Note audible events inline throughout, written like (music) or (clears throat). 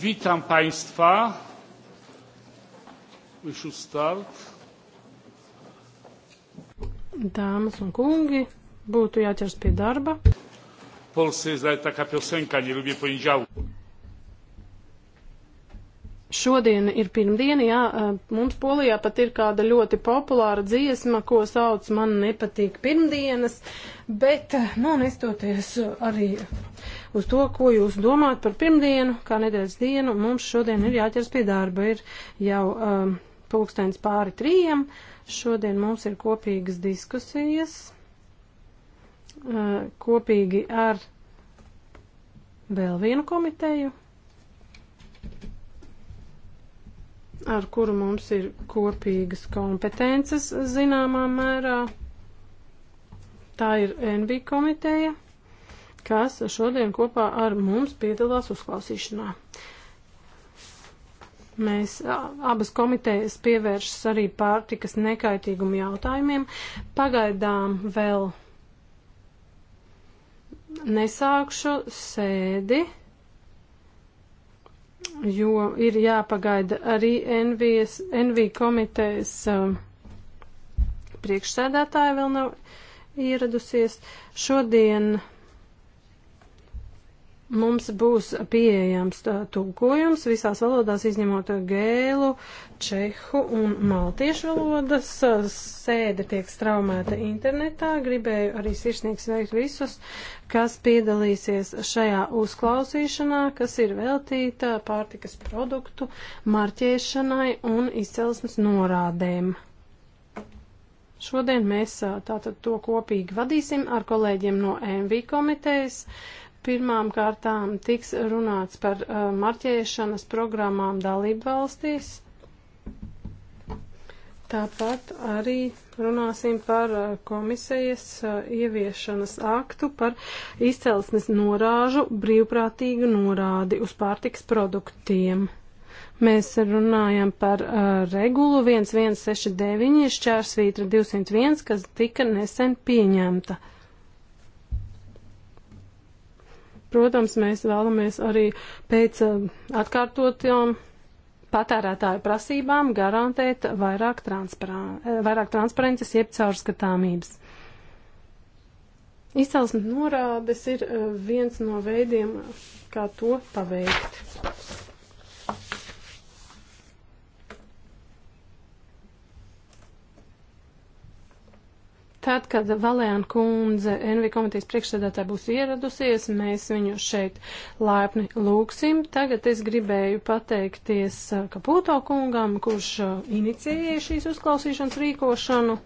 Witam Państwa. We should start. Dāmas un kungi, būtu jāķers pie darba. Polsce jest nawet taka piosenka, nie lubię poniedziałku. Šodien ir pirmdiena, jā, e, mums Polijā pat ir kāda ļoti populāra dziesma, ko sauc man nepatīk pirmdienas, bet, e, nu, nestoties arī uz to, ko jūs domājat par pirmdienu, kā nedēļas dienu. Mums šodien ir jāķers pie darba, ir jau um, pulkstens pāri trījiem. Šodien mums ir kopīgas diskusijas uh, kopīgi ar vēl vienu komiteju, ar kuru mums ir kopīgas kompetences zināmā mērā. Tā ir NB komiteja kas šodien kopā ar mums piedalās uzklausīšanā. Mēs abas komitejas pievēršas arī pārtikas nekaitīgumu jautājumiem. Pagaidām vēl nesākšu sēdi, jo ir jāpagaida arī NVS, NV komitejas priekšsēdētāja vēl nav ieradusies. Šodien Mums būs pieejams uh, tulkojums visās valodās, izņemot uh, gēlu, čehu un maltiešu valodas. Uh, sēde tiek straumēta internetā. Gribēju arī sirsnīgi sveikt visus, kas piedalīsies šajā uzklausīšanā, kas ir veltīta pārtikas produktu marķēšanai un izcelsmes norādēm. Šodien mēs tātad to kopīgi vadīsim ar kolēģiem no MV komitejas. Uh, Pirmām kārtām tiks runāts par uh, marķēšanas programmām dalību valstīs. Tāpat arī runāsim par uh, komisijas uh, ieviešanas aktu par izcelsmes norāžu brīvprātīgu norādi uz pārtiks produktiem. Mēs runājam par uh, regulu 1169 šķērsvītra 201, kas tika nesen pieņemta. Uh, Protams, mēs vēlamies arī pēc eh, atkārtotām patērētāju prasībām garantēt vairāk, eh, vairāk transparences, jeb caurskatāmības. Izcelsmes norādes ir eh, viens no veidiem, kā to paveikt. Tad, kad Valēna kundze, NV komitejas priekšsēdētāja, būs ieradusies, mēs viņu šeit laipni lūksim. Tagad es gribēju pateikties eh, Kaputo kungam, kurš eh, inicijēja šīs uzklausīšanas rīkošanu.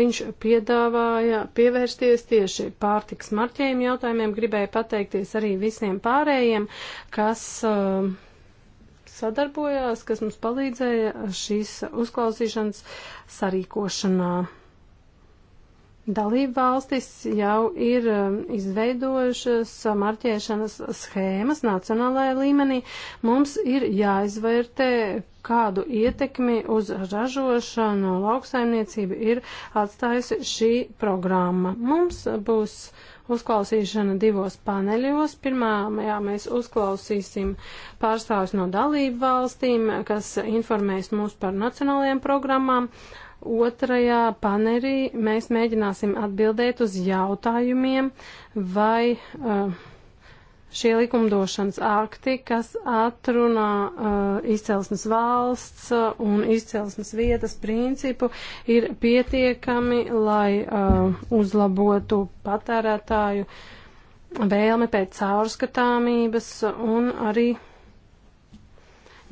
Viņš piedāvāja pievērsties tieši pārtiks marķējumu jautājumiem, gribēja pateikties arī visiem pārējiem, kas uh, sadarbojās, kas mums palīdzēja šīs uzklausīšanas sarīkošanā. Dalība valstis jau ir um, izveidojušas marķēšanas schēmas nacionālajā līmenī. Mums ir jāizvērtē, kādu ietekmi uz ražošanu lauksaimniecību ir atstājusi šī programma. Mums būs uh, uzklausīšana divos paneļos. Pirmajā mēs uzklausīsim pārstāvis no dalību valstīm, kas informēs mūs par nacionālajām programmām. Otrajā panerī mēs mēģināsim atbildēt uz jautājumiem, vai uh, šie likumdošanas akti, kas atrunā uh, izcelsmes valsts uh, un izcelsmes vietas principu, ir pietiekami, lai uh, uzlabotu patērētāju vēlmi pēc caurskatāmības un arī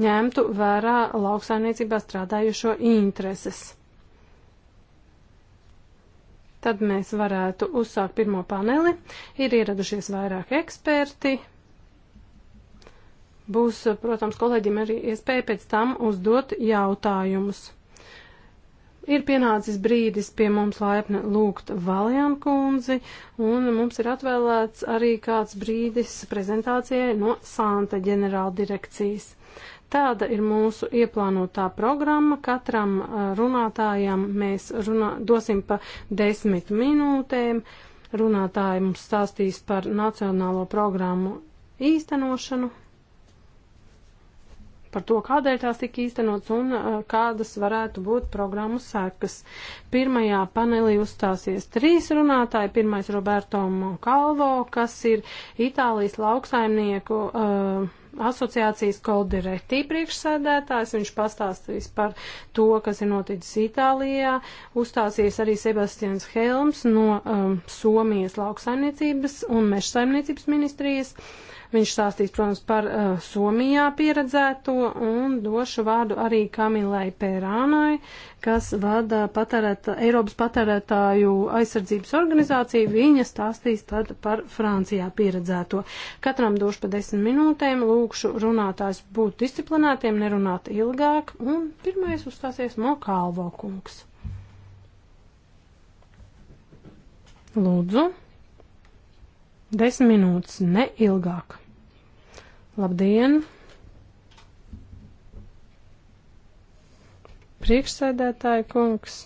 ņemtu vērā lauksaimniecībā strādājušo intereses tad mēs varētu uzsākt pirmo paneli. Ir ieradušies vairāk eksperti. Būs, protams, kolēģiem arī iespēja pēc tam uzdot jautājumus. Ir pienācis brīdis pie mums laipni lūgt Valjām kundzi, un mums ir atvēlēts arī kāds brīdis prezentācijai no Santa ģenerāla direkcijas. Tāda ir mūsu ieplānotā programma. Katram uh, runātājam mēs runā, dosim pa desmit minūtēm. Runātāji mums stāstīs par nacionālo programmu īstenošanu, par to, kādēļ tās tika īstenots un uh, kādas varētu būt programmu sekas. Pirmajā panelī uzstāsies trīs runātāji. Pirmais Roberto Monkalvo, kas ir Itālijas lauksaimnieku. Uh, asociācijas Koldiretī priekšsēdētājs. Viņš pastāstīs par to, kas ir noticis Itālijā. Uzstāsies arī Sebastians Helms no um, Somijas lauksaimniecības un mežsaimniecības ministrijas. Uh, Viņš stāstīs, protams, par uh, Somijā pieredzēto un došu vārdu arī Kamilai Pērānai, kas vada patērēta, Eiropas patērētāju aizsardzības organizāciju. Viņa stāstīs tad par Francijā pieredzēto. Katram došu pa desmit minūtēm, lūkšu runātājs būt disciplinētiem, nerunāt ilgāk, un pirmais uzstāsies Mokālvo kungs. Lūdzu. Desmit minūtes, ne ilgāk. Labdien! Priekšsēdētāji kungs,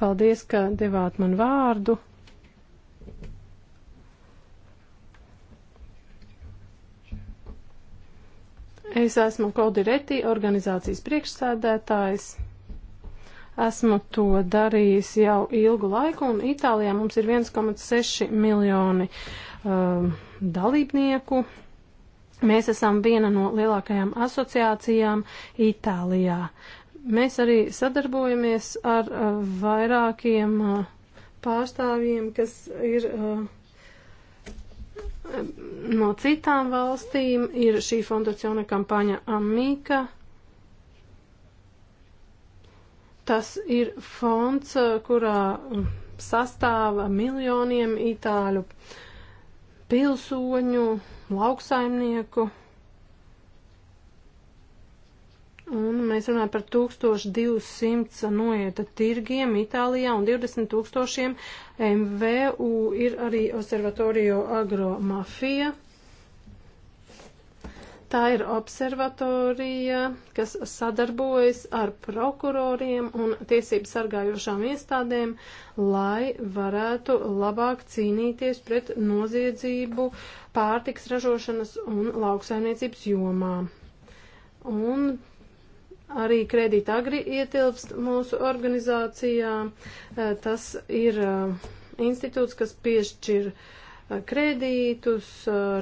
paldies, ka devāt man vārdu. Es esmu Koldi Reti, organizācijas priekšsēdētājs. Esmu to darījis jau ilgu laiku, un Itālijā mums ir 1,6 miljoni um, dalībnieku. Mēs esam viena no lielākajām asociācijām Itālijā. Mēs arī sadarbojamies ar uh, vairākiem uh, pārstāvjiem, kas ir. Uh, No citām valstīm ir šī fondacione kampaņa Amika, uh, Tas ir fonds, kurā sastāva miljoniem itāļu pilsoņu, lauksaimnieku. Un mēs runājam par 1200 noieta tirgiem Itālijā un 20 tūkstošiem MVU ir arī Observatorio Agro Mafija. Tā ir observatorija, kas sadarbojas ar prokuroriem un tiesību sargājošām iestādēm, lai varētu labāk cīnīties pret noziedzību pārtiks ražošanas un lauksaimniecības jomā. Un arī kredīta agri ietilpst mūsu organizācijā. Eh, tas ir eh, institūts, kas piešķir uh, kredītus,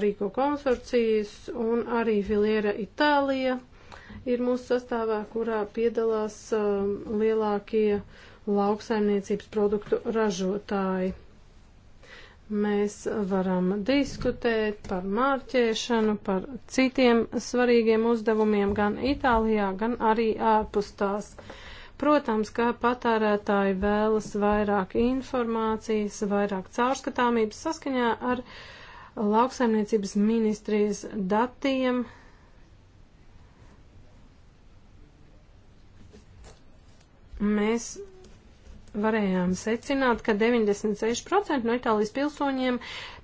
Rīko konsorcijas un arī Filiera Itālija ir mūsu sastāvā, kurā piedalās um, lielākie lauksaimniecības produktu ražotāji. Mēs varam diskutēt par mārķēšanu, par citiem svarīgiem uzdevumiem gan Itālijā, gan arī ārpus tās. Uh, Protams, ka patērētāji vēlas vairāk informācijas, vairāk caurskatāmības saskaņā ar lauksaimniecības ministrijas datiem. Mēs varējām secināt, ka 96% no Itālijas pilsoņiem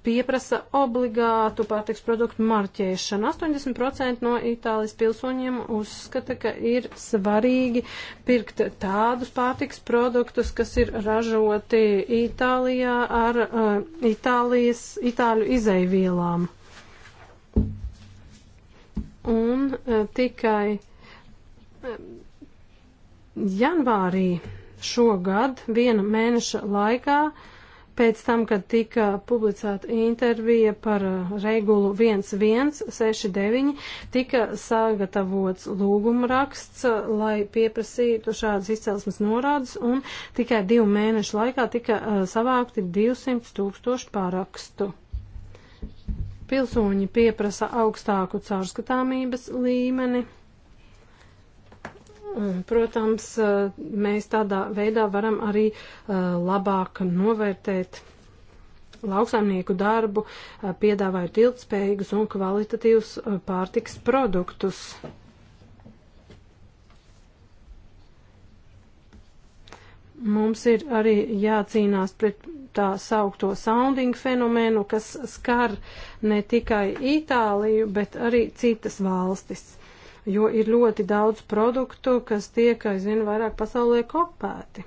pieprasa obligātu pārtiks produktu marķēšanu. 80% no Itālijas pilsoņiem uzskata, ka ir svarīgi pirkt tādus pārtiks produktus, kas ir ražoti Itālijā ar uh, Itālijas, Itāļu izaivielām. Un uh, tikai uh, janvārī šogad, viena mēneša laikā, pēc tam, kad tika publicēta intervija par uh, regulu 1169, tika sagatavots lūgumraksts, uh, lai pieprasītu šādas izcelsmes norādes, un tikai divu mēnešu laikā tika uh, savākti 200 tūkstoši parakstu. Pilsoņi pieprasa augstāku caurskatāmības līmeni Un, protams, eh, mēs tādā veidā varam arī eh, labāk novērtēt lauksaimnieku darbu, eh, piedāvājot ilgspējīgus un kvalitatīvus pārtiks produktus. Mums ir arī jācīnās pret tā saukto sounding fenomenu, kas skar ne tikai Itāliju, bet arī citas valstis jo ir ļoti daudz produktu, kas tiek aizvien vairāk pasaulē kopēti.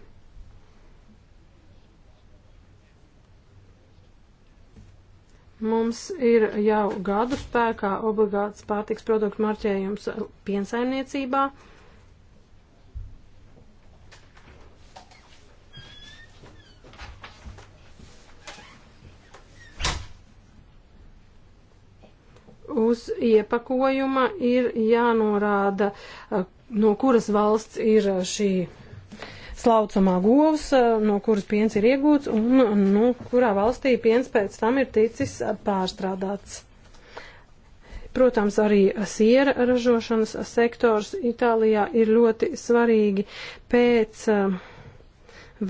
Mums ir jau gadu spēkā obligāts pārtiks produktu marķējums piensaimniecībā. uz iepakojuma ir jānorāda, no kuras valsts ir šī slaucamā govs, no kuras piens ir iegūts un no kurā valstī piens pēc tam ir ticis pārstrādāts. Protams, arī siera ražošanas sektors Itālijā ir ļoti svarīgi pēc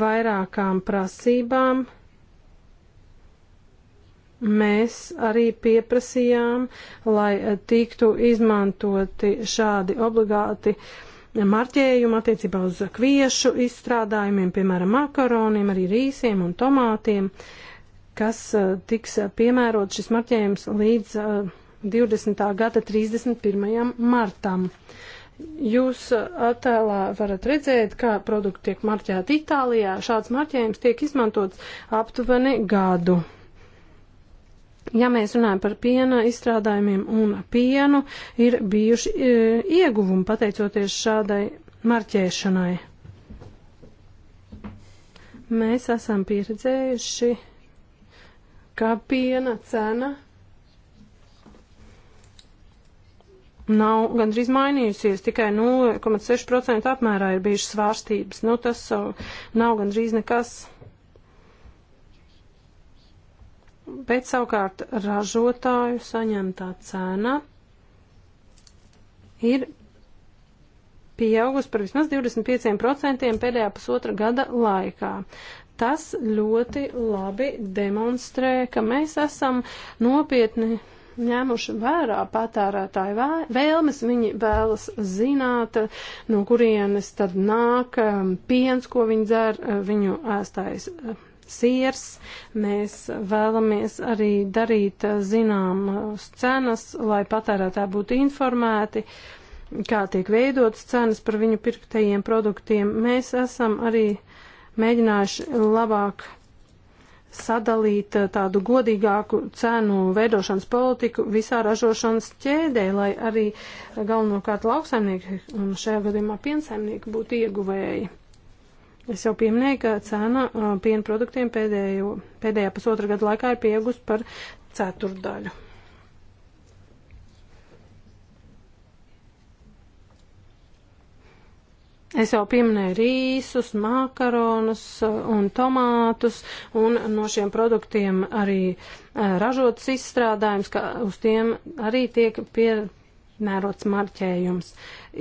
vairākām prasībām. Uh, mēs arī pieprasījām, lai eh, tiktu izmantoti šādi obligāti marķējumi attiecībā uz kviešu izstrādājumiem, piemēram, makaroniem, arī rīsiem un tomātiem, kas eh, tiks piemērot šis marķējums līdz 20. Eh, gada 31. martam. Jūs attēlā varat redzēt, kā produkti tiek marķēti Itālijā. Šāds marķējums tiek izmantots aptuveni gadu ja mēs runājam par piena izstrādājumiem un pienu, ir bijuši e, ieguvumi pateicoties šādai marķēšanai. Mēs esam pieredzējuši, ka piena cena nav gandrīz mainījusies, tikai 0,6% apmērā ir bijušas svārstības. Nu, tas nav gandrīz nekas. bet savukārt ražotāju saņemtā cena ir pieaugusi par vismaz 25% pēdējā pusotra gada laikā. Tas ļoti labi demonstrē, ka mēs esam nopietni ņēmuši vērā patērētāju vēlmes. Viņi vēlas zināt, no kurienes tad nāk um, piens, ko viņi dzer, uh, viņu ēstais uh, siers. Mēs vēlamies arī darīt eh, zināmas eh, cenas, lai patērētāji būtu informēti, kā tiek veidotas cenas par viņu pirktajiem produktiem. Mēs esam arī mēģinājuši labāk sadalīt eh, tādu godīgāku cenu veidošanas politiku visā ražošanas ķēdē, lai arī galvenokārt lauksaimnieki un šajā gadījumā piensaimnieki būtu ieguvēji. Es jau pieminēju, ka cena uh, piena produktiem pēdējo, pēdējā pusotra gada laikā ir pieaugusi par ceturdaļu. Es jau pieminēju rīsus, makaronus uh, un tomātus, un no šiem produktiem arī uh, ražotas izstrādājums, ka uz tiem arī tiek pie, mērots marķējums.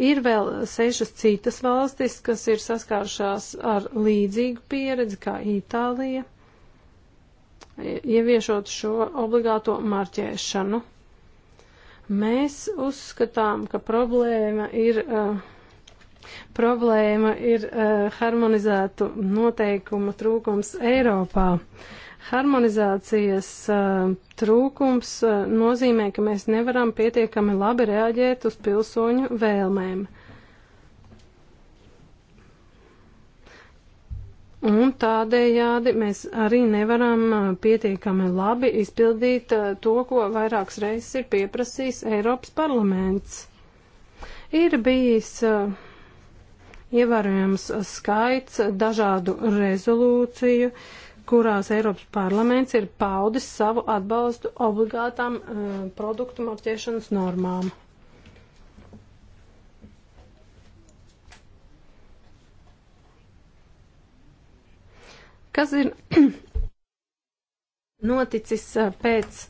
Ir vēl sešas citas valstis, kas ir saskāršās ar līdzīgu pieredzi kā Itālija, ieviešot šo obligāto marķēšanu. Mēs uzskatām, ka problēma ir, uh, problēma ir uh, harmonizētu noteikumu trūkums Eiropā. Uh, Harmonizācijas uh, trūkums uh, nozīmē, ka mēs nevaram pietiekami labi reaģēt uz pilsoņu vēlmēm. Un tādējādi mēs arī nevaram eh, pietiekami labi izpildīt to, ko vairākas reizes ir pieprasījis Eiropas parlaments. Ir bijis ievērojams skaits dažādu rezolūciju, kurās Eiropas parlaments ir paudis savu atbalstu obligātām uh, produktu marķēšanas normām. Kas ir (clears throat) noticis eh, pēc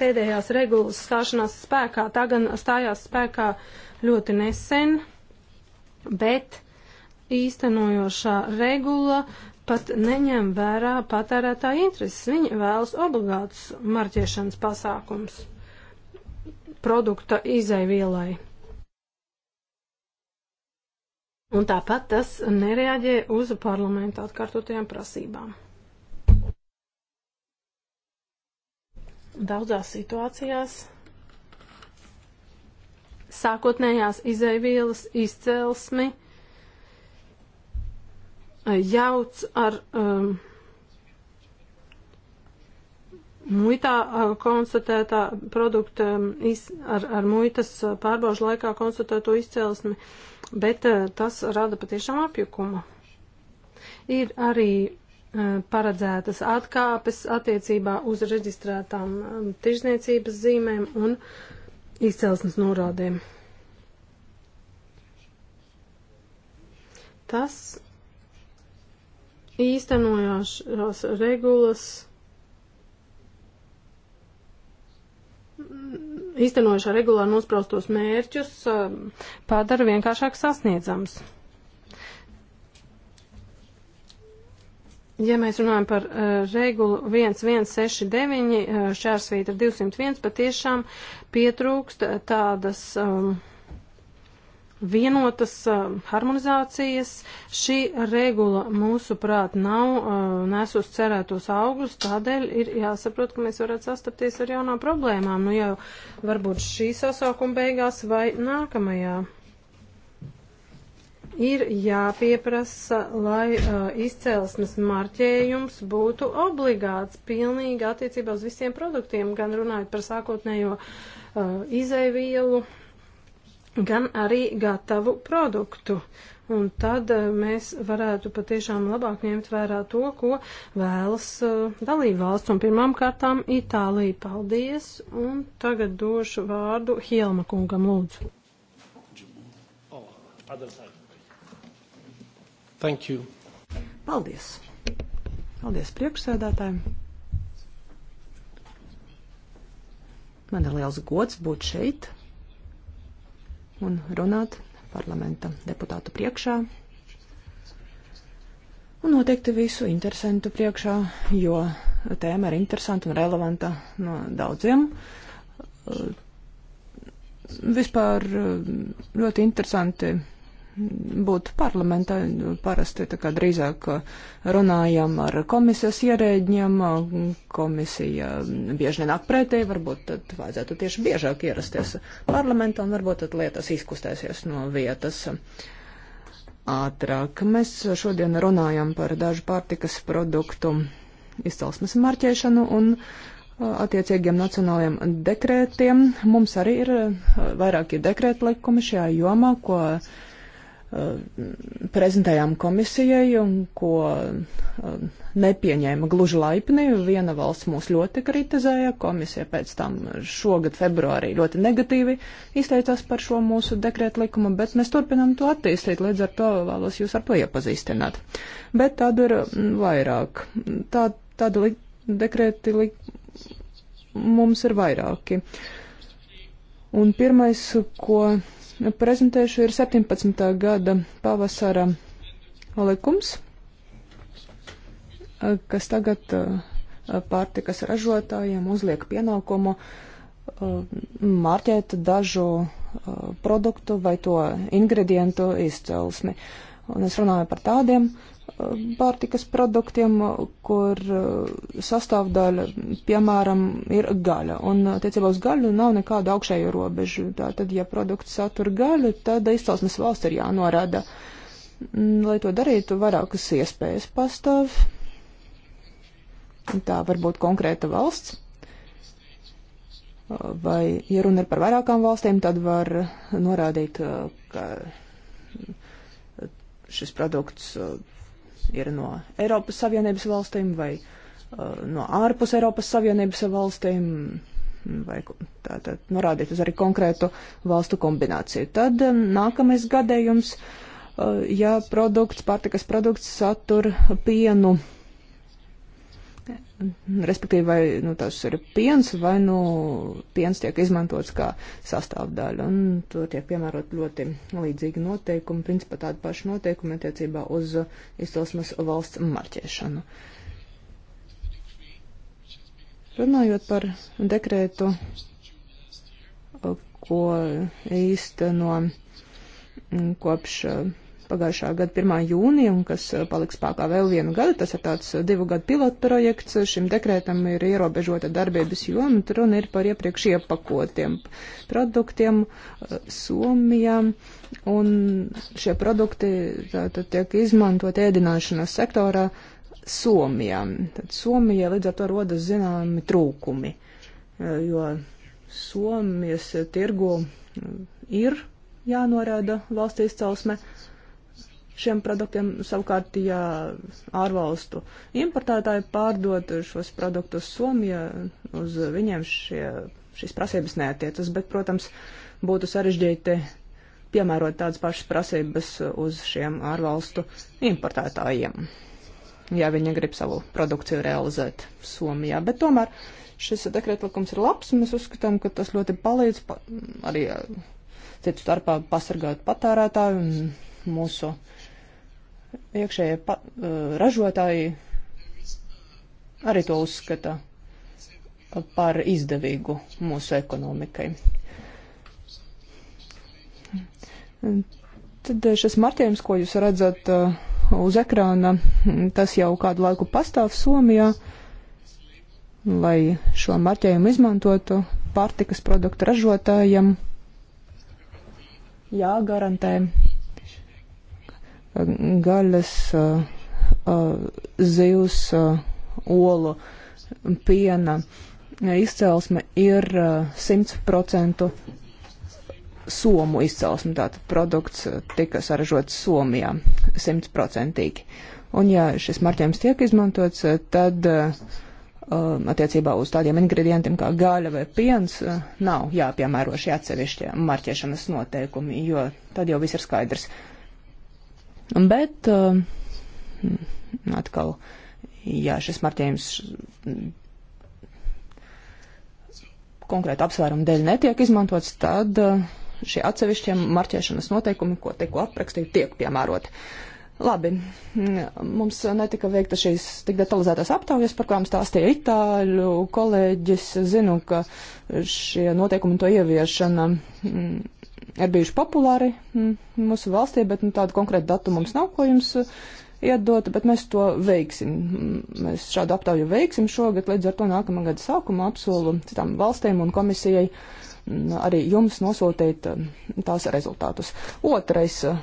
pēdējās regulas stāšanās spēkā? Tā gan stājās spēkā ļoti nesen, bet īstenojošā regula pat neņem vērā patērētāja intereses. Viņi vēlas obligātus marķiešanas pasākums produkta izaivielai. Un tāpat tas nereaģē uz parlamenta atkārtotajām prasībām. Daudzās situācijās sākotnējās izaivielas izcelsmi jauc ar um, muitā uh, konstatētā produkta, um, iz, ar, ar muitas uh, pārbaužu laikā konstatēto izcēlesmi, bet uh, tas rada patiešām apjukumu. Ir arī uh, paredzētas atkāpes attiecībā uz reģistrētām um, tirzniecības zīmēm un izcelsmes norādēm. Tas īstenojās regulas, īstenojušā regulā nospraustos mērķus um, padara vienkāršāk sasniedzams. Ja mēs runājam par uh, regulu 1169, uh, šķērsvīta 201, patiešām pietrūkst uh, tādas um, vienotas uh, harmonizācijas. Šī regula, mūsuprāt, nav uh, nesus cerētos augus, tādēļ ir jāsaprot, ka mēs varētu sastapties ar jaunām problēmām, nu jau varbūt šī sasaukuma beigās vai nākamajā. Ir jāpieprasa, lai uh, izcelsmes marķējums būtu obligāts pilnīgi attiecībā uz visiem produktiem, gan runājot par sākotnējo uh, izēvielu, uh, gan arī gatavu produktu. Un tad eh, mēs varētu patiešām labāk ņemt vērā to, ko vēlas eh, dalību valsts. Un pirmām kārtām Itālija paldies. Un tagad došu vārdu Hielma kungam lūdzu. Thank you. Paldies. Paldies priekšsēdētājiem. Man ir liels gods būt šeit un runāt parlamenta deputātu priekšā. Un noteikti visu interesantu priekšā, jo tēma ir interesanta un relevanta no daudziem. Vispār eh, ļoti interesanti būt parlamentā. Parasti tā kā drīzāk runājam ar komisijas ierēģiem, komisija bieži nenāk pretī, varbūt tad vajadzētu tieši biežāk ierasties parlamentā un varbūt tad lietas izkustēsies no vietas. Ātrāk mēs šodien runājam par dažu pārtikas produktu izcelsmes marķēšanu un attiecīgiem nacionāliem dekrētiem. Mums arī ir vairāki dekrēta likumi šajā jomā, ko uh, Eh, prezentējām komisijai un ko eh, nepieņēma gluži laipni. Viena valsts mūs ļoti kritizēja, komisija pēc tam šogad februārī ļoti negatīvi izteicās par šo mūsu dekrētu likumu, bet mēs turpinām to attīstīt, līdz ar to vēlos jūs ar to iepazīstināt. Bet tādu ir mm, vairāk. Tā, tādu li dekrēti li mums ir vairāki. Un pirmais, ko prezentēšu, ir 17. gada pavasara likums, kas tagad eh, pārtikas ražotājiem uzliek pienākumu eh, mārķēt dažu eh, produktu vai to ingredientu izcelsmi. Un es runāju par tādiem pārtikas produktiem, kur uh, sastāvdaļa, piemēram, ir gaļa. Un uh, attiecībā uz gaļu nav nekāda augšēja robeža. Tātad, ja produkts satur gaļu, tad izcelsmes valsts ir jānorāda. Mm, lai to darītu, vairākas iespējas pastāv. Tā var būt konkrēta valsts. Uh, vai, ja runa ir par vairākām valstīm, tad var norādīt, ka šis produkts ir no Eiropas Savienības valstīm vai uh, no ārpus Eiropas Savienības valstīm, vai tātad norādīt uz arī konkrētu valstu kombināciju. Tad um, nākamais gadējums, uh, ja produkts, pārtikas produkts satur pienu respektīvi, vai nu, tas ir piens, vai nu, piens tiek izmantots kā sastāvdaļa. Un tur tiek piemērot ļoti līdzīgi noteikumi, principā tādi paši noteikumi attiecībā uz izcelsmes valsts marķēšanu. Runājot par dekrētu, ko īsteno kopš pagājušā gada 1. jūnija un kas eh, paliks spēkā vēl vienu gadu. Tas ir tāds eh, divu gadu pilotu projekts. Šim dekrētam ir ierobežota darbības joma. Tur runa ir par iepriekš iepakotiem produktiem eh, Somijā. Un šie produkti tātad tiek izmantot ēdināšanas sektorā Somijā. Tad Somijā līdz ar to rodas zināmi trūkumi, jo Somijas tirgu mm, ir jānorāda valsts izcelsme, šiem produktiem. Savukārt, ja ārvalstu importētāji pārdod šos produktus Somijā, uz viņiem šie, šīs prasības neatiecas, bet, protams, būtu sarežģīti piemērot tādas pašas prasības uz šiem ārvalstu importētājiem, ja viņi grib savu produkciju realizēt Somijā. Bet tomēr šis dekretlikums ir labs, un mēs uzskatām, ka tas ļoti palīdz pa, arī eh, citu starpā pasargāt patērētāju un mūsu Iekšējie pa, uh, ražotāji arī to uzskata par izdevīgu mūsu ekonomikai. Tad šis martījums, ko jūs redzat uh, uz ekrāna, tas jau kādu laiku pastāv Somijā. Lai šo marķējumu izmantotu pārtikas produktu ražotājiem, jāgarantē gaļas, zivs, olu, piena izcelsme ir 100% somu izcelsme. Tātad produkts tika saražots Somijā 100%. Un ja šis marķējums tiek izmantots, tad attiecībā uz tādiem ingredientiem kā gaļa vai piens nav jāpiemēro šie atsevišķie marķēšanas noteikumi, jo tad jau viss ir skaidrs. Uh, Bet eh, atkal, jā, šis marķējums konkrēta apsvēruma dēļ netiek izmantots, tad eh, šie atsevišķie marķēšanas noteikumi, ko tikko aprakstīju, tiek piemēroti. Labi, mm, mums netika veikta šīs tik detalizētās aptaujas, par kurām stāstīja itāļu kolēģis. Zinu, ka šie noteikumi to ieviešana mm, ir bijuši populāri mm, mūsu valstī, bet nu, tādu konkrētu datu mums nav, ko jums eh, iedot, bet mēs to veiksim. Mm, mēs šādu aptauju veiksim šogad, līdz ar to nākamā gada sākuma apsolu citām valstīm un komisijai mm, arī jums nosūtīt eh, tās rezultātus. Otrais eh,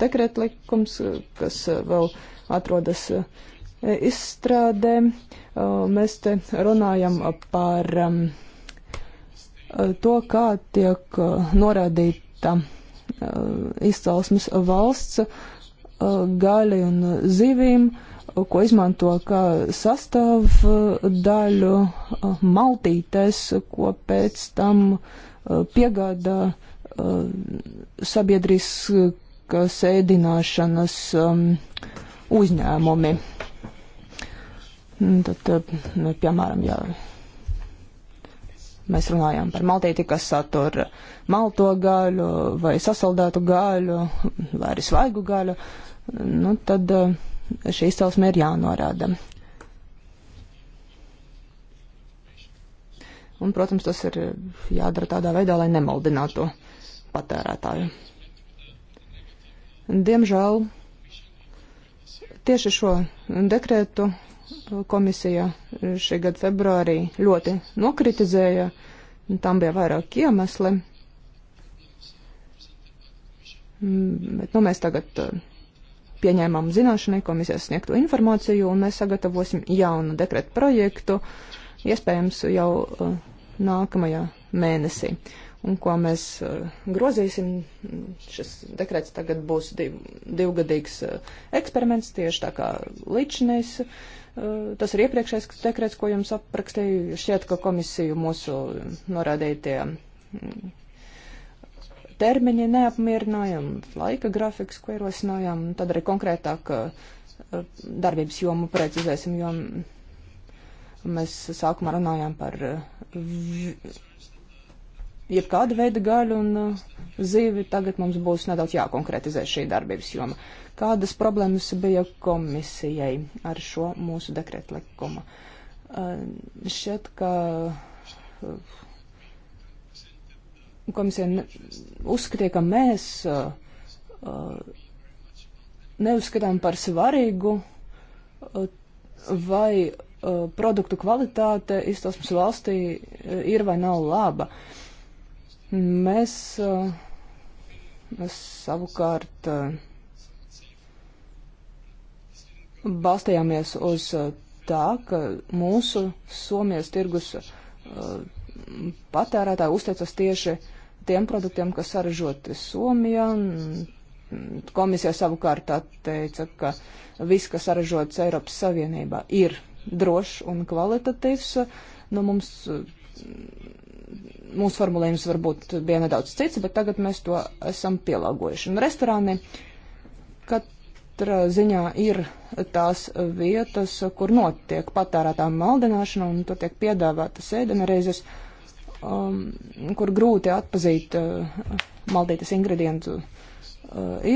dekretlikums, kas vēl atrodas izstrādē, mēs te runājam par to, kā tiek uh, norādīta uh, izcelsmes valsts uh, gaļai un zivīm, ko izmanto kā sastāvdaļu maltītēs, ko pēc tam piegādā sabiedriskas ēdināšanas um, uzņēmumi. Mm, tad, piemēram, jā. Ja Mēs runājām par maltīti, kas satur malto gaļu vai sasaldētu gaļu vai arī svaigu gaļu. Nu, tad eh, šī izcelsme ir jānorāda. Un, protams, tas ir jādara tādā veidā, lai nemaldinātu patērētāju. Diemžēl tieši šo dekrētu komisija šī gada februārī ļoti nokritizēja, un tam bija vairāk iemesli. Mm, bet, nu, mēs tagad uh, pieņēmām zināšanai komisijas sniegto informāciju, un mēs sagatavosim jaunu dekretu projektu, iespējams, jau uh, nākamajā mēnesī. Un ko mēs uh, grozīsim, šis dekrets tagad būs div, divgadīgs eksperiments, tieši tā kā līdšanais Tas ir iepriekšējais dekrets, ko jums aprakstīju. Šķiet, ka komisiju mūsu norādītie mm, termiņi neapmierināja un laika grafiks, ko ierosinājām. Tad arī konkrētāk eh, darbības jomu precizēsim, jo mēs sākumā runājām par jebkāda veida gaļu un uh, zivi. Tagad mums būs nedaudz jākonkretizē šī darbības joma. Kādas problēmas bija komisijai ar šo mūsu dekretu likumu? Uh, šķiet, ka uh, komisija uzskatīja, ka mēs uh, uh, neuzskatām par svarīgu uh, vai uh, produktu kvalitāte izcelsmes valstī uh, ir vai nav laba. Uh, Uh, mēs savukārt uh, balstījāmies uz uh, tā, ka mūsu Somijas tirgus patērētāji uzticas tieši tiem produktiem, kas saražoti Somijā. Komisija savukārt teica, ka viss, kas saražots Eiropas Savienībā, ir drošs un kvalitatīvs. Nu, mums mūsu formulējums varbūt bija nedaudz cits, bet tagad mēs to esam pielāgojuši. Un restorāni katrā ziņā ir tās vietas, kur notiek patērētā maldināšana un tur tiek piedāvātas ēdienreizes, um, kur grūti atpazīt uh, maldītas ingredientu uh,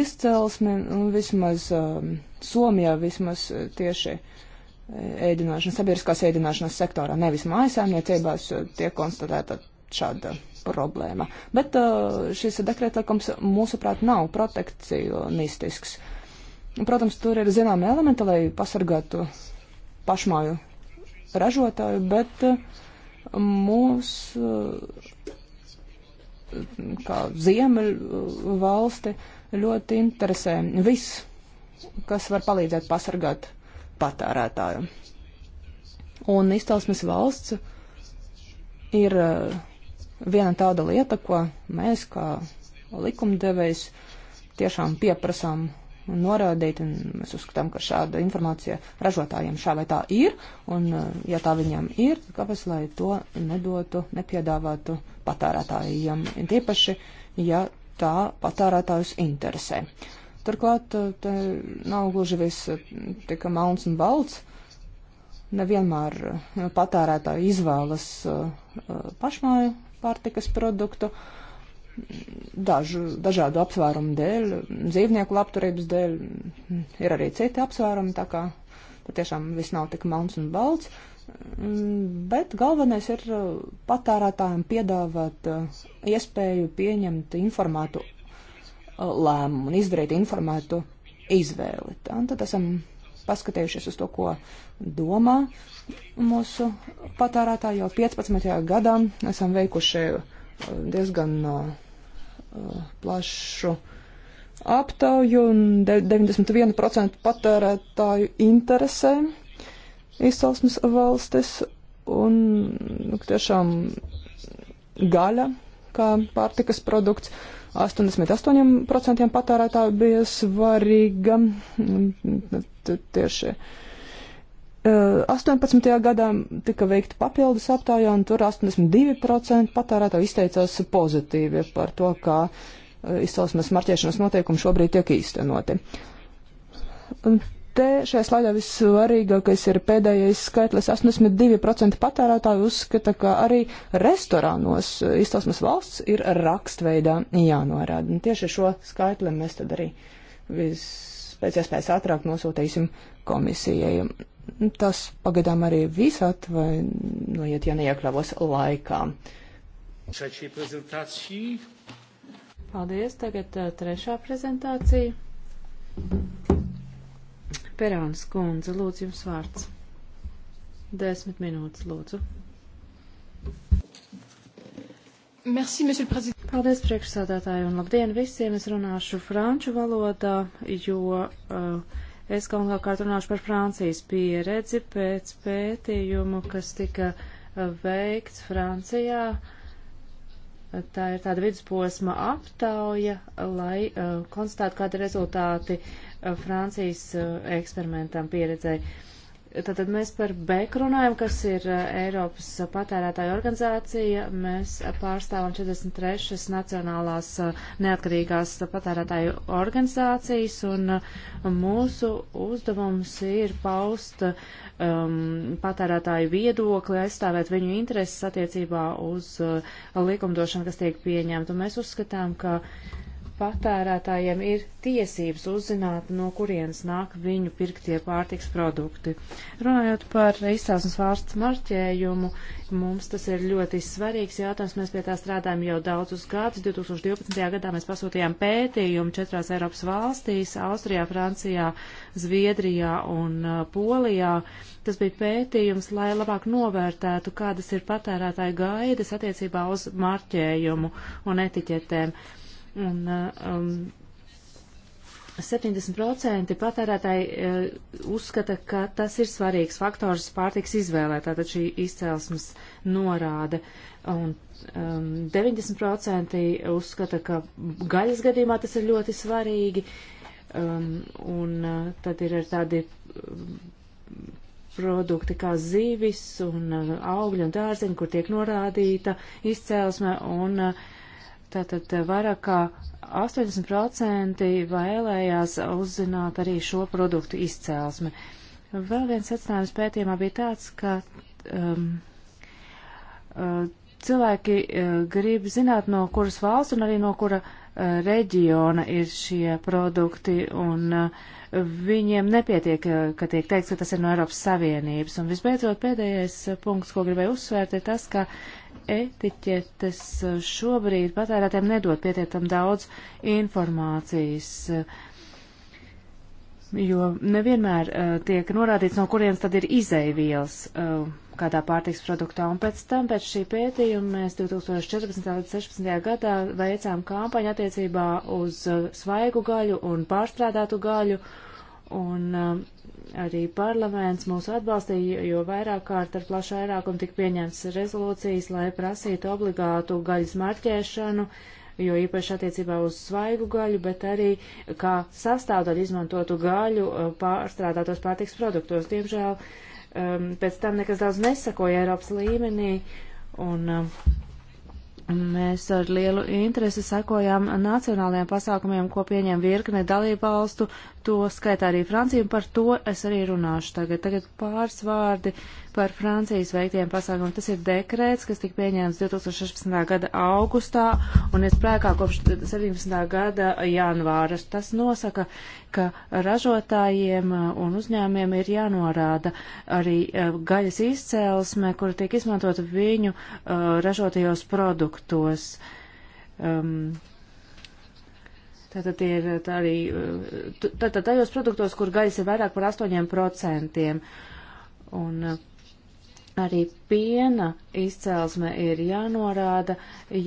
izcelsmi, un vismaz uh, Somijā, vismaz uh, tieši uh, ēdināšanas, sabiedriskās ēdināšanas sektorā, nevis mājasēmniecībās tiek konstatēta šāda problēma. Bet uh, šis dekretlikums, mūsuprāt, nav protekcionistisks. Protams, tur ir zināmi elementi, lai pasargātu pašmāju ražotāju, bet uh, mūs, uh, kā ziemeļu valsti, ļoti interesē viss, kas var palīdzēt pasargāt patērētāju. Un izcelsmes valsts ir eh, viena tāda lieta, ko mēs kā likumdevējs tiešām pieprasām norādīt, un mēs uzskatām, ka šāda informācija ražotājiem šā vai tā ir, un eh, ja tā viņam ir, kāpēc lai to nedotu, nepiedāvātu patērētājiem, tiepaši, ja tā patērētājus interesē. Uh, Turklāt eh, te nav gluži viss eh, tik melns un balts. Nevienmēr eh, patērētāji izvēlas pašmāju pārtikas produktu. Dažu, dažādu apsvērumu dēļ, dzīvnieku labturības dēļ, mm, ir arī citi apsvērumi, tā kā patiešām viss nav tik melns un balts. Mm, bet galvenais ir patērētājiem piedāvāt iespēju pieņemt informētu lēmumu un izdarīt informētu izvēli. Tā, tad esam paskatījušies uz to, ko domā mūsu patērētāji. Jau 15. gadā esam veikuši uh, diezgan uh, uh, plašu aptauju un 91% patērētāju interesē izcelsmes valstis un nu, tiešām gaļa kā pārtikas produkts. Uh, 88% patērētāju bija svarīga tieši. 18. gadā tika veikta papildus aptājā, un tur 82% patērētāji izteicās pozitīvi par to, kā izcelsmes marķēšanas noteikumi šobrīd tiek īstenoti. Te šajā slaidā vissvarīgākais ir pēdējais skaitlis - 82% patērētāju uzskata, ka arī restorānos izcelsmes valsts ir rakstveidā jānorāda. Un tieši šo skaitli mēs tad arī vis, pēc iespējas ātrāk nosūtīsim komisijai. Tas pagaidām arī viss atvainojiet, ja neiekļavos laikā. Paldies, tagad eh, trešā prezentācija. Perāns kundze, lūdzu jums vārds. Desmit minūtes, lūdzu. Merci, monsieur le président. Paldies, priekšsādātāji, un labdien visiem. Es runāšu franču valodā, jo uh, es galvenokārt runāšu par Francijas pieredzi pēc pētījumu, kas tika uh, veikts Francijā. Uh, Tā ir tāda vidusposma aptauja, lai uh, konstatētu, kādi rezultāti Eh, Francijas eh, eksperimentam pieredzēja. Tātad mēs par BEK runājam, kas ir eh, Eiropas patērētāja organizācija. Mēs pārstāvam 43 nacionālās neatkarīgās patērētāju organizācijas, un mūsu uzdevums ir paust um, patērētāju viedokli, aizstāvēt viņu intereses attiecībā uz uh, likumdošanu, kas tiek pieņemta. Mēs uzskatām, ka uh, patērētājiem ir tiesības uzzināt, no kurienes nāk viņu pirktie pārtiks produkti. Runājot par izcelsmes vārsts marķējumu, mums tas ir ļoti svarīgs jautājums. Mēs pie tā strādājam jau daudzus gadus. 2012. gadā mēs pasūtījām pētījumu četrās Eiropas valstīs - Austrijā, Francijā, Zviedrijā un uh, Polijā. Tas bija pētījums, lai labāk novērtētu, kādas ir patērētāju gaidas attiecībā uz marķējumu un etiķetēm. Uh, Un, uh, um, 70% patērētāji uh, uzskata, ka tas ir svarīgs faktors pārtiks izvēlē, tātad šī izcelsmes norāde. Un um, 90% uzskata, ka gaļas gadījumā tas ir ļoti svarīgi. Um, un uh, tad ir tādi um, produkti kā zīvis un uh, augļi un dārzeņi, kur tiek norādīta izcelsme. Un, uh, Tātad eh, vairāk kā 80% vēlējās uzzināt arī šo produktu izcēlesmi. Vēl viens secinājums pētījumā bija tāds, ka um, uh, cilvēki uh, grib zināt, no kuras valsts un arī no kura uh, reģiona ir šie produkti, un uh, viņiem nepietiek, uh, ka tiek teikts, ka tas ir no Eiropas Savienības. Un visbeidzot, pēdējais punkts, ko gribēju uzsvērt, ir tas, ka uh, etiķetes šobrīd patērētēm nedod pietiekam daudz informācijas, jo nevienmēr uh, tiek norādīts, no kurienes tad ir izeivielas uh, eh, kādā pārtiks produktā. Un pēc tam, pēc šī pētījuma, mēs 2014. līdz 2016. gadā veicām kampaņu attiecībā uz eh, svaigu gaļu un pārstrādātu gaļu. Un, uh, arī parlaments mūs atbalstīja, jo vairāk kārt ar plašu vairākumu tika pieņemts rezolūcijas, lai prasītu obligātu gaļas marķēšanu, jo īpaši attiecībā uz svaigu gaļu, bet arī kā sastāvdaļu izmantotu gaļu uh, pārstrādātos pārtiks produktos. Diemžēl um, pēc tam nekas daudz nesakoja Eiropas līmenī, un um, mēs ar lielu interesi sekojām nacionālajiem pasākumiem, ko pieņem virkne dalību valstu, to skaitā arī Francija, un par to es arī runāšu tagad. Tagad pāris vārdi par Francijas veiktiem pasākumiem. Tas ir dekrēts, kas tika pieņēmts 2016. gada augustā un ir spēkā kopš 17. gada janvāra. Tas nosaka, ka ražotājiem uh, un uzņēmiem ir jānorāda arī uh, gaļas izcēlesme, kura tiek izmantota viņu uh, ražotajos produktos. Um, Tātad tie ir tā arī tātad tajos produktos, kur gaļas ir vairāk par 8%. Un eh, arī piena izcelsme ir jānorāda,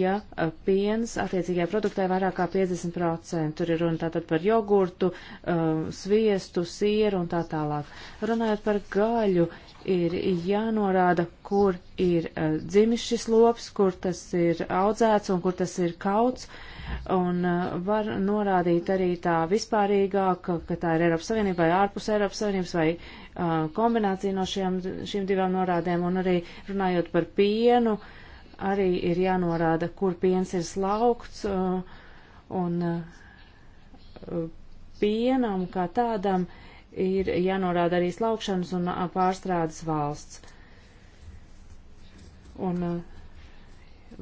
ja eh, piens attiecīgajā produktā ir vairāk kā 50%. Tur ir runa tātad par jogurtu, eh, sviestu, sieru un tā tālāk. Runājot par gaļu, ir jānorāda, kur ir dzimis šis lops, kur tas ir audzēts un kur tas ir kauts. Uh, un uh, var norādīt arī tā vispārīgāk, ka tā ir Eiropas Savienība vai ārpus Eiropas Savienības vai uh, kombinācija no šiem, šīm divām norādēm, un arī runājot par pienu, arī ir jānorāda, kur piens ir slaukts, uh, un uh, pienam kā tādam ir jānorāda arī slaukšanas un uh, pārstrādes valsts. Un, uh,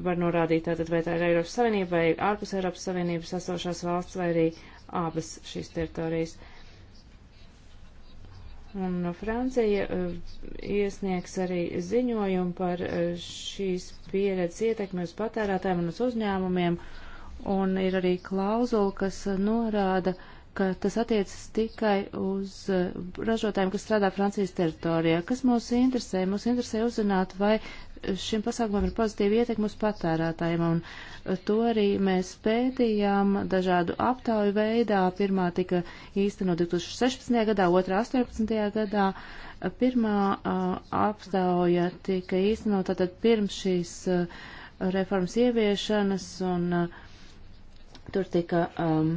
var norādīt tātad, vai tā ir Eiropas Savienība vai ārpus Eiropas Savienības esošās valsts vai arī abas šīs teritorijas. Un Francija eh, iesniegs arī ziņojumu par eh, šīs pieredzes ietekmi uz patērētājiem un uz uzņēmumiem, un ir arī klauzula, kas norāda, uh, ka tas attiecas tikai uz uh, ražotājiem, kas strādā Francijas teritorijā. Kas mūs interesē? Mūs interesē uzzināt, vai šim pasākumam ir pozitīva ietekme uz patērētājiem, un uh, to arī mēs pētījām dažādu aptauju veidā. Pirmā tika īstenot 2016. gadā, otrā 18. gadā. Pirmā uh, aptauja tika īstenot tātad pirms šīs reformas ieviešanas, un tur tika. Um,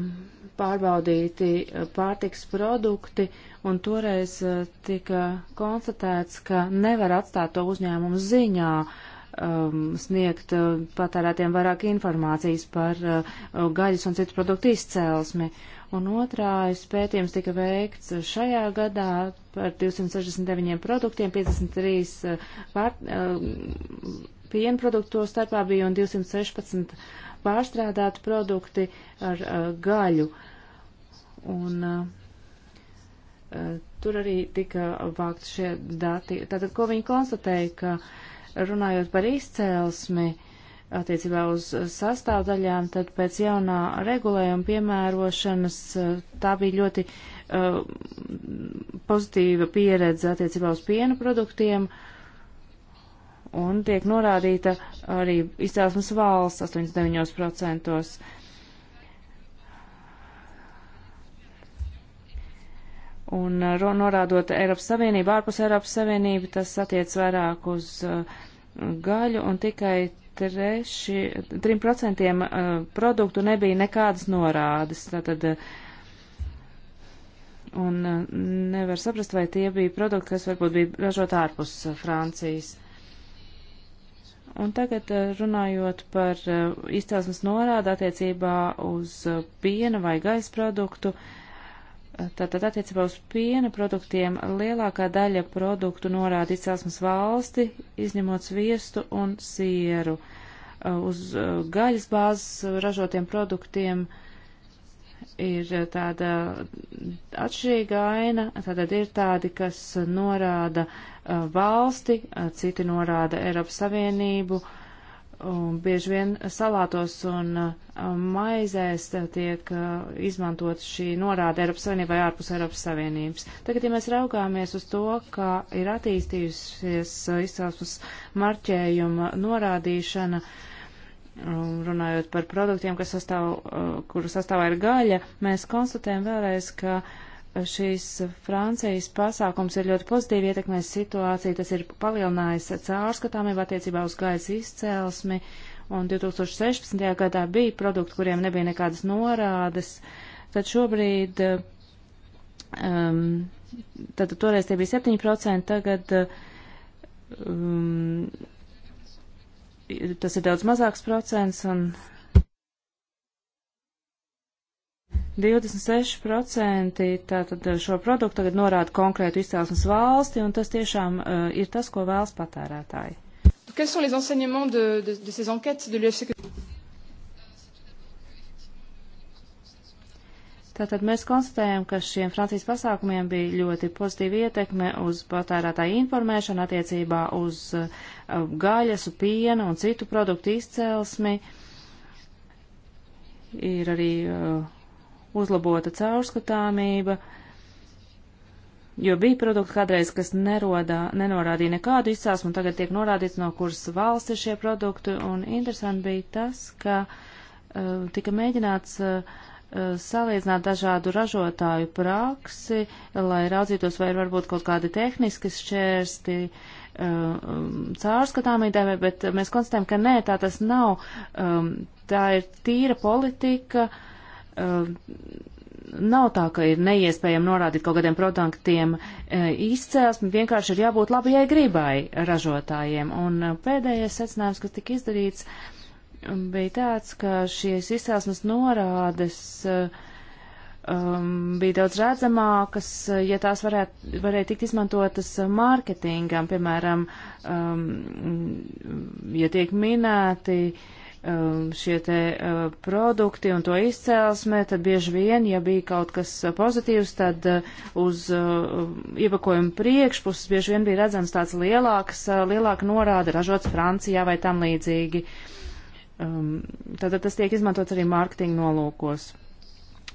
pārbaudīti eh, pārtiks produkti, un toreiz eh, tika konstatēts, ka nevar atstāt to uzņēmumu ziņā um, sniegt eh, patērētiem vairāk informācijas par uh, gaļas un citu produktu izcēlesmi. Un otrājs pētījums tika veikts šajā gadā par 269 produktiem, 53 pār, uh, piena produktu to starpā bija un 216 pārstrādātu produkti ar uh, gaļu. Uh, Un uh, tur arī tika vākt šie dati. Tātad, ko viņi konstatēja, ka runājot par izcēlesmi attiecībā uz sastāvdaļām, tad pēc jaunā regulējuma piemērošanas uh, tā bija ļoti uh, pozitīva pieredze attiecībā uz piena produktiem. Un tiek norādīta arī izcelsmes valsts 89%. un eh, norādot Eiropas Savienību, ārpus Eiropas Savienību, tas attiec vairāk uz eh, gaļu un tikai treši, 3% eh, produktu nebija nekādas norādes. Tātad, un nevar saprast, vai tie bija produkti, kas varbūt bija ražot ārpus Francijas. Un tagad runājot par izcelsmes norādu attiecībā uz piena vai gaisa produktu, uh, Tātad attiecībā uz piena produktiem lielākā daļa produktu norāda izcelsmes valsti, izņemot sviestu un sieru. Uh, uz uh, gaļas bāzes ražotiem produktiem ir uh, tāda atšķirīga aina, tātad ir tādi, kas norāda valsti, citi norāda Eiropas Savienību, uh, Un bieži vien salātos un uh, maizēs tiek uh, izmantot šī norāda Eiropas Savienībai ārpus Eiropas Savienības. Tagad, ja mēs raugāmies uz to, kā ir attīstījusies uh, izcelsmes marķējuma norādīšana, um, runājot par produktiem, kas sastāv, kuru sastāvā ir gaļa, mēs konstatējam vēlreiz, ka uh, šīs Francijas pasākums ir ļoti pozitīvi ietekmējis situāciju, tas ir palielinājis caurskatāmību attiecībā uz gaisa izcēlesmi, un 2016. gadā bija produkti, kuriem nebija nekādas norādes, tad šobrīd, um, tad toreiz tie bija 7%, tagad um, tas ir daudz mazāks procents, un 26% tātad eh, šo produktu tagad norāda konkrētu izcelsmes valsti, un tas tiešām uh, ir tas, ko vēlas patērētāji. Quels sont les enseignements de, de, de ces enquêtes de l'UFC Tātad mēs konstatējam, ka šiem Francijas pasākumiem bija ļoti pozitīva ietekme uz patērētāju informēšanu attiecībā uz uh, gaļas, piena un citu produktu izcelsmi. Ir arī uh, uzlabota caurskatāmība, jo bija produkti kādreiz, kas nerodā, nenorādīja nekādu izcelsmu, un tagad tiek norādīts, no kuras valsts ir šie produkti, un interesanti bija tas, ka uh, tika mēģināts uh, uh salīdzināt dažādu ražotāju praksi, lai raudzītos, vai ir varbūt kaut kādi tehniski šķērsti uh, um, caurskatāmībai, bet mēs konstatējam, ka nē, tā tas nav. Um, tā ir tīra politika, uh, Ehm, nav tā, ka ir neiespējami norādīt kaut kādiem produktiem ehm, izcēlesmi, vienkārši ir jābūt labajai gribai ražotājiem. Un eh, pēdējais secinājums, kas tika izdarīts, bija tāds, ka šīs izcelsmes norādes um, bija daudz redzamākas, ja tās varētu, varēja tikt izmantotas mārketingam, piemēram, um, ja tiek minēti uh, Um, šie te uh, produkti un to izcēlesmē, tad bieži vien, ja bija kaut kas uh, pozitīvs, tad uh, uz iepakojuma priekšpuses bieži vien bija redzams tāds lielāks, lielāka norāda ražots Francijā vai tam līdzīgi. Um, tātad tas tiek izmantots arī mārketinga nolūkos.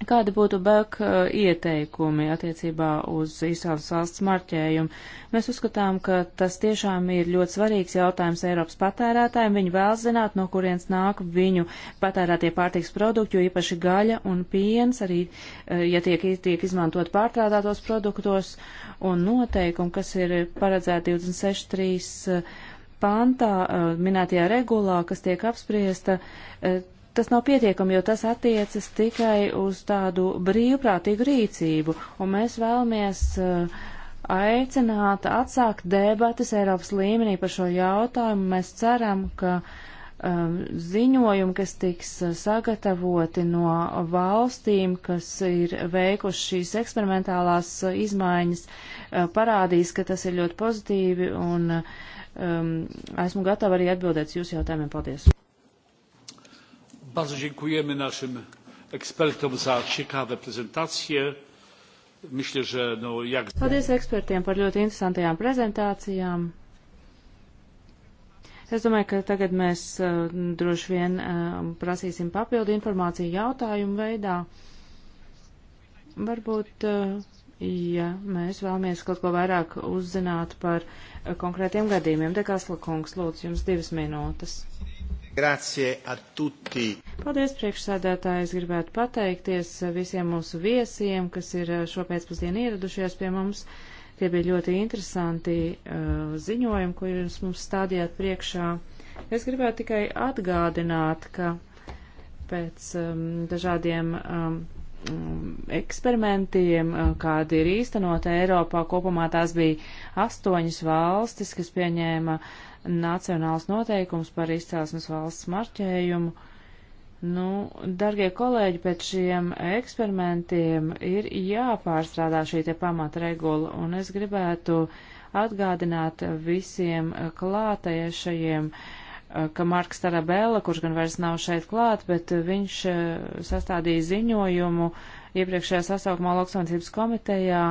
Kādi būtu BEK ieteikumi attiecībā uz Īsānas valsts marķējumu? Mēs uzskatām, ka tas tiešām ir ļoti svarīgs jautājums Eiropas patērētājiem. Viņi vēl zināt, no kurienes nāk viņu patērētie pārtiks produkti, jo īpaši gaļa un piens arī, eh, ja tiek, tiek izmantot pārstrādātos produktos, un noteikumi, kas ir paredzēti 26.3 eh, pantā eh, minētajā regulā, kas tiek apspriesta, tas nav pietiekami, jo tas attiecas tikai uz tādu brīvprātīgu rīcību, un mēs vēlamies uh, aicināt atsākt debatas Eiropas līmenī par šo jautājumu. Mēs ceram, ka um, ziņojumi, kas tiks uh, sagatavoti no valstīm, kas ir veikuši šīs eksperimentālās uh, izmaiņas, uh, parādīs, ka tas ir ļoti pozitīvi, un uh, um, esmu gatava arī atbildēt jūsu jautājumiem. Paldies! Bardzo dziękujemy naszym ekspertom za ciekawe prezentacje. Myślę, że no, jak... Paldies ekspertiem par ļoti interesantajām prezentācijām. Es domāju, ka tagad mēs uh, droši vien uh, prasīsim papildu informāciju jautājumu veidā. Varbūt, uh, ja mēs vēlamies kaut ko vairāk uzzināt par uh, konkrētiem gadījumiem, te Kasla kungs, lūdzu, jums divas minūtes. Grazie a tutti. Paldies, priekšsēdētāji. Es gribētu pateikties visiem mūsu viesiem, kas ir eh, šopēcpusdienu ieradušies pie mums. Tie bija ļoti interesanti uh, ziņojumi, ko jūs mums stādījāt priekšā. Es gribētu tikai atgādināt, ka pēc um, dažādiem um, eksperimentiem, eh, kādi ir īstenot Eiropā, kopumā tās bija astoņas valstis, kas pieņēma uh, nacionāls noteikums par izcelsmes valsts marķējumu. Nu, dargie kolēģi, pēc šiem eksperimentiem ir jāpārstrādā šī te pamatregula, un es gribētu atgādināt visiem klātajiem, eh, ka Marks Tarabella, kurš gan vairs nav šeit klāt, bet viņš eh, sastādīja ziņojumu iepriekšējā sasaukumā lauksaimniecības komitejā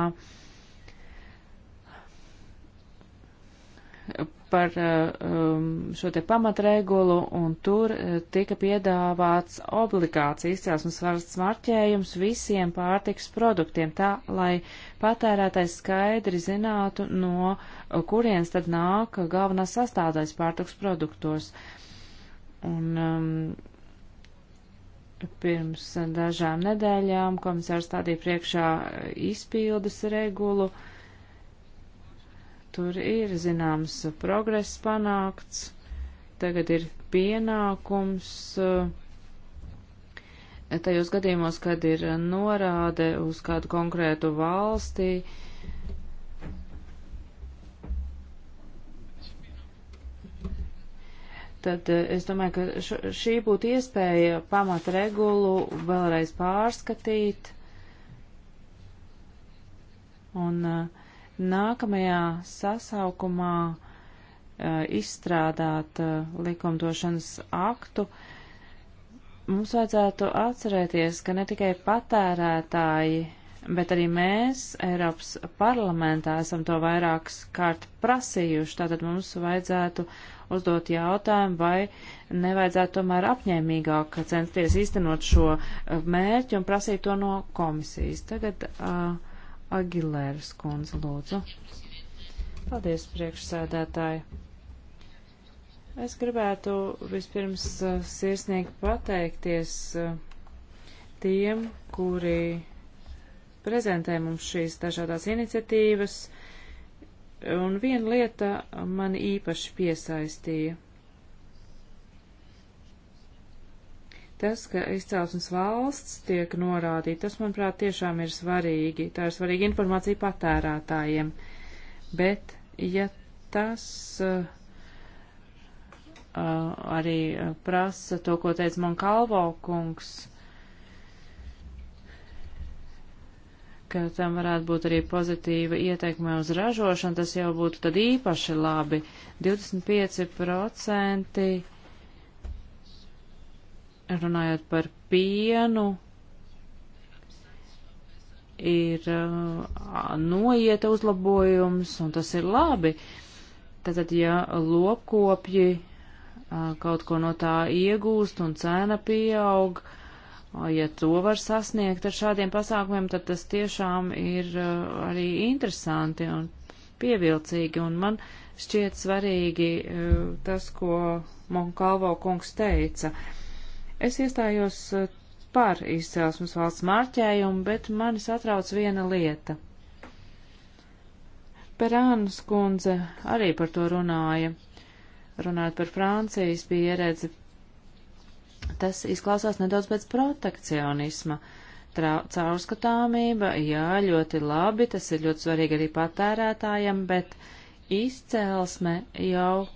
par eh, um, šo te pamatregulu, un tur eh, tika piedāvāts obligāts izcelsmes valsts marķējums visiem pārtiks produktiem, tā, lai patērētais skaidri zinātu, no kurienes tad nāk galvenās sastāvdaļas pārtiks produktos. Un, um, pirms dažām nedēļām komisārs stādīja priekšā eh, izpildes regulu, uh, Tur ir zināms progress panākts, tagad ir pienākums eh, tajos gadījumos, kad ir norāde uz kādu konkrētu valstī, tad eh, es domāju, ka šī būtu iespēja pamat regulu vēlreiz pārskatīt. Un uh, nākamajā sasaukumā uh, izstrādāt uh, likumdošanas aktu, mums vajadzētu atcerēties, ka ne tikai patērētāji, bet arī mēs Eiropas parlamentā esam to vairākas kārt prasījuši, tātad mums vajadzētu uzdot jautājumu, vai nevajadzētu tomēr apņēmīgāk censties īstenot šo eh, mērķi un prasīt to no komisijas. Tagad uh, Agilēras kundze, lūdzu. Paldies, priekšsēdētāji. Es gribētu vispirms eh, sirsnīgi pateikties eh, tiem, kuri prezentē mums šīs dažādās iniciatīvas, un viena lieta mani īpaši piesaistīja. Tas, ka izcelsmes valsts tiek norādīta, tas, manuprāt, tiešām ir svarīgi. Tā ir svarīga informācija patērētājiem. Bet, ja tas uh, arī eh, prasa to, ko teica man Kalvo kungs, ka tam varētu būt arī pozitīva ieteikme uz ražošanu, tas jau būtu tad īpaši labi. 25% runājot par pienu, ir noieta uzlabojums, un tas ir labi. Tātad, ja lopkopji kaut ko no tā iegūst un cena pieaug, ja to var sasniegt ar šādiem pasākumiem, tad tas tiešām ir arī interesanti un pievilcīgi. Un man šķiet svarīgi tas, ko Monkalvo kungs teica. Uh, Es iestājos eh, par izcelsmes valsts mārķējumu, bet mani satrauc viena lieta. Perānas kundze arī par to runāja. Runājot par Francijas pieredzi, tas izklausās nedaudz pēc protekcionisma. Trau, caurskatāmība, jā, ļoti labi, tas ir ļoti svarīgi arī patērētājiem, bet izcelsme jau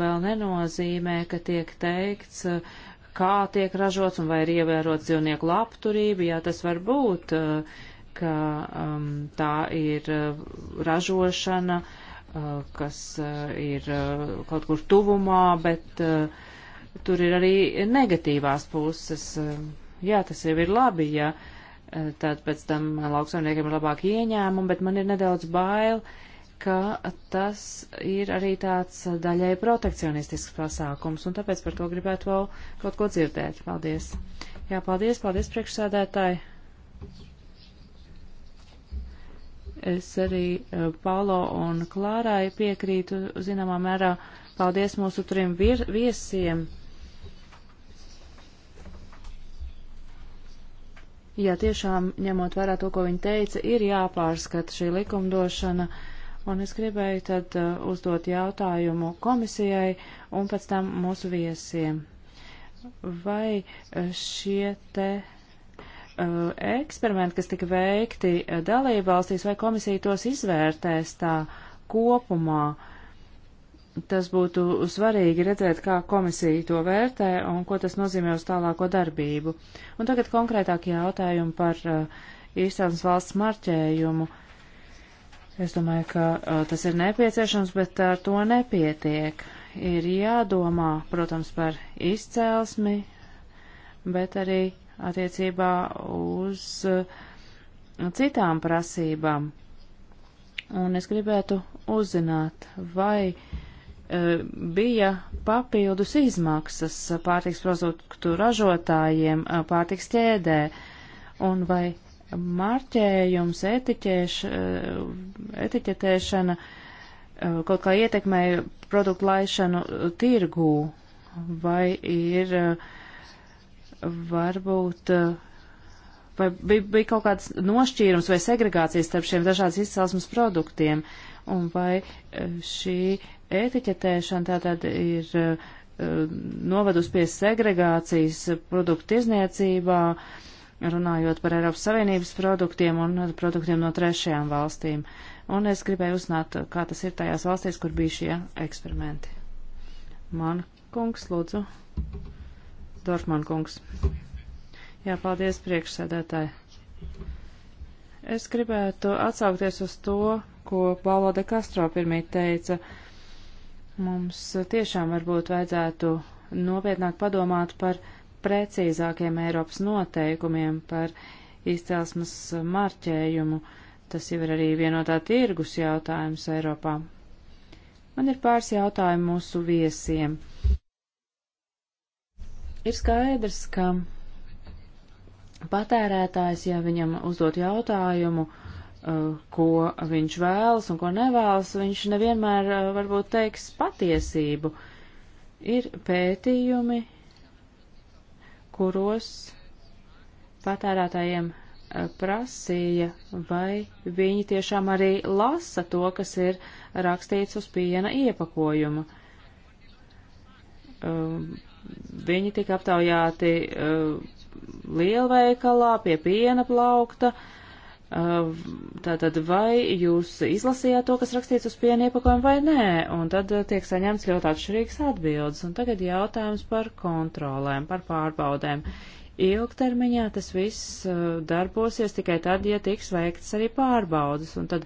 vēl nenozīmē, ka tiek teikts, uh, kā tiek ražots un vai ir ievērots dzīvnieku labturība, jā, tas var būt, eh, ka um, tā ir eh, ražošana, eh, kas ir kaut kur tuvumā, bet uh, tur ir arī negatīvās puses. Jā, tas jau ir labi, ja tad pēc tam lauksaimniekiem ir labāk ieņēmumi, bet man ir nedaudz bail, uh, ka tas ir arī tāds daļai protekcionistisks pasākums, un tāpēc par to gribētu vēl kaut ko dzirdēt. Paldies. Jā, paldies, paldies priekšsēdētāji. Es arī eh, Paulo un Klārai piekrītu, zināmā mērā, paldies mūsu trim viesiem. Jā, tiešām, ņemot vērā to, ko viņi teica, ir jāpārskata šī likumdošana. Uh, Un es gribēju tad uh, uzdot jautājumu komisijai un pēc tam mūsu viesiem. Vai uh, šie te uh, eksperimenti, kas tika veikti uh, dalībvalstīs, vai komisija tos izvērtēs tā kopumā? Tas būtu svarīgi redzēt, kā komisija to vērtē un ko tas nozīmē uz tālāko darbību. Un tagad konkrētāk jautājumi par uh, īstenas valsts marķējumu. Uh, Es domāju, ka tas ir nepieciešams, bet ar to nepietiek. Ir jādomā, protams, par izcēlesmi, bet arī attiecībā uz citām prasībām. Un es gribētu uzzināt, vai bija papildus izmaksas pārtiks produktu ražotājiem pārtiks ķēdē, un vai marķējums, etiķēš, eh, etiķetēšana eh, kaut kā ietekmēja produktu laišanu tirgū, vai ir eh, varbūt, vai bija, bija kaut kāds nošķīrums vai segregācijas starp šiem dažādas izcelsmes produktiem, un vai šī etiķetēšana tātad ir novedus pie segregācijas produktu tirzniecībā, uh, runājot par Eiropas Savienības produktiem un produktiem no trešajām valstīm. Un es gribēju uzzināt, kā tas ir tajās valstīs, kur bija šie eksperimenti. Man kungs, lūdzu. Dorfman kungs. Jā, paldies priekšsēdētāji. Es gribētu atsaukties uz to, ko Paulo de Castro pirmīt teica. Mums tiešām varbūt vajadzētu nopietnāk padomāt par precīzākiem Eiropas noteikumiem par izcelsmes marķējumu. Tas jau ir arī vienotā tirgus jautājums Eiropā. Man ir pāris jautājumi mūsu viesiem. Ir skaidrs, ka patērētājs, ja viņam uzdot jautājumu, uh, ko viņš vēlas un ko nevēlas, viņš nevienmēr uh, varbūt teiks patiesību. Ir pētījumi, kuros patērētājiem eh, prasīja, vai viņi tiešām arī lasa to, kas ir rakstīts uz piena iepakojuma. Um, viņi tika aptaujāti uh, lielveikalā pie piena plaukta, uh, Tātad, vai jūs izlasījāt to, kas rakstīts uz piena iepakojuma vai nē, un tad tiek saņemts ļoti atšķirīgs atbildes. Un tagad jautājums par kontrolēm, par pārbaudēm. Ilgtermiņā tas viss darbosies tikai tad, ja tiks veikts arī pārbaudas. Un tad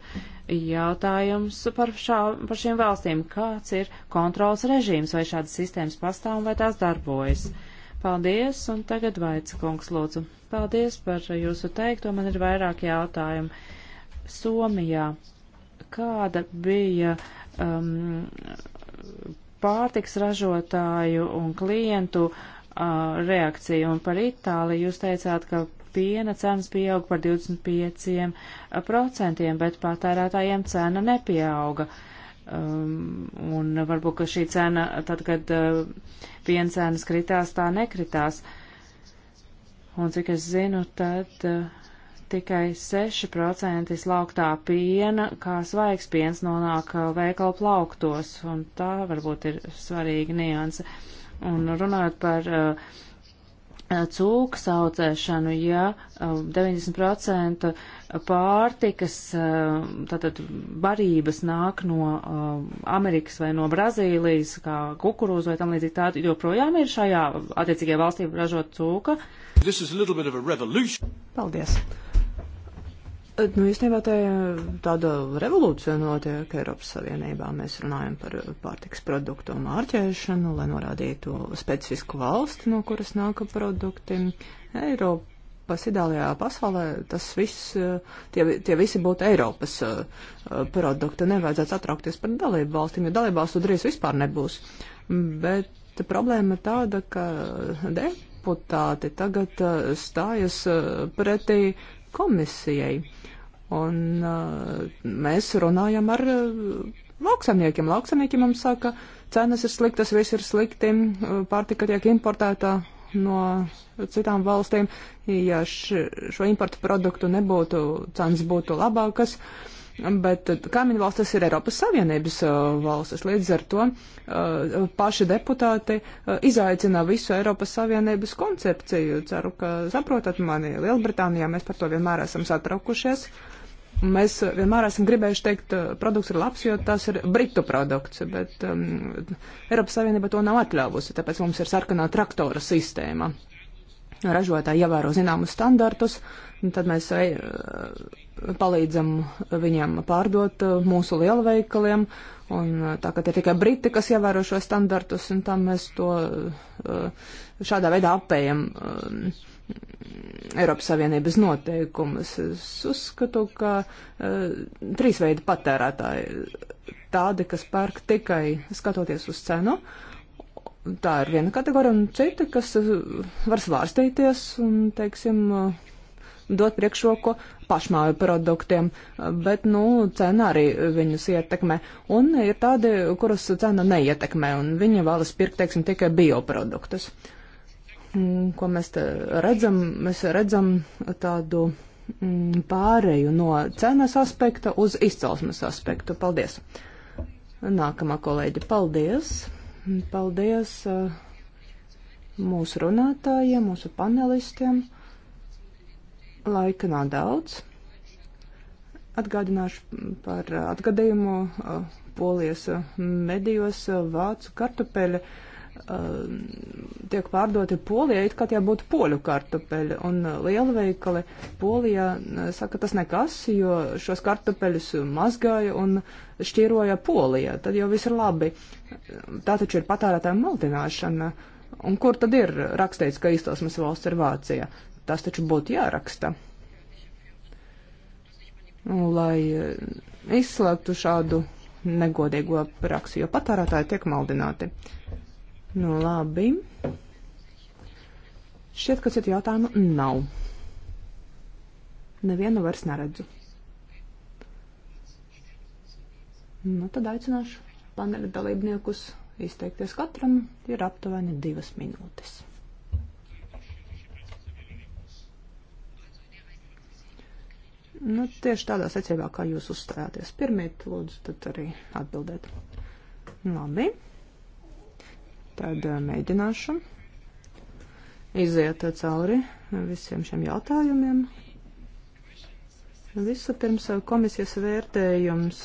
jautājums par, šā, par šīm valstīm, kāds ir kontrols režīms, vai šādas sistēmas pastāv un vai tās darbojas. Mm -hmm. Paldies, un tagad vaica kungs lūdzu. Paldies par jūsu teikto, man ir vairāk jautājumu. Somijā, kāda bija um, pārtiks ražotāju un klientu uh, reakcija? Un par Itāliju jūs teicāt, ka piena cenas pieaug par 25%, bet patērētājiem cena nepieauga. Um, un varbūt, ka šī cena tad, kad. Uh, viencēnas kritās, tā nekritās. Un cik es zinu, tad uh, tikai 6% slaugtā piena, kā svaigs piens, nonāk eh, veikalu plauktos, un tā varbūt ir svarīga nianse. Un runājot par uh, Eh, cūku saucēšanu, ja 90% eh, pārtikas, eh, tātad barības nāk no Amerikas vai no Brazīlijas, kā kukurūza vai tam līdzīgi tā, joprojām ir šajā attiecīgajā valstī ražot cūka. Paldies. Nu, īstenībā tā tāda revolūcija notiek Eiropas Savienībā. Mēs runājam par pārtiks produktu mārķēšanu, lai norādītu specifisku valsti, no kuras nāka produkti. Eiropas ideālajā pasaulē tas viss, tie, tie visi būtu Eiropas uh, produkti. Nevajadzētu satraukties par dalību valstīm, jo dalību valstu drīz vispār nebūs. Bet problēma ir tāda, ka deputāti tagad uh, stājas uh, pretī komisijai. Un uh, mēs runājam ar uh, lauksamniekiem. Lauksamnieki mums saka, cenas ir sliktas, viss ir slikti, uh, pārtika tiek importēta no citām valstīm. Ja š, šo importu produktu nebūtu, cenas būtu labākas. Bet uh, kaimiņu valstis ir Eiropas Savienības uh, valstis, līdz ar to uh, paši deputāti uh, izaicina visu Eiropas Savienības koncepciju. Ceru, ka saprotat mani. Lielbritānijā mēs par to vienmēr esam satraukušies. Uh, Mēs vienmēr esam gribējuši teikt, eh, produkts ir labs, jo tas ir britu produkts, bet um, Eiropas Savienība to nav atļāvusi, tāpēc mums ir sarkanā traktora sistēma. Ražotāji ievēro zināmus standartus, un tad mēs ej, eh, palīdzam viņiem pārdot eh, mūsu lielveikaliem, un tā kā tie tikai briti, kas ievēro šo standartus, un tā mēs to šādā veidā apējam. Um, Eiropas Savienības noteikumus. Es uzskatu, ka uh, trīs veidi patērētāji - tādi, kas pērk tikai skatoties uz cenu. Tā ir viena kategorija, un cita, kas eh, var svārstīties un, teiksim, eh, dot priekšroku pašmāju produktiem, bet, nu, cena arī viņus ietekmē. Un ir tādi, kurus cena neietekmē, un viņi vēlas pirkt, teiksim, tikai bioproduktus. Uh, Mm, ko mēs redzam, mēs redzam tādu mm, pāreju no cenas aspekta uz izcelsmes aspektu. Paldies! Nākamā kolēģa, paldies! Paldies eh, mūsu runātājiem, mūsu panelistiem. Laika nav daudz. Atgādināšu par atgadījumu eh, polijas eh, medijos vācu kartupeļu Um, tiek pārdoti polijā, it kā tie būtu poļu kartupeļi. Un uh, lielveikali polijā uh, saka, tas nekas, jo šos kartupeļus mazgāja un šķiroja polijā. Tad jau viss ir labi. Tā taču ir patērētāja maldināšana. Un kur tad ir rakstīts, ka izcelsmes valsts ir Vācija? Tas taču būtu jāraksta. Nu, lai uh, izslēgtu šādu negodīgo praksi, jo patērētāji tiek maldināti. Uh, Nu, labi. Šķiet, ka citu jautājumu nav. Nevienu vairs neredzu. Nu, tad aicināšu paneļa dalībniekus izteikties katram ir aptuveni divas minūtes. Nu, tieši tādā secībā, kā jūs uzstājāties pirmie, lūdzu, tad arī atbildēt. Labi. Tad eh, mēģināšu iziet eh, cauri eh, visiem šiem jautājumiem. Visu pirms komisijas vērtējums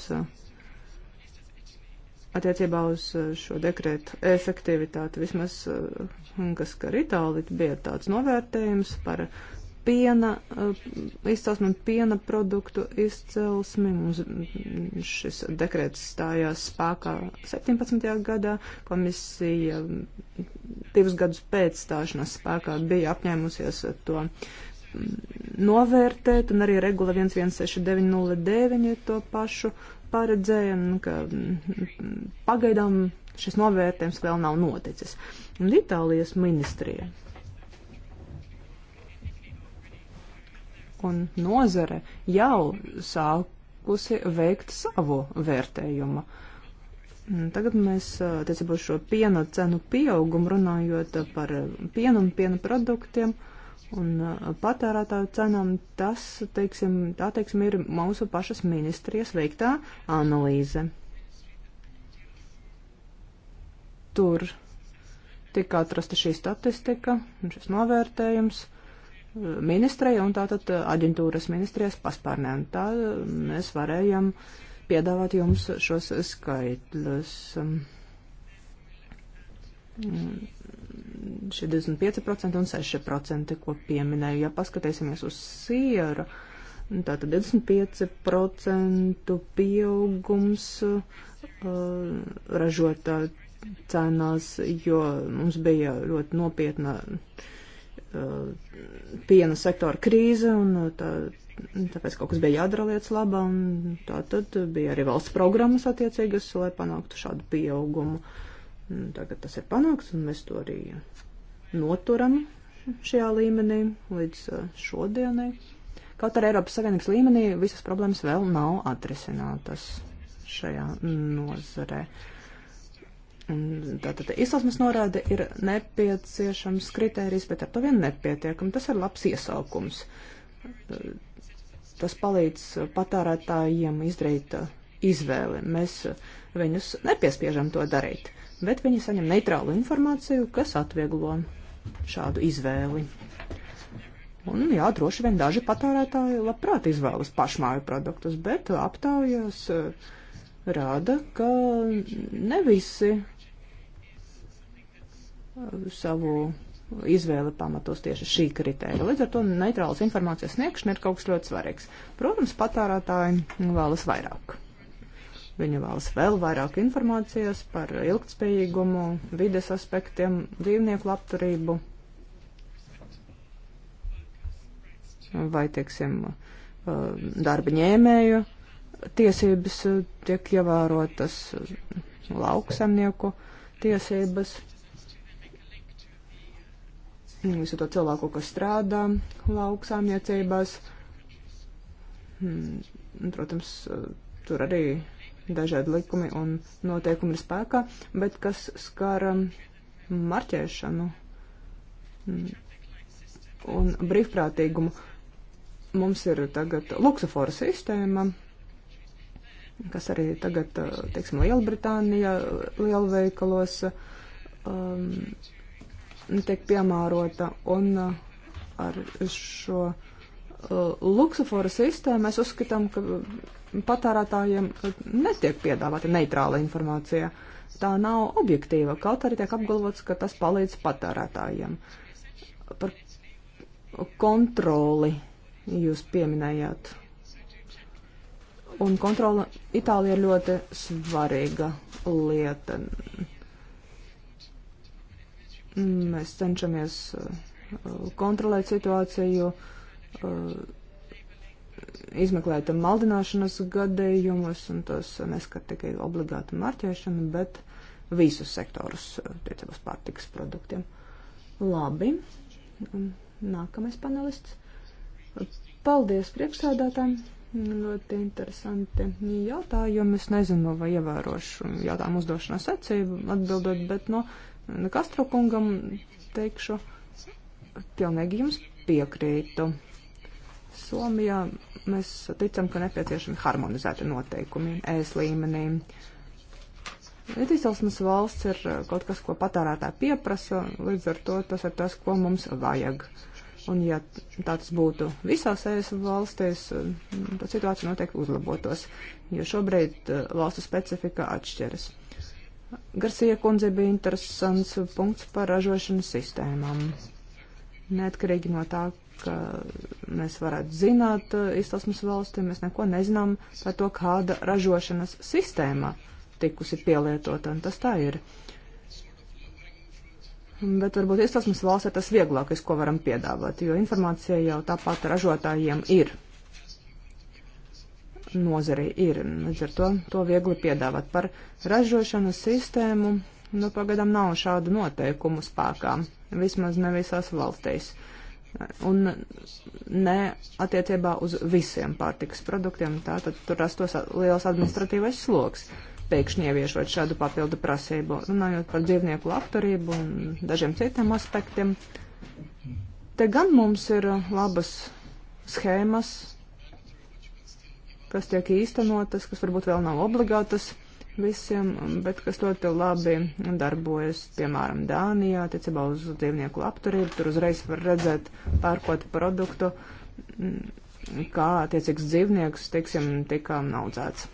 attiecībā uz šo dekrētu efektivitāti, vismaz, kas skar Itāliju, bija tāds novērtējums par piena eh, izcelsmi un piena produktu izcelsmi. Mums mm, šis dekrets stājās spēkā 17. gadā. Komisija mm, divus gadus pēc stāšanās spēkā bija apņēmusies to mm, novērtēt, un arī regula 116909 to pašu paredzēja, un ka pagaidām šis novērtējums vēl nav noticis. Un Itālijas ministrija un nozare jau sākusi veikt savu vērtējumu. Tagad mēs, tiecībā uz šo piena cenu pieaugumu, runājot par pienu un piena produktiem un patērētāju cenām, tas, teiksim, tā teiksim, ir mūsu pašas ministrijas veiktā analīze. Tur tika atrasta šī statistika un šis novērtējums. Uh, ministrei un tātad eh, aģentūras ministrijas paspārnē. Un tā eh, mēs varējam piedāvāt jums šos skaitļus. Mm, šie 25% un 6%, ko pieminēju, ja paskatīsimies uz sieru, tātad 25% pieaugums uh, ražotā cenās, jo mums bija ļoti nopietna uh, Uh, piena sektora krīze, un uh, tā, tāpēc kaut kas bija jādara lietas labā, un tā tad bija arī valsts programmas attiecīgas, lai panāktu šādu pieaugumu. Un tagad tas ir panākts, un mēs to arī noturam šajā līmenī līdz uh, šodienai. Kaut arī Eiropas Savienības līmenī visas problēmas vēl nav atrisinātas šajā nozarē. Uh, Tātad izsauksmes norāde ir nepieciešams kritērijs, bet ar to vien nepietiek, un tas ir labs iesaukums. Tas palīdz patērētājiem izdarīt uh, izvēli. Mēs viņus nepiespiežam to darīt, bet viņi saņem neitrālu informāciju, kas atvieglo šādu izvēli. Un, jā, droši vien daži patērētāji labprāt izvēlas pašmāju produktus, bet aptaujas uh, rāda, ka ne visi savu izvēle pamatos tieši šī kritērija. Līdz ar to neitrālas informācijas sniegšana ir kaut kas ļoti svarīgs. Protams, patērētāji vēlas vairāk. Viņi vēlas vēl vairāk informācijas par ilgtspējīgumu, vides aspektiem, dzīvnieku labturību. Vai, teiksim, eh, darba ņēmēju tiesības eh, tiek ievērotas, eh, lauksemnieku tiesības visu to cilvēku, kas strādā lauksāmniecībās. Hmm, protams, eh, tur arī dažādi likumi un noteikumi ir spēkā, bet kas skar eh, marķēšanu hmm, un brīvprātīgumu. Mums ir tagad luksofora sistēma, kas arī tagad, eh, teiksim, Lielbritānijā lielveikalos um, tiek piemērota. Un eh, ar šo eh, luksofora sistēmu mēs uzskatām, ka mm, patērētājiem netiek piedāvāta neitrāla informācija. Tā nav objektīva, kaut arī tiek apgalvots, ka tas palīdz patērētājiem. Par kontroli jūs pieminējāt. Un kontrola Itālijā ir ļoti svarīga lieta. Mēs cenšamies uh, kontrolēt situāciju, uh, izmeklēt maldināšanas gadījumus, un tas neskat tikai obligātu marķēšanu, bet visus sektorus uh, tiecībā uz pārtikas produktiem. Labi. Nākamais panelists. Paldies priekšsādātājiem. Ļoti interesanti jautājumi. Es nezinu, vai ievērošu jautājumu uzdošanā secību atbildot, bet no nu, Kastro kungam teikšu, pilnīgi jums piekrītu. Somijā mēs ticam, ka nepieciešami harmonizēti noteikumi ēs līmenī. Bet izcelsmes valsts ir eh, kaut kas, ko patērētāji pieprasa, līdz ar to tas ir tas, ko mums vajag. Un ja tāds būtu visās ES valstīs, eh, tad situācija noteikti uzlabotos, jo šobrīd eh, valstu specifika atšķiras. Garsija kundze bija interesants punkts par ražošanas sistēmām. Neatkarīgi no tā, ka mēs varētu zināt eh, izcelsmes valsti, mēs neko nezinām par to, kāda ražošanas sistēma tikusi pielietota, un tas tā ir. Bet varbūt izcelsmes valstī tas vieglākais, ko varam piedāvāt, jo informācija jau tāpat ražotājiem ir nozarei ir. Līdz ar to to viegli piedāvāt par ražošanas sistēmu. Nu, pagadam nav šādu noteikumu spēkā, vismaz ne visās valstīs. Un ne attiecībā uz visiem pārtikas produktiem, tātad tur rastos liels administratīvais sloks pēkšņi ieviešot šādu papildu prasību. Runājot par dzīvnieku labturību un dažiem citiem aspektiem, te gan mums ir labas schēmas, kas tiek īstenotas, kas varbūt vēl nav obligātas visiem, bet kas ļoti labi darbojas, piemēram, Dānijā, tiecībā uz dzīvnieku labturību. Tur uzreiz var redzēt pērkot produktu, mm, kā attiecīgs dzīvnieks, teiksim, tika naudzēts.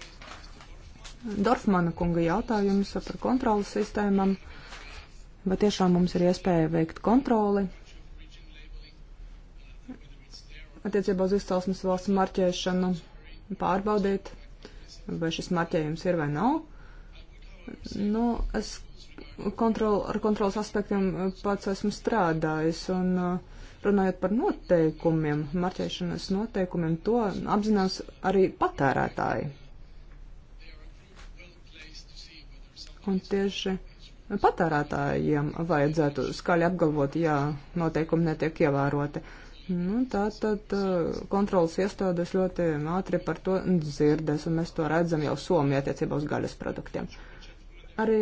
Dorfmana kunga jautājums par kontrolas sistēmām. Vai tiešām mums ir iespēja veikt kontroli? Attiecībā uz izcelsmes valsts marķēšanu pārbaudīt, vai šis marķējums ir vai nav. Nu, es kontrol, ar kontrolas aspektiem pats esmu strādājis un uh, runājot par noteikumiem, marķēšanas noteikumiem, to apzinās arī patērētāji. Un tieši patērētājiem vajadzētu skaļi apgalvot, ja noteikumi netiek ievēroti. Uh, Nu, tā tad kontrolas iestādes ļoti ātri par to dzirdēs, un mēs to redzam jau Somijā attiecībā uz gaļas produktiem. Arī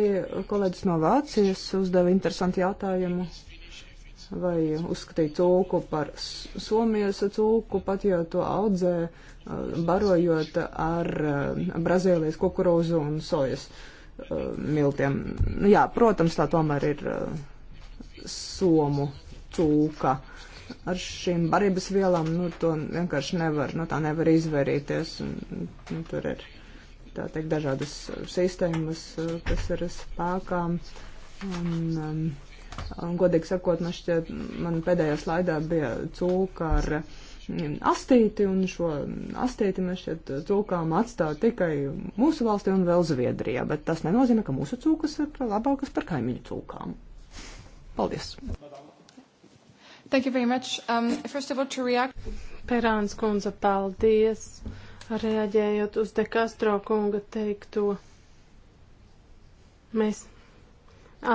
kolēģis no Vācijas uzdeva interesantu jautājumu, vai uzskatīja cūku par Somijas cūku, pat jau to audzē, barojot ar Brazīlijas kukurūzu un sojas miltiem. Nu, jā, protams, tā tomēr ir somu cūka. Uh, ar šīm barības vielām, nu, to vienkārši nevar, nu, tā nevar izvairīties. Un, un nu, tur ir, tā teikt, dažādas sistēmas, uh, kas ir spēkā. Un, um, un godīgi sakot, man šķiet, man pēdējā slaidā bija cūka ar mm, astīti, un šo astīti mēs šķiet cūkām atstāja tikai mūsu valstī un vēl Zviedrijā, bet tas nenozīmē, ka mūsu cūkas ir labākas par kaimiņu cūkām. Paldies! Madam. Thank you very much. Um, first of all, to react. Perāns kundze, paldies, reaģējot uz De Castro kunga teikto. Mēs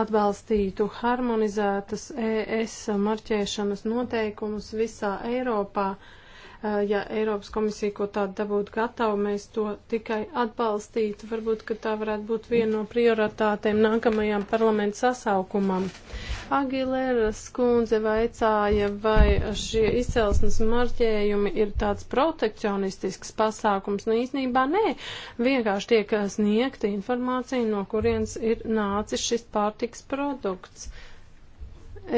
atbalstītu harmonizētas ES marķēšanas noteikumus visā Eiropā. Uh, Eh, ja Eiropas komisija ko tādu dabūtu gatavu, mēs to tikai atbalstītu. Varbūt, ka tā varētu būt viena no prioritātēm nākamajām parlamentu sasaukumam. Agilēras kundze vaicāja, vai šie izcelsmes marķējumi ir tāds protekcionistisks pasākums. Nu, īsnībā nē, vienkārši tiek eh, sniegta informācija, no kurienes ir nācis šis pārtiks produkts.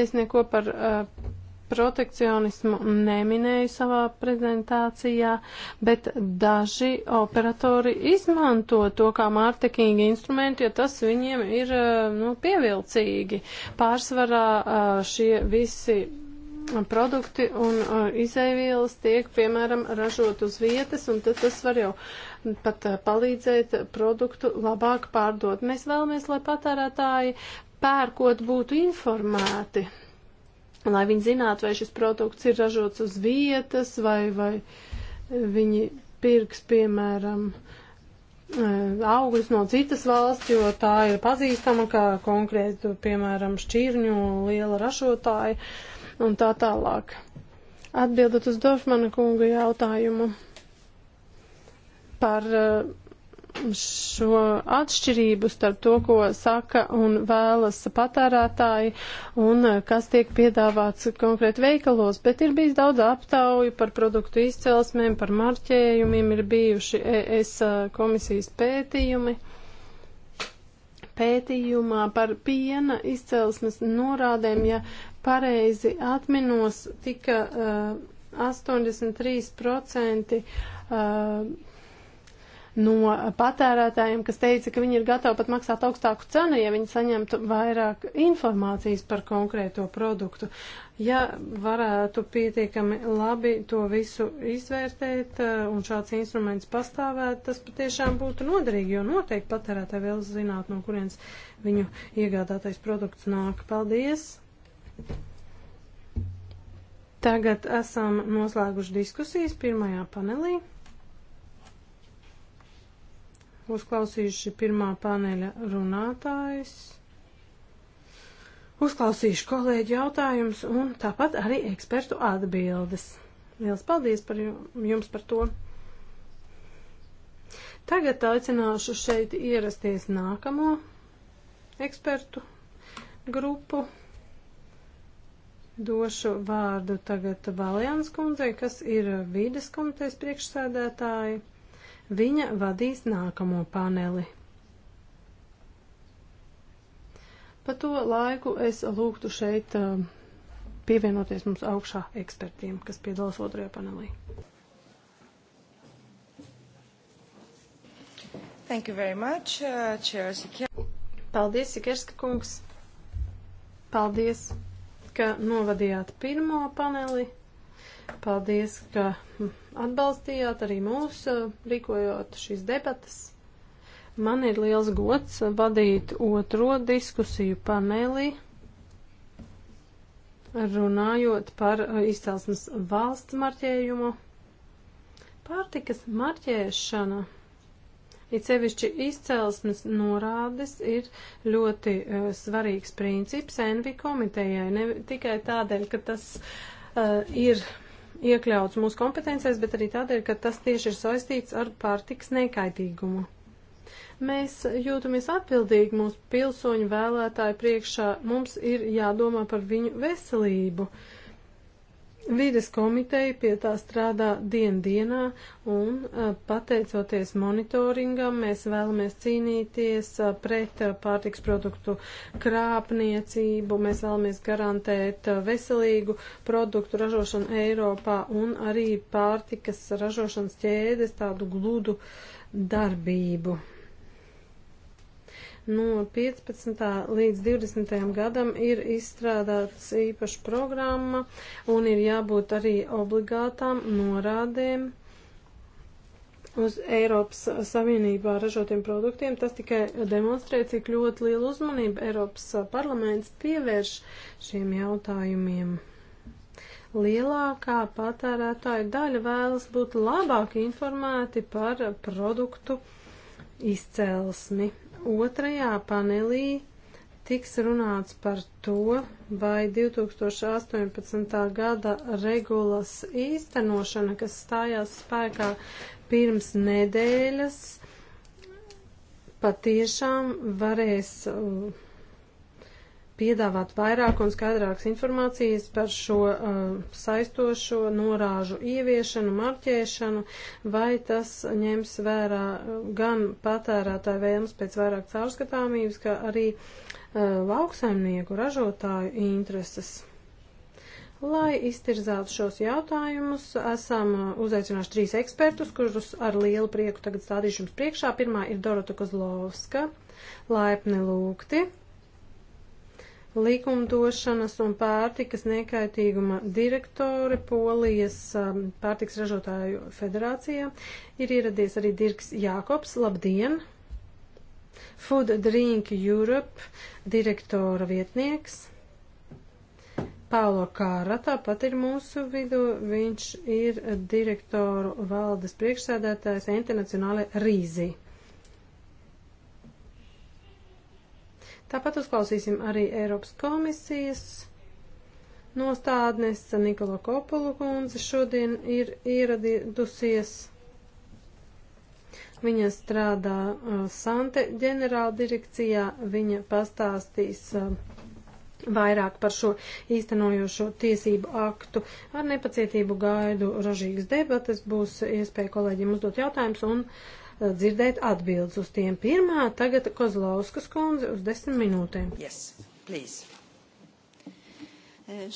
Es neko par uh, protekcionismu neminēju savā prezentācijā, bet daži operatori izmanto to kā mārketinga instrumentu, jo tas viņiem ir eh, nu, pievilcīgi. Pārsvarā eh, šie visi produkti un eh, izēvielas tiek, piemēram, ražot uz vietas, un tad tas var jau pat palīdzēt produktu labāk pārdot. Mēs vēlamies, lai patērētāji pērkot būtu informēti lai viņi zinātu, vai šis produkts ir ražots uz vietas, vai, vai viņi pirks, piemēram, eh, augļus no citas valsts, jo tā ir pazīstama kā konkrētu, piemēram, šķirņu liela ražotāja un tā tālāk. Atbildot uz Dorfmana kunga jautājumu par uh, šo atšķirību starp to, ko saka un vēlas patērētāji un eh, kas tiek piedāvāts konkrēti veikalos, bet ir bijis daudz aptauju par produktu izcelsmēm, par marķējumiem, ir bijuši ES eh, komisijas pētījumi. Pētījumā par piena izcelsmes norādēm, ja pareizi atminos, tika uh, 83% uh, no patērētājiem, kas teica, ka viņi ir gatavi pat maksāt augstāku cenu, ja viņi saņemtu vairāk informācijas par konkrēto produktu. Ja varētu pietiekami labi to visu izvērtēt eh, un šāds instruments pastāvēt, tas patiešām būtu noderīgi, jo noteikti patērētāji vēl zināt, no kurienes viņu iegādātais produkts nāk. Paldies! Tagad esam noslēguši diskusijas pirmajā panelī uzklausījuši pirmā paneļa runātājs. Uzklausīšu kolēģi jautājumus un tāpat arī ekspertu atbildes. Liels paldies par jums par to! Tagad aicināšu šeit ierasties nākamo ekspertu grupu. Došu vārdu tagad Valjāns kundzei, kas ir vīdes komitejas priekšsēdētāja. Viņa vadīs nākamo paneli. Pa to laiku es lūgtu šeit um, pievienoties mums augšā ekspertiem, kas piedalās otrajā panelī. Thank you very much, uh, Chair Sikerska. Paldies, Sikerska kungs. Paldies, ka novadījāt pirmo paneli. Paldies, ka atbalstījāt arī mūs, rīkojot šīs debatas. Man ir liels gods vadīt otro diskusiju panelī, runājot par izcelsmes valsts marķējumu. Pārtikas marķēšana, it sevišķi izcelsmes norādes, ir ļoti uh, svarīgs princips Envi komitejai, ne tikai tādēļ, ka tas uh, ir iekļauts mūsu kompetencēs, bet arī tādēļ, ka tas tieši ir saistīts ar pārtiks nekaitīgumu. Mēs jūtamies atbildīgi mūsu pilsoņu vēlētāju priekšā, mums ir jādomā par viņu veselību. Uh, Vides komiteja pie tā strādā dien dienā un pateicoties monitoringam mēs vēlamies cīnīties pret pārtiks produktu krāpniecību, mēs vēlamies garantēt veselīgu produktu ražošanu Eiropā un arī pārtikas ražošanas ķēdes tādu gludu darbību. No 15. līdz 20. gadam ir izstrādāts īpaša programma un ir jābūt arī obligātām norādēm uz Eiropas Savienībā ražotiem produktiem. Tas tikai demonstrē, cik ļoti lielu uzmanību Eiropas parlaments pievērš šiem jautājumiem lielākā patērētāja daļa vēlas būt labāk informēti par produktu izcelsmi. Otrajā panelī tiks runāts par to, vai 2018. gada regulas īstenošana, kas stājās spēkā pirms nedēļas, patiešām varēs uh, piedāvāt vairāk un skaidrākas informācijas par šo uh, saistošo norāžu ieviešanu, marķēšanu, vai tas ņems vērā uh, gan patērētāju vēlmes pēc vairāk caurskatāmības, kā arī uh, lauksaimnieku ražotāju intereses. Lai iztirzātu šos jautājumus, esam uh, uzaicinājuši trīs ekspertus, kurus ar lielu prieku tagad stādīšu jums priekšā. Pirmā ir Dorota Kozlovska. Laipni lūgti! likumdošanas un pārtikas nekaitīguma direktore Polijas um, pārtikas ražotāju federācijā. Ir ieradies arī Dirks Jākops. Labdien! Food Drink Europe direktora vietnieks. Paulo Kāra tāpat ir mūsu vidū. Viņš ir direktoru valdes priekšsēdētājs internacionālai Rīzi. Tāpat uzklausīsim arī Eiropas komisijas nostādnes. Nikola Kopulu kundze šodien ir ieradusies. Viņa strādā uh, Sante ģenerāla direkcijā. Viņa pastāstīs. Uh, vairāk par šo īstenojošo tiesību aktu. Ar nepacietību gaidu ražīgas debatas, būs iespēja kolēģiem uzdot jautājumus un uh, Eh, dzirdēt atbildes uz tiem. Pirmā tagad Kozlauskas kundze uz desmit minūtēm. Yes, please.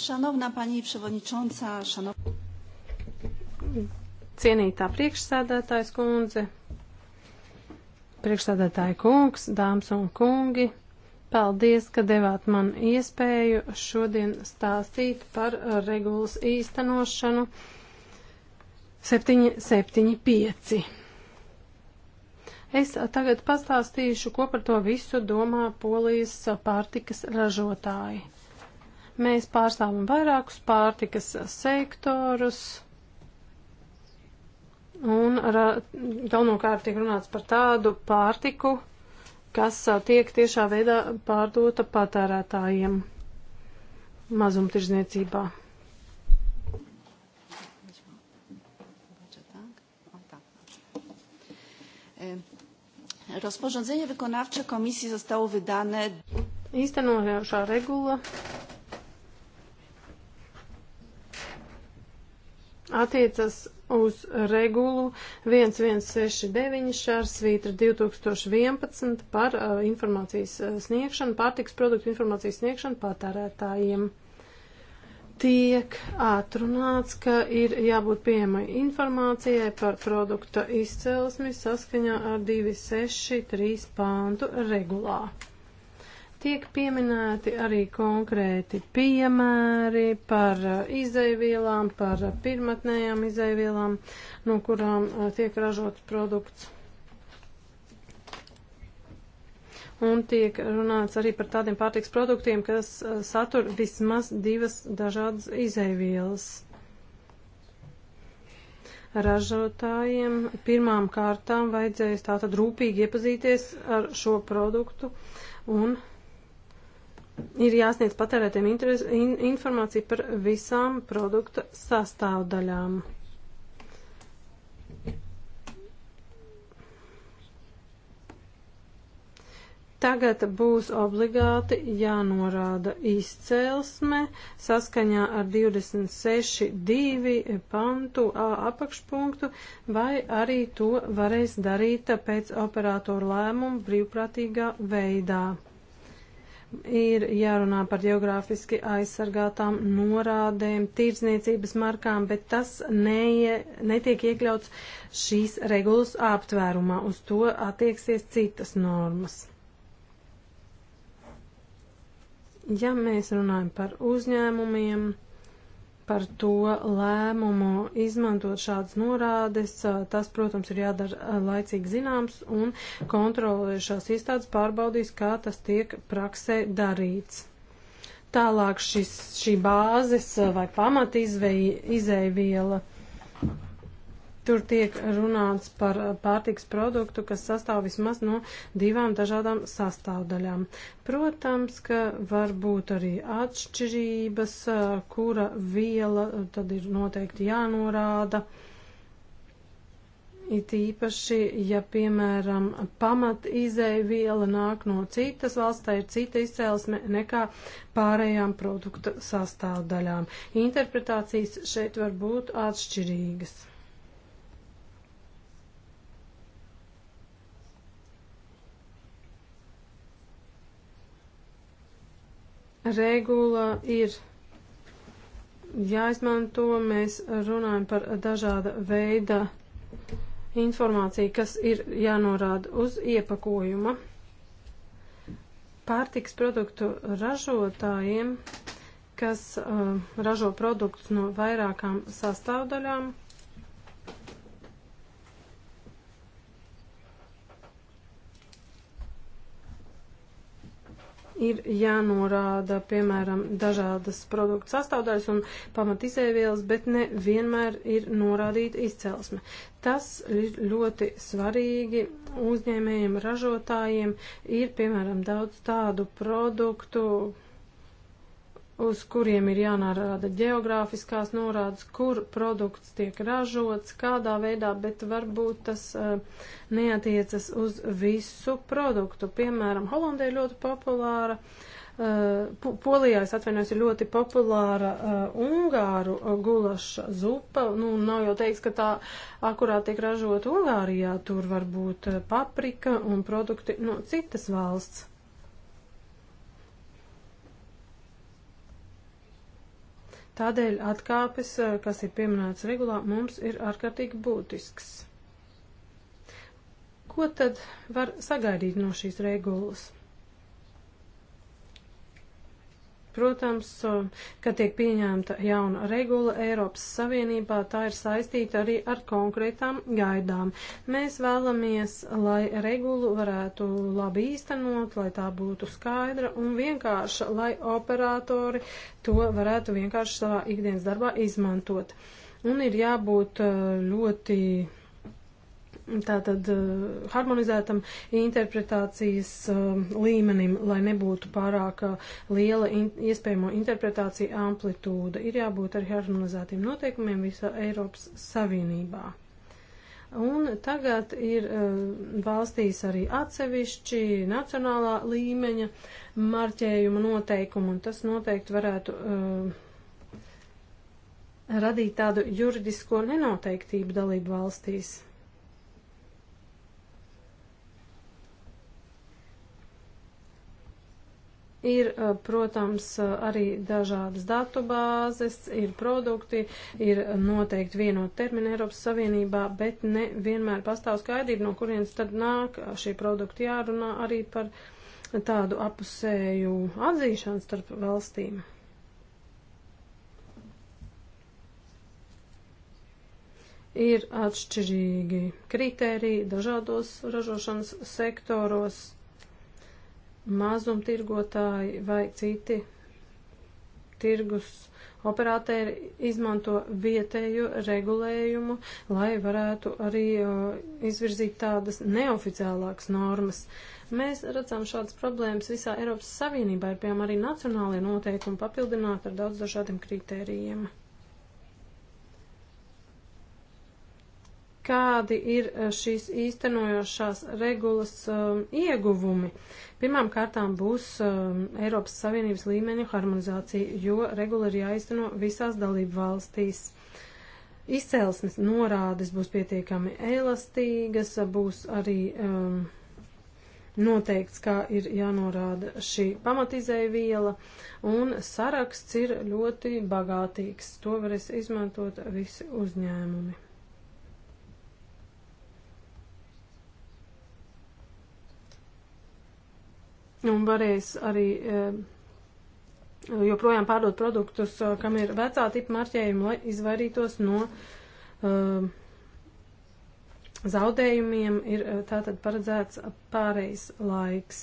Šanovna eh, paņī prevodničonca, šanovna. Cienītā priekšsēdētājs kundze, priekšsēdētāja kungs, dāmas un kungi. Paldies, ka devāt man iespēju šodien stāstīt par eh, regulas īstenošanu 775. Es tagad pastāstīšu, ko par to visu domā polijas pārtikas ražotāji. Mēs pārstāvam vairākus pārtikas sektorus. Un galvenokārt tiek runāts par tādu pārtiku, kas uh, tiek tiešā veidā pārdota patērētājiem mazumtirdzniecībā. Rozporządzenie wykonawcze komisji zostało wydane. Īstenojošā regula attiecas uz regulu 1169 šārsvītra 2011 par uh, informācijas uh, sniegšanu, pārtiks produktu informācijas sniegšanu patērētājiem tiek atrunāts, ka ir jābūt pieejamai informācijai par produkta izcelsmi saskaņā ar 263 pāntu regulā. Tiek pieminēti arī konkrēti piemēri par izaivielām, par pirmatnējām izaivielām, no kurām eh, tiek ražots produkts. un tiek runāts arī par tādiem pārtiks produktiem, kas uh, satur vismaz divas dažādas izēvielas. Ražotājiem pirmām kārtām vajadzēs tātad rūpīgi iepazīties ar šo produktu un ir jāsniedz patērētiem in informācija par visām produkta sastāvdaļām. Tagad būs obligāti jānorāda izcelsme saskaņā ar 26.2 pantu A apakšpunktu, vai arī to varēs darīt pēc operātoru lēmumu brīvprātīgā veidā. Ir jārunā par geogrāfiski aizsargātām norādēm, tirdzniecības markām, bet tas neie, netiek iekļauts šīs regulas aptvērumā. Uz to attieksies citas normas. Ja mēs runājam par uzņēmumiem, par to lēmumu izmantot šādas norādes, tas, protams, ir jādara laicīgi zināms, un kontrolējušās iestādes pārbaudīs, kā tas tiek praksē darīts. Tālāk šis, šī bāzes vai pamata izēja viela. Tur tiek runāts par eh, pārtiks produktu, kas sastāv vismaz no divām dažādām sastāvdaļām. Protams, ka var būt arī atšķirības, eh, kura viela eh, tad ir noteikti jānorāda. It īpaši, ja, piemēram, pamat izēviela nāk no citas valsts, tā ir cita izcēlesme nekā pārējām produkta sastāvdaļām. Interpretācijas šeit var būt atšķirīgas. regula ir jāizmanto. Mēs runājam par dažāda veida informāciju, kas ir jānorāda uz iepakojuma. Pārtiks produktu ražotājiem, kas uh, ražo produktus no vairākām sastāvdaļām, ir jānorāda, piemēram, dažādas produktu sastāvdaļas un pamatizēvielas, bet ne vienmēr ir norādīta izcelsme. Tas ir ļoti svarīgi uzņēmējiem, ražotājiem. Ir, piemēram, daudz tādu produktu, uz kuriem ir jānārāda geogrāfiskās norādes, kur produkts tiek ražots, kādā veidā, bet varbūt tas uh, neatiecas uz visu produktu. Piemēram, Holandē ir ļoti populāra, uh, Polijā, es atvainojos, ir ļoti populāra uh, ungāru gulaša zupa. Nu, nav jau teiks, ka tā akurāt tiek ražota Ungārijā, tur varbūt paprika un produkti no citas valsts. Tādēļ atkāpes, eh, kas ir pieminēts regulā, mums ir ārkārtīgi būtisks. Ko tad var sagaidīt no šīs regulas? Protams, um, ka tiek pieņemta jauna regula Eiropas Savienībā, tā ir saistīta arī ar konkrētām gaidām. Mēs vēlamies, lai regulu varētu labi īstenot, lai tā būtu skaidra un vienkārša, lai operatori to varētu vienkārši savā ikdienas darbā izmantot. Un ir jābūt uh, ļoti tātad eh, harmonizētam interpretācijas eh, līmenim, lai nebūtu pārāk eh, liela in, iespējamo interpretāciju amplitūda. Ir jābūt arī harmonizētiem noteikumiem visā Eiropas Savienībā. Un tagad ir valstīs arī atsevišķi nacionālā līmeņa marķējuma noteikumi, un tas noteikti varētu radīt tādu juridisko nenoteiktību dalību valstīs. Ir, eh, protams, eh, arī dažādas datubāzes, ir produkti, ir noteikti vienot termini Eiropas Savienībā, bet ne vienmēr pastāv skaidrība, no kurienes tad nāk eh, šie produkti jārunā arī par tādu apusēju atzīšanu starp valstīm. Ir atšķirīgi kriteriji dažādos ražošanas sektoros mazumtirgotāji vai citi tirgus operatori izmanto vietēju regulējumu, lai varētu arī uh, izvirzīt tādas neoficiālākas normas. Mēs redzam šādas problēmas visā Eiropas Savienībā, ir piemēram arī nacionālie noteikumi papildināti ar daudz dažādiem kritērijiem. kādi ir e, šīs īstenojošās regulas um, ieguvumi. Pirmām kārtām būs um, Eiropas Savienības līmeņa harmonizācija, jo regula ir jāizteno visās dalību valstīs. Izcelsmes norādes būs pietiekami elastīgas, būs arī um, noteikts, kā ir jānorāda šī pamatizēja viela, un saraksts ir ļoti bagātīgs. To varēs izmantot visi uzņēmumi. Nu, un varēs arī eh, joprojām pārdot produktus, eh, kam ir vecā tipa marķējumi, lai izvairītos no uh, zaudējumiem, ir tātad paredzēts pārejas laiks.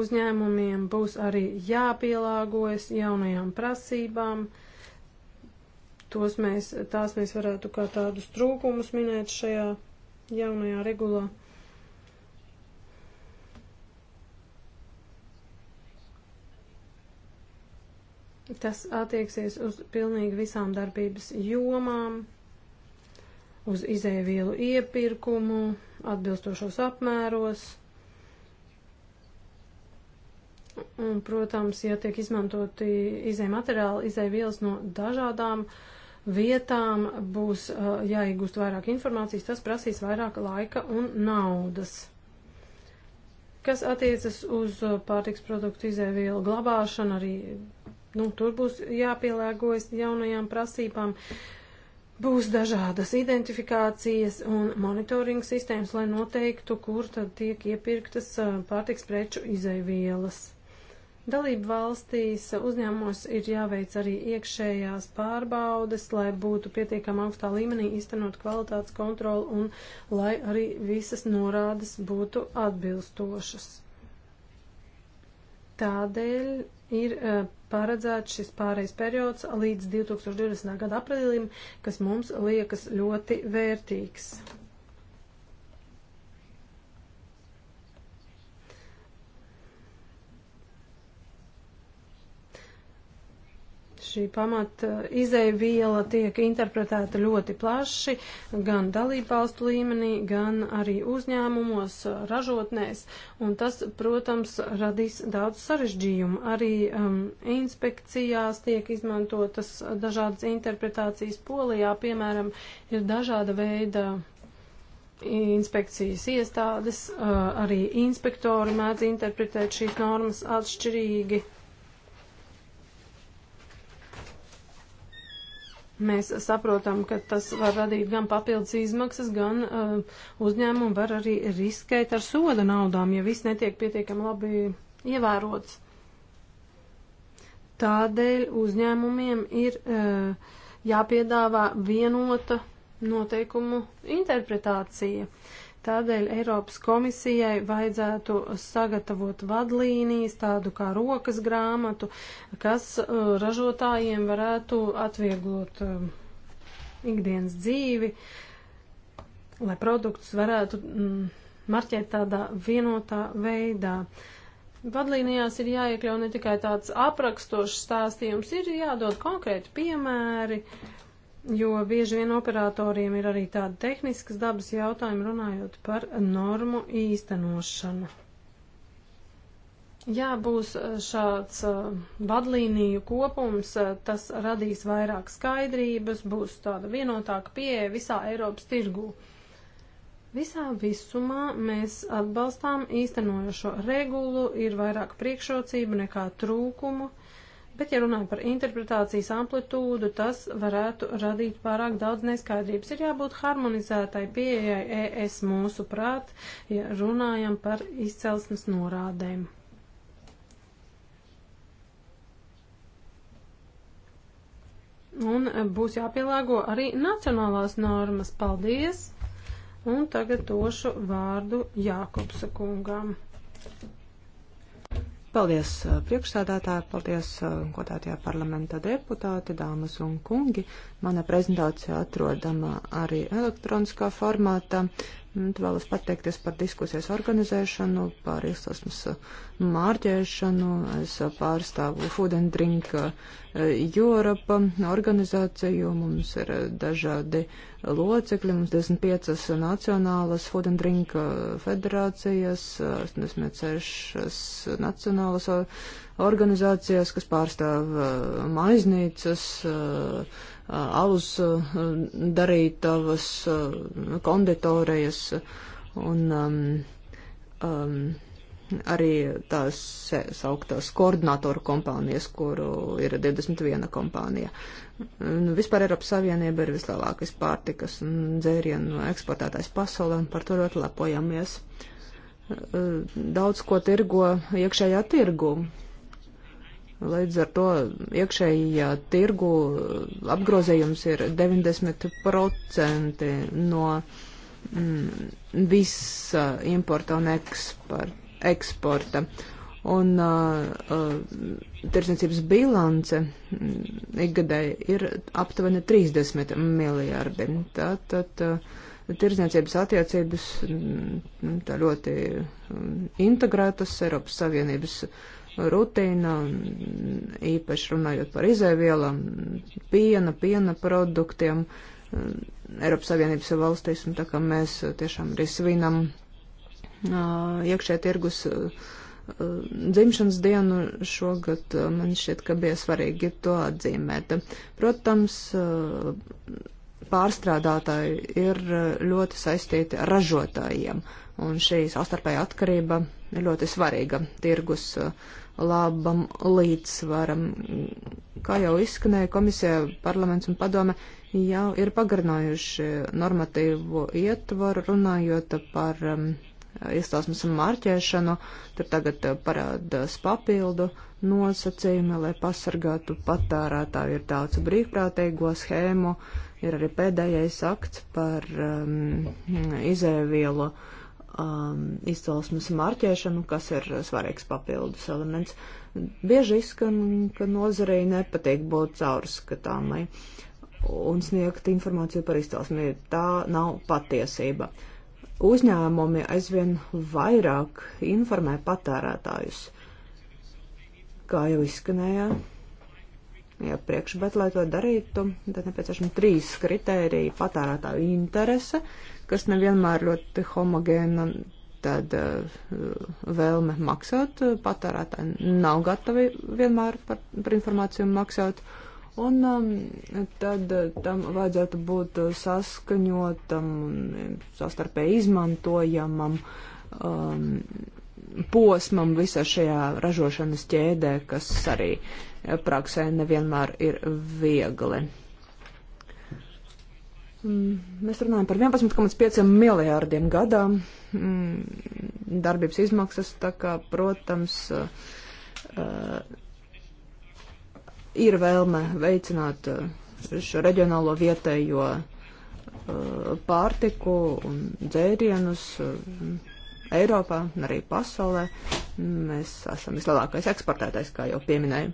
Uzņēmumiem būs arī jāpielāgojas jaunajām prasībām. Tos mēs, tās mēs varētu kā tādus trūkumus minēt šajā jaunajā regulā. Tas attieksies uz pilnīgi visām darbības jomām, uz izēvielu iepirkumu, atbilstošos apmēros. Un, protams, ja tiek izmantoti izēmateriāli, izēvielas no dažādām uh, vietām būs uh, jāiegūst vairāk informācijas, tas prasīs vairāk laika un naudas. Kas attiecas uz uh, pārtiks produktu izēvielu glabāšanu, arī nu, tur būs jāpielāgojas jaunajām prasībām. Būs dažādas identifikācijas un monitoringa sistēmas, lai noteiktu, kur tad tiek iepirktas uh, pārtiks preču izēvielas. Dalību valstīs uzņēmumos ir jāveic arī iekšējās pārbaudes, lai būtu pietiekami augstā līmenī iztenot kvalitātes kontroli un lai arī visas norādes būtu atbilstošas. Tādēļ ir e, paredzēts šis pārejas periods līdz 2020. gada aprīlim, kas mums liekas ļoti vērtīgs. šī pamata izēviela tiek interpretēta ļoti plaši, gan dalībvalstu līmenī, gan arī uzņēmumos, ražotnēs, un tas, protams, radīs daudz sarežģījumu. Arī um, inspekcijās tiek izmantotas dažādas interpretācijas polijā, piemēram, ir dažāda veida inspekcijas iestādes, uh, arī inspektori mēdz interpretēt šīs normas atšķirīgi. Mēs saprotam, ka tas var radīt gan papildus izmaksas, gan uh, uzņēmumi var arī riskēt ar soda naudām, ja viss netiek pietiekami labi ievērots. Tādēļ uzņēmumiem ir uh, jāpiedāvā vienota noteikumu interpretācija. Uh, Tādēļ Eiropas komisijai vajadzētu sagatavot vadlīnijas, tādu kā rokas grāmatu, kas uh, ražotājiem varētu atvieglot um, ikdienas dzīvi, lai produktus varētu mm, marķēt tādā vienotā veidā. Vadlīnijās ir jāiekļau ne tikai tāds aprakstošs stāstījums, ir jādod konkrēti piemēri, uh, jo bieži vien operatoriem ir arī tādi tehniskas dabas jautājumi runājot par normu īstenošanu. Jā, būs e, šāds e, vadlīniju kopums, e, tas radīs vairāk skaidrības, būs tāda vienotāka pieeja visā Eiropas tirgū. Visā visumā mēs atbalstām īstenojošo regulu, ir vairāk priekšrocību nekā trūkumu. Uh, Bet, ja runājam par interpretācijas amplitūdu, tas varētu radīt pārāk daudz neskaidrības. Ir jābūt harmonizētai pieejai ES mūsu prāt, ja runājam par izcelsmes norādēm. Un e, būs jāpielāgo arī nacionālās normas. Paldies! Un tagad došu vārdu Jākobsa kungām. Paldies uh, priekšsādātāji, paldies uh, godātajā parlamenta deputāti, dāmas un kungi. Mana prezentācija atrodama arī elektroniskā formātā. Vēlos pateikties par diskusijas organizēšanu, par izlasmas uh, mārķēšanu. Es pārstāvu Food and Drink Europe organizāciju. Mums ir dažādi uh, locekļi, mums 25 nacionālas food and drink uh, federācijas, 86 uh, nacionālas uh, organizācijas, kas pārstāv maiznīcas, alus darītavas, konditorijas un um, um, arī tās sauktās koordinātoru kompānijas, kuru ir 21 kompānija. Nu, vispār Eiropas Savienība ir vislielākais pārtikas un dzērienu eksportētājs pasaulē, un par to ļoti lepojamies. Daudz ko tirgo iekšējā tirgu. Līdz ar to iekšējā tirgu apgrozījums ir 90% no mm, visa importa un eksporta eksporta. Un uh, uh, tirsniecības bilance mm, ikgadēji ir aptuveni 30 miljardi. Tātad uh, tirsniecības attiecības mm, tā ļoti mm, integrētas Eiropas Savienības rutīna, īpaši runājot par izēvielām, piena, piena produktiem Eiropas Savienības valstīs, un tā kā mēs tiešām arī svinam iekšē tirgus dzimšanas dienu šogad man šķiet, ka bija svarīgi to atzīmēt. Protams, pārstrādātāji ir ļoti saistīti ar ražotājiem, un šī sastarpēja atkarība ir ļoti svarīga tirgus labam līdzsvaram. Kā jau izskanēja, komisija, parlaments un padome jau ir pagarinājuši normatīvu ietvaru runājot par um, izstāsmes un mārķēšanu. Tur tagad eh, parādās papildu nosacījumi, lai pasargātu patērētāju. Ir daudz brīvprātīgo schēmu, ir arī pēdējais akts par um, izēvielu um, izcelsmes marķēšanu, kas ir svarīgs papildus elements. Bieži izskan, ka nozarei nepatīk būt caurskatāmai un sniegt informāciju par izcelsmi. Tā nav patiesība. Uh, uzņēmumi aizvien vairāk informē patērētājus, kā jau izskanēja iepriekš, bet, lai to darītu, tad nepieciešami trīs kritēriji - patērētāju interese, kas nevienmēr ļoti homogēna, tad eh, vēlme maksāt, patērētāji nav gatavi vienmēr par, par informāciju maksāt. Uh, Un um, tad uh, tam vajadzētu būt uh, saskaņotam, um, sastarpēji izmantojamam um, posmam visā šajā ražošanas ķēdē, kas arī uh, praksē nevienmēr ir viegli. Mm, mēs runājam par 11,5 miljārdiem gadā mm, darbības izmaksas, tā kā, protams, uh, ir vēlme veicināt eh, šo reģionālo vietējo eh, pārtiku un dzērienus eh, Eiropā un arī pasaulē. Mēs esam vislielākais eksportētais, kā jau pieminēju.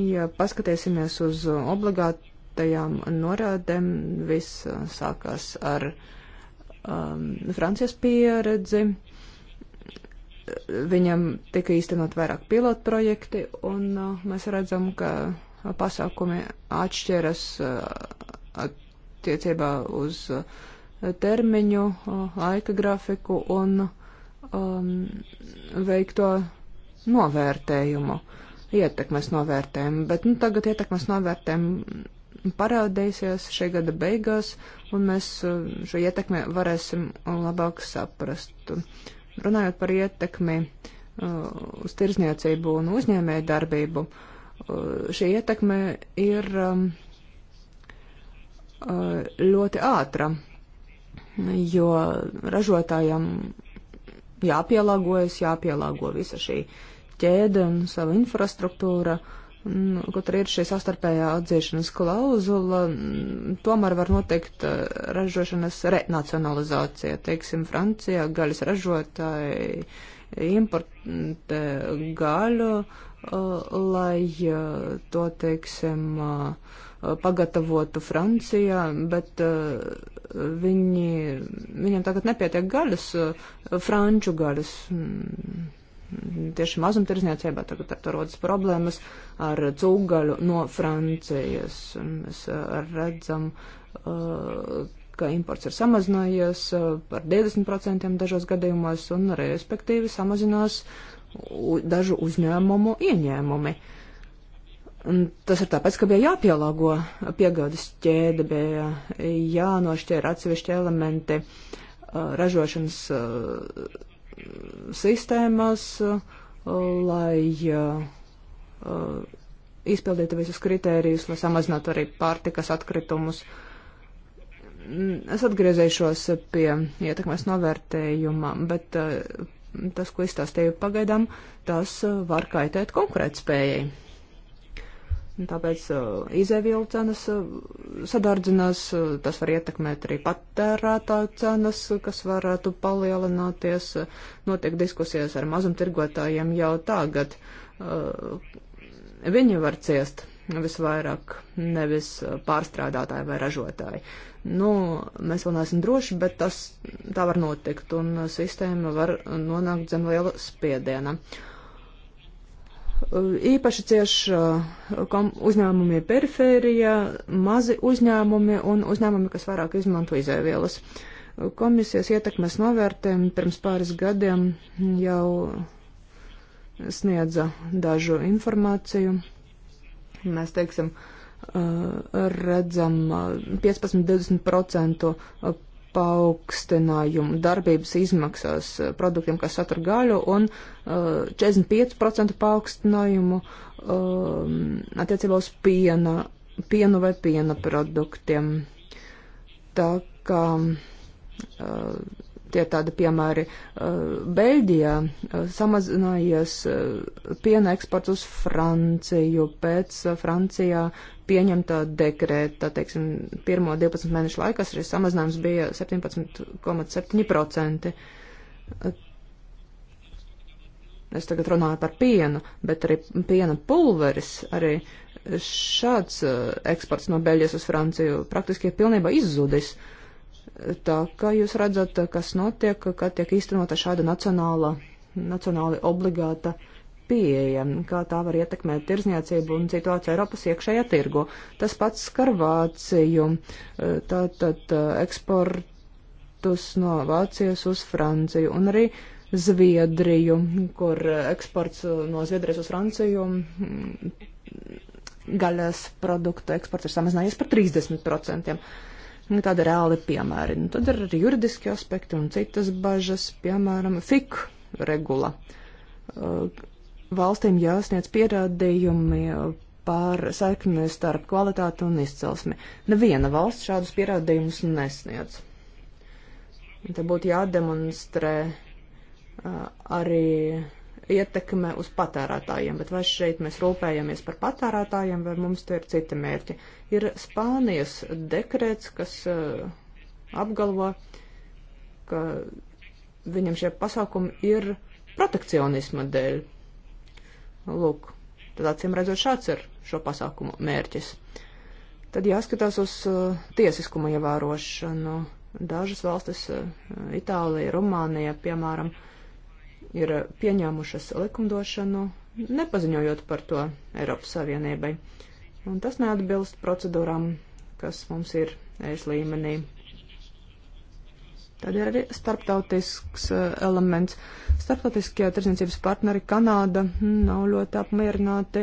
Ja paskatiesimies uz obligātajām norādēm, viss sākās ar um, Francijas pieredzi viņam tika īstenot vairāk pilotu projekti, un uh, mēs redzam, ka pasākumi atšķiras uh, attiecībā uz uh, termiņu, laika grafiku un um, veikto novērtējumu, ietekmes novērtējumu. Bet nu, tagad ietekmes novērtējumu parādīsies šī gada beigās, un mēs šo ietekmi varēsim labāk saprast. Uh, Runājot par ietekmi uh, uz tirzniecību un uzņēmēju darbību, uh, šī ietekme ir um, uh, ļoti ātra, jo ražotājam jāpielāgojas, jāpielāgo visa šī ķēde un sava infrastruktūra. Uh, Nu, kaut arī ir šī sastarpējā atzīšanas klauzula, mm, tomēr var noteikt eh, ražošanas renacionalizācija. Teiksim, Francijā gaļas ražotāji importē gaļu, eh, lai eh, to, teiksim, pagatavotu Francijā, bet viņi, viņiem tagad nepietiek gaļas, franču gaļas. Mm tieši mazumtirdzniecībā tagad ar to rodas problēmas ar cūgaļu no Francijas. Mēs uh, redzam, uh, ka imports ir samazinājies uh, par 20% dažos gadījumos un respektīvi samazinās dažu uzņēmumu ieņēmumi. Un tas ir tāpēc, ka bija jāpielāgo piegādes ķēde, bija jānošķēra atsevišķi elementi ražošanas sistēmas, uh, lai uh, uh, izpildītu visus kritērijus, lai samazinātu arī pārtikas atkritumus. Mm, es atgriezīšos pie ietekmes novērtējuma, bet tas, ko izstāstīju pagaidām, tas var kaitēt konkurētspējai. Tāpēc uh, izēvielu cenas uh, sadārdzinās, uh, tas var ietekmēt arī patērētāju cenas, kas varētu palielināties. Uh, notiek diskusijas ar mazumtirgotājiem jau tagad. Uh, viņi var ciest visvairāk, nevis pārstrādātāji vai ražotāji. Nu, mēs vēl neesam droši, bet tas tā var notikt, un sistēma var nonākt zem liela spiediena. Uh, īpaši cieši uh, kom, uzņēmumi perifērijā, mazi uzņēmumi un uzņēmumi, kas vairāk izmanto izēvielas. Komisijas ietekmes novērtējumi pirms pāris gadiem jau sniedza dažu informāciju. Mēs teiksim, uh, redzam 15-20% uh, paaugstinājumu darbības izmaksās eh, produktiem, kas satur gaļu, un uh, eh, 45% paaugstinājumu uh, attiecībā uz piena, pienu vai piena produktiem. Tā kā uh, tie tādi piemēri, Beļģijā samazinājies piena eksports uz Franciju, pēc Francijā pieņemta dekrēta, teiksim, pirmo 12 mēnešu laikā šis samazinājums bija 17,7%. Es tagad runāju par pienu, bet arī piena pulveris, arī šāds uh, eksports no Beļģijas uz Franciju praktiski ir pilnībā izzudis. Tā kā jūs redzat, kas notiek, kad tiek īstenota šāda nacionāla, nacionāli obligāta uh, pieeja, kā tā var ietekmēt tirzniecību un situāciju Eiropas iekšējā tirgu. Tas pats skar Vāciju, eh, tātad eh, eksportus no Vācijas uz Franciju un arī Zviedriju, kur eksports no Zviedrijas uz Franciju mm, gaļas produktu eksports ir samazinājies par 30%. Nu, tāda reāli piemēri. Nu, tad ir arī juridiski aspekti un citas bažas, piemēram, FIK regula. Uh, valstīm jāsniedz pierādījumi par saikni starp kvalitāti un izcelsmi. Neviena valsts šādus pierādījumus nesniedz. Te būtu jādemonstrē uh, arī ietekme uz patērētājiem, bet vai šeit mēs rūpējamies par patērētājiem, vai mums te ir citi mērķi. Ir Spānijas dekrets, kas uh, apgalvo, ka viņam šie pasākumi ir protekcionisma dēļ. Lūk, tad acīm redzot, šāds ir šo pasākumu mērķis. Tad jāskatās uz uh, tiesiskuma ievērošanu. Dažas valstis, uh, Itālija, Rumānija, piemēram, ir pieņēmušas likumdošanu, nepaziņojot par to Eiropas Savienībai. Un tas neatbilst procedūram, kas mums ir ēs līmenī. Tad ir arī starptautisks eh, elements. Starptautiskie tirdzniecības partneri Kanāda nav ļoti apmierināti.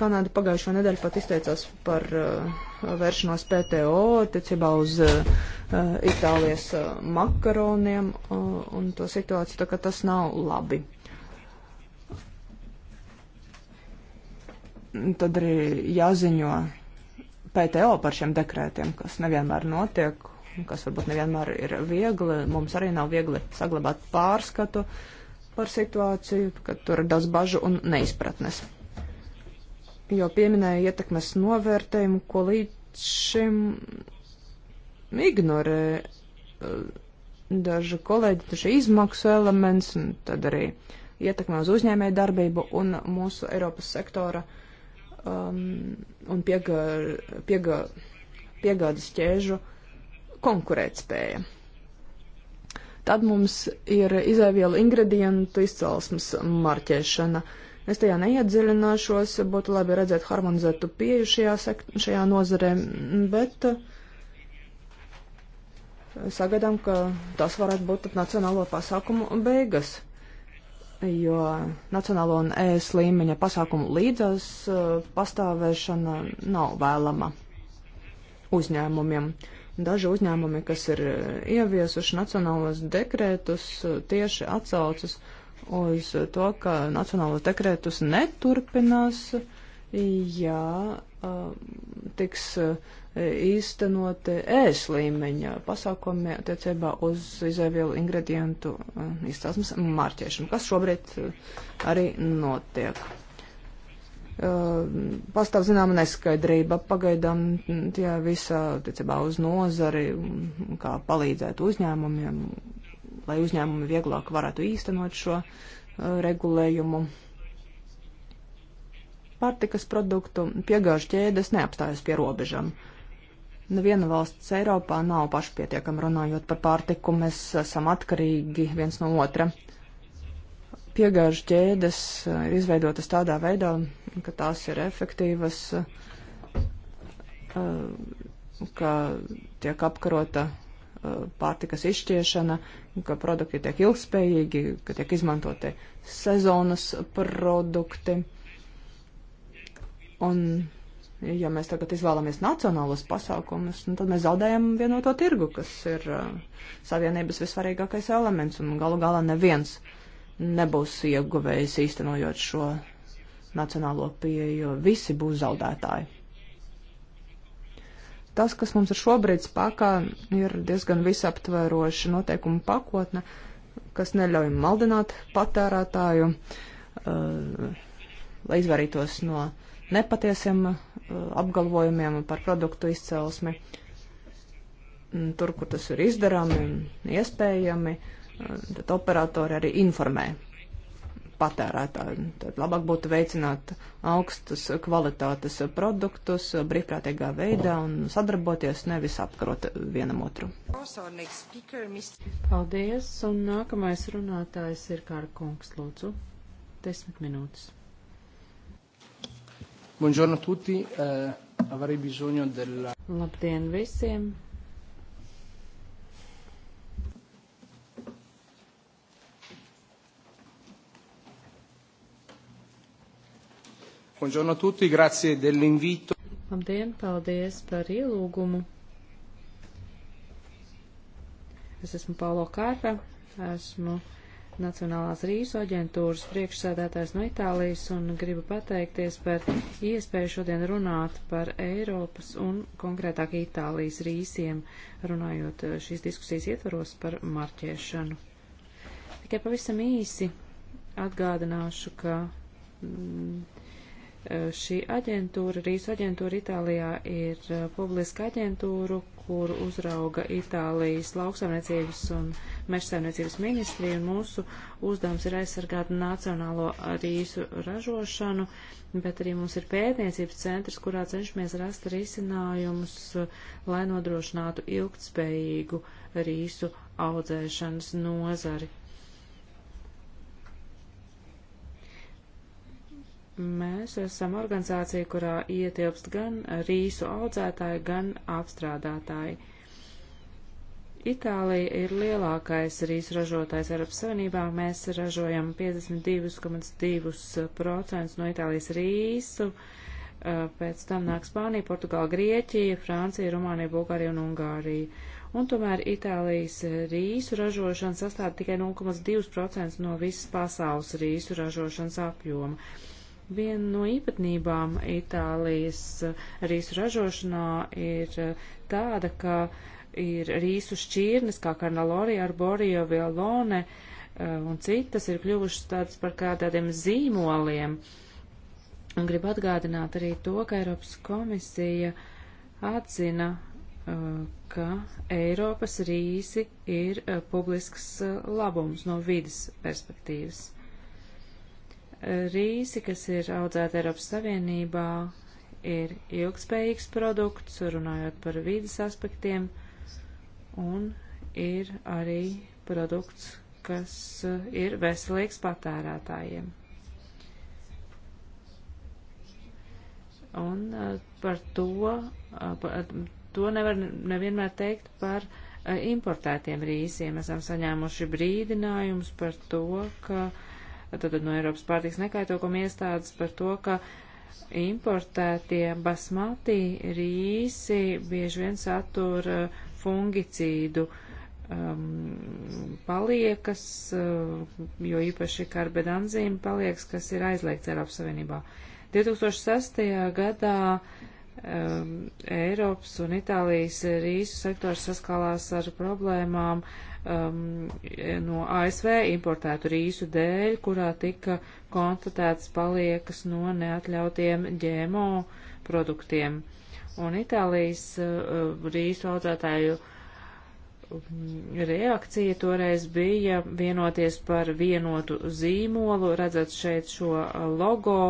Kanāda pagājušo nedēļu pat izteicās par uh, vēršanos PTO attiecībā uz uh, Itālijas uh, makaroniem uh, un to situāciju, tā kā tas nav labi. Tad arī jāziņo PTO par šiem dekrētiem, kas nevienmēr notiek kas varbūt nevienmēr ir viegli. Mums arī nav viegli saglabāt pārskatu par situāciju, kad tur ir daudz bažu un neizpratnes. Jo pieminēja ietekmes novērtējumu, ko līdz šim ignorē eh, daži kolēģi, taču izmaksu elements un tad arī ietekmē uz uzņēmē darbību un mūsu Eiropas sektora um, un piegā, piegā, piegādas ķēžu uh, konkurētspēja. Tad mums ir izēvielu ingredientu izcelsmes marķēšana. Es tajā neiedziļināšos, būtu labi redzēt harmonizētu pieju šajā, šajā nozarē, bet eh, sagaidām, ka tas varētu būt nacionālo pasākumu beigas jo nacionālo un ES līmeņa pasākumu līdzās eh, pastāvēšana nav vēlama uzņēmumiem. Daži uzņēmumi, kas ir eh, ieviesuši nacionālos dekrētus, eh, tieši atsaucas uz to, ka nacionālos dekrētus neturpinās, ja eh, tiks īstenoti ēs līmeņa pasākumi attiecībā uz izēvielu ingredientu izcelsmes mārķēšanu, kas šobrīd arī notiek. Uh, pastāv zināma neskaidrība. Pagaidām mm, tie visā, ticībā, uz nozari, mm, kā palīdzēt uzņēmumiem, lai uzņēmumi vieglāk varētu īstenot šo uh, regulējumu. Pārtikas produktu piegāžu ķēdes neapstājas pie robežām. Neviena valsts Eiropā nav pašpietiekama runājot par pārtiku, mēs esam atkarīgi viens no otra. Uh, piegāžu ķēdes eh, ir izveidotas tādā veidā, ka tās ir efektīvas, eh, ka tiek apkarota eh, pārtikas izšķiešana, ka produkti tiek ilgspējīgi, ka tiek izmantoti sezonas produkti. Un, ja mēs tagad izvēlamies nacionālos pasākumus, nu, tad mēs zaudējam vienoto tirgu, kas ir uh, savienības visvarīgākais elements, un galu galā neviens uh, nebūs ieguvējis īstenojot šo nacionālo pieeju, jo visi būs zaudētāji. Tas, kas mums ir šobrīd spēkā, ir diezgan visaptveroša noteikuma pakotne, kas neļauj maldināt patērētāju, uh, lai izvairītos no nepatiesiem uh, apgalvojumiem par produktu izcelsmi. Mm, tur, kur tas ir izdarāmi, iespējami, uh, tad operatori arī informē patērētāju. Tad labāk būtu veicināt augstas kvalitātes produktus brīvprātīgā veidā un sadarboties, nevis apkarot vienam otru. Paldies, un nākamais runātājs ir Kāra Kungs, lūdzu. Desmit minūtes. Buongiorno tutti, uh, avrei bisogno della... Labdien visiem! Buongiorno a tutti, grazie dell'invito. Labdien, paldies par ielūgumu. Es esmu Paulo Kārra, esmu Nacionālās rīsu aģentūras priekšsēdētājs no Itālijas un gribu pateikties par iespēju šodien runāt par Eiropas un konkrētāk Itālijas rīsiem, runājot šīs diskusijas ietvaros par marķēšanu. Tikai pavisam īsi atgādināšu, ka mm, Eh, šī aģentūra, Rīsu aģentūra Itālijā ir eh, publiska aģentūra, kur uzrauga Itālijas lauksaimniecības un mežsaimniecības ministrija, un mūsu uzdevums ir aizsargāt nacionālo rīsu ražošanu, bet arī mums ir pētniecības centrs, kurā cenšamies rast risinājumus, eh, lai nodrošinātu ilgtspējīgu rīsu audzēšanas nozari. Mēs esam organizācija, kurā ietilpst gan rīsu audzētāji, gan apstrādātāji. Itālija ir lielākais rīsu ražotājs Eiropas Savienībā. Mēs ražojam 52,2% no Itālijas rīsu. Uh, pēc tam nāk Spānija, Portugāla, Grieķija, Francija, Rumānija, Bulgārija un Ungārija. Un tomēr Itālijas rīsu ražošana sastāv tikai 0,2% no visas pasaules rīsu ražošanas apjoma. Viena no īpatnībām Itālijas rīsu ražošanā ir tāda, ka ir rīsu šķirnes, kā Karnalori, Arborio, Violone eh, un citas ir kļuvušas tādas par kā tādiem zīmoliem. Un gribu atgādināt arī to, ka Eiropas komisija atzina, eh, ka Eiropas rīsi ir eh, publisks labums no vidas perspektīvas. Rīsi, kas ir audzēta Eiropas Savienībā, ir ilgspējīgs produkts, runājot par vīdes aspektiem, un ir arī produkts, kas eh, ir veselīgs patērētājiem. Un eh, par to, eh, par, to nevar nevienmēr teikt par importētiem rīsiem. Esam saņēmuši brīdinājumus par to, ka uh, tad no Eiropas pārtiks nekaitokuma iestādes par to, ka importētie basmati rīsi bieži vien satur fungicīdu um, paliekas, uh, jo īpaši karbedanzīma paliekas, kas ir aizliegts Eiropas Savienībā. 2006. gadā um, Eiropas un Itālijas rīsu sektors saskalās ar problēmām um, no ASV importētu rīsu dēļ, kurā tika konstatēts paliekas no neatļautiem ģēmo produktiem. Un Itālijas uh, rīsu audzētāju um, reakcija toreiz bija vienoties par vienotu zīmolu, redzat šeit šo logo,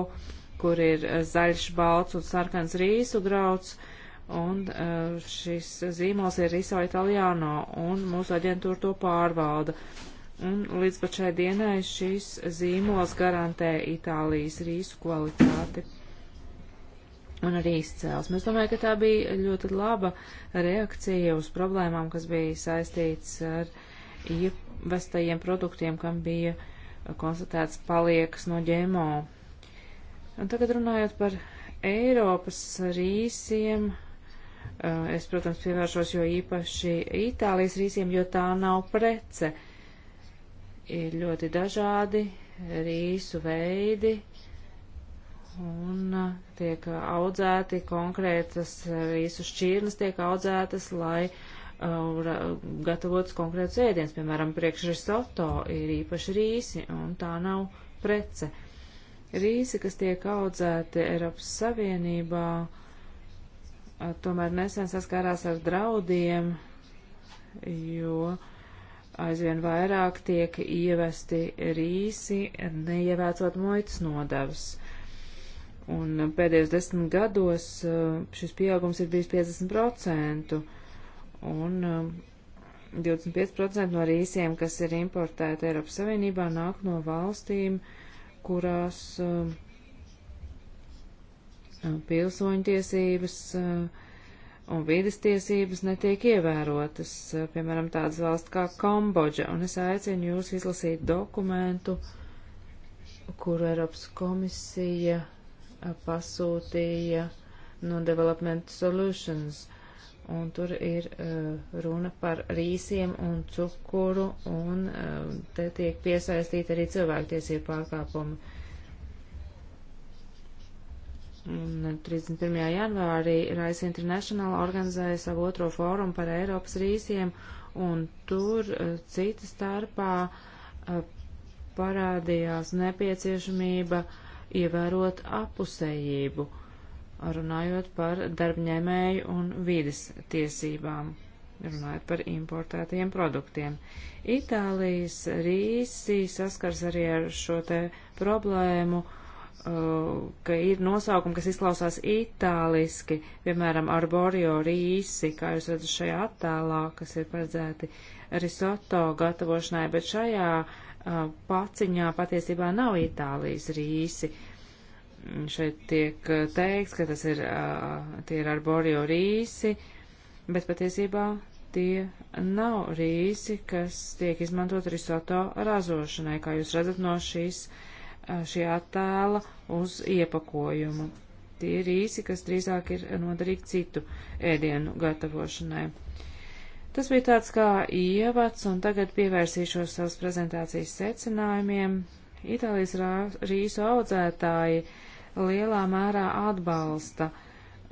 kur ir zaļš, balts un sarkans rīsu grauds. Uh, Un uh, šis zīmols ir Riso Italiano, un mūsu aģentūra to pārvalda. Un līdz pat šai dienai šis zīmols garantē Itālijas rīsu kvalitāti un arī izcēlesmi. Es domāju, ka tā bija ļoti laba reakcija uz problēmām, kas bija saistīts ar ievestajiem produktiem, kam bija konstatēts paliekas no ģēmo. Un tagad runājot par Eiropas rīsiem Eh, es, protams, pievēršos jo īpaši Itālijas rīsiem, jo tā nav prece. Ir ļoti dažādi rīsu veidi un eh, tiek audzēti konkrētas rīsu eh, šķirnes, tiek audzētas, lai uh, gatavotas konkrētas ēdienas. Piemēram, priekšrisoto ir īpaši rīsi un tā nav prece. Rīsi, kas tiek audzēti Eiropas Savienībā, uh, tomēr nesen saskārās ar draudiem, jo aizvien vairāk tiek ievesti rīsi, neievēcot muitas nodevas. Un pēdējos desmit gados šis pieaugums ir bijis 50%, un 25% no rīsiem, kas ir importēti Eiropas Savienībā, nāk no valstīm, kurās uh, pilsoņtiesības un vidas tiesības netiek ievērotas, piemēram, tādas valsts kā Kambodža, un es aicinu jūs izlasīt dokumentu, kuru Eiropas komisija pasūtīja no Development Solutions, un tur ir uh, runa par rīsiem un cukuru, un uh, te tiek piesaistīti arī cilvēktiesību pārkāpumi. Un 31. janvārī Rise International organizēja savu otro fórumu par Eiropas rīsiem, un tur eh, cita starpā eh, parādījās nepieciešamība ievērot apusējību, runājot par darbņēmēju un vides tiesībām, runājot par importētajiem produktiem. Itālijas rīsi saskars arī ar šo te problēmu Uh, ka ir nosaukumi, kas izklausās itāliski, piemēram, arborio rīsi, kā jūs redzat šajā attēlā, kas ir paredzēti risoto gatavošanai, bet šajā uh, paciņā patiesībā nav Itālijas rīsi. Šeit tiek uh, teikts, ka tas ir, uh, tie ir arborio rīsi, bet patiesībā tie nav rīsi, kas tiek izmantot risoto razošanai, kā jūs redzat no šīs uh, Eh, šī attēla uz iepakojumu. Tie ir īsi, kas drīzāk ir noderīgi citu ēdienu gatavošanai. Tas bija tāds kā ievads, un tagad pievērsīšos savas prezentācijas secinājumiem. Itālijas rā, rīsu audzētāji lielā mērā atbalsta uh,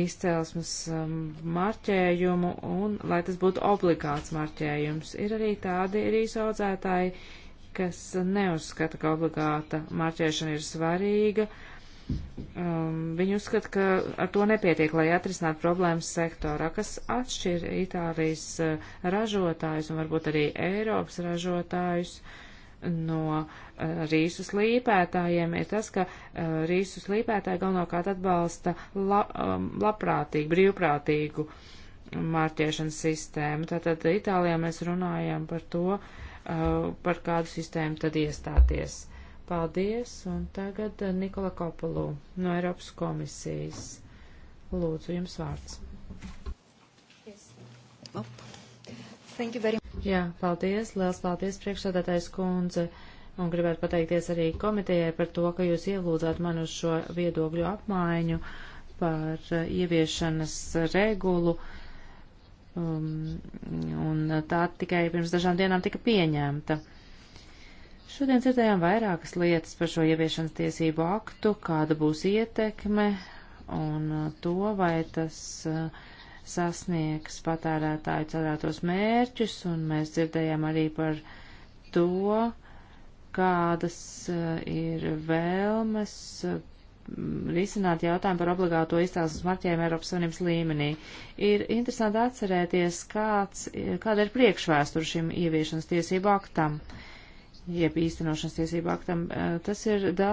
izcelsmes um, marķējumu, un lai tas būtu obligāts marķējums, ir arī tādi rīsu audzētāji, uh, kas neuzskata, ka obligāta marķēšana ir svarīga. Um, viņi uzskata, ka ar to nepietiek, lai atrisinātu problēmas sektorā, kas atšķir Itālijas uh, ražotājus un varbūt arī Eiropas ražotājus no uh, rīsu slīpētājiem, ir tas, ka uh, rīsu slīpētāji galvenokārt atbalsta la, um, labprātīgu, brīvprātīgu marķēšanas sistēmu. Tātad Itālijā mēs runājam par to, uh, Uh, par kādu sistēmu tad iestāties. Paldies, un tagad uh, Nikola Kopulū no Eiropas komisijas. Lūdzu, jums vārds. Yes. Oh. Thank you very much. Jā, paldies, liels paldies priekšsādātais kundze, un gribētu pateikties arī komitejai par to, ka jūs ielūdzāt man uz šo viedokļu apmaiņu par uh, ieviešanas regulu. Uh, um, un tā tikai pirms dažām dienām tika pieņemta. Šodien dzirdējām vairākas lietas par šo ieviešanas tiesību aktu, kāda būs ietekme un uh, to, vai tas uh, sasniegs patērētāju cerētos mērķus, un mēs dzirdējām arī par to, kādas uh, ir vēlmes risināt jautājumu par obligāto izstāstus marķējumu Eiropas Savienības līmenī. Ir interesanti atcerēties, kāds, kāda ir priekšvēstura šim ieviešanas tiesību aktam, jeb īstenošanas tiesību aktam. Eh, tas ir dā,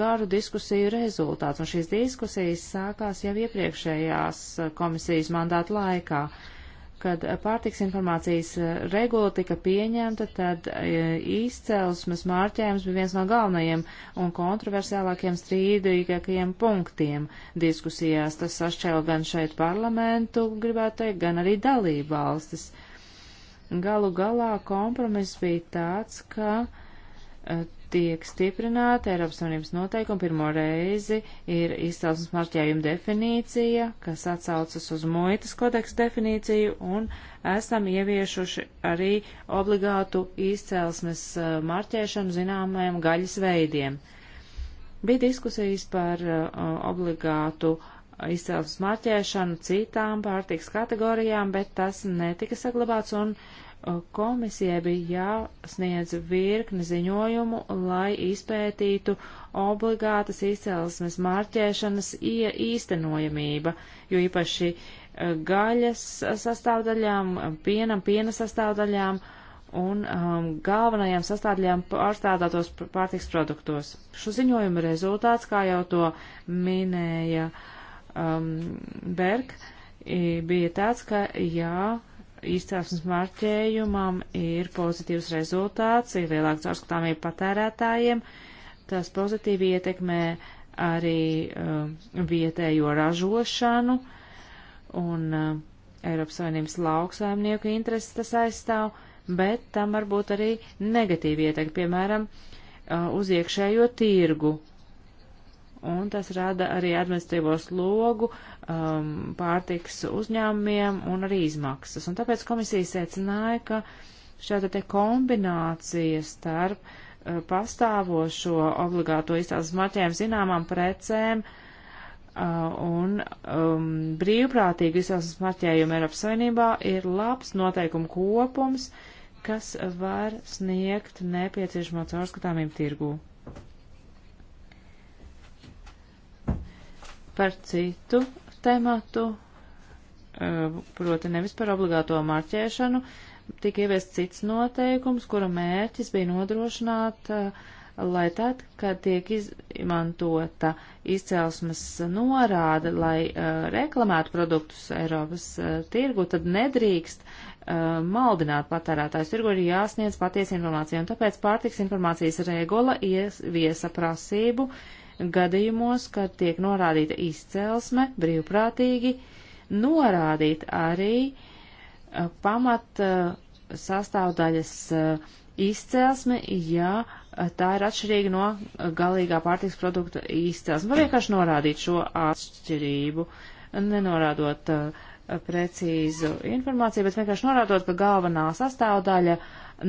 garu diskusiju rezultāts, un šīs diskusijas sākās jau iepriekšējās eh, komisijas mandāta laikā. Uh, Kad pārtiks informācijas eh, regula tika pieņemta, tad eh, izcelsmes mārķējums bija viens no galvenajiem un kontroversiālākiem strīdīgākajiem punktiem diskusijās. Tas sašķēla gan šeit parlamentu, gribētu teikt, gan arī dalību valstis. Galu galā kompromiss bija tāds, ka eh, tiek stiprināta Eiropas Savienības noteikuma pirmo reizi ir izcelsmes marķējuma definīcija, kas atsaucas uz muitas kodeksa definīciju, un esam ieviešuši arī obligātu izcelsmes uh, marķēšanu zināmajiem gaļas veidiem. Bija diskusijas par uh, obligātu izcelsmes marķēšanu citām pārtiks kategorijām, bet tas netika saglabāts un uh, komisijai bija jāsniedz virkni ziņojumu, lai izpētītu obligātas izcelsmes marķēšanas īstenojamība, jo īpaši eh, gaļas sastāvdaļām, pienam, piena sastāvdaļām un um, galvenajām sastāvdaļām pārstādātos pārtiks produktos. Šo ziņojumu rezultāts, kā jau to minēja um, Berg, bija tāds, ka jā, izcelsmes marķējumam ir pozitīvs rezultāts, ir lielāka caurskatāmība patērētājiem, tas pozitīvi ietekmē arī uh, vietējo ražošanu un uh, Eiropas Savienības lauksaimnieku intereses tas aizstāv, bet tam var būt arī negatīvi ietekmi, piemēram, uh, uz iekšējo tirgu un tas rada arī administratīvo slogu um, pārtiks uzņēmumiem un arī izmaksas. Un tāpēc komisija secināja, ka šāda te kombinācija starp uh, pastāvošo obligāto izstādes marķējumu zināmām precēm uh, un um, brīvprātīgu izstādes marķējumu Eiropas Savienībā ir labs noteikumu kopums, kas var sniegt nepieciešamo caurskatāmību tirgū. par citu tematu, e, proti nevis par obligāto marķēšanu, tika ieviests cits noteikums, kura mērķis bija nodrošināt, e, lai tad, kad tiek izmantota izcelsmes norāde, lai e, reklamētu produktus Eiropas tirgu, tad nedrīkst maldināt patērētājs. Tirgu ir jāsniedz patiesa informācija, un tāpēc pārtiks informācijas regula ieviesa prasību, uh, gadījumos, kad tiek norādīta izcelsme brīvprātīgi, norādīt arī uh, pamat uh, sastāvdaļas uh, izcelsme, ja tā ir atšķirīga no galīgā pārtiks produkta izcelsme. Var vienkārši norādīt šo atšķirību, nenorādot precīzu informāciju, bet vienkārši norādot, ka galvenā sastāvdaļa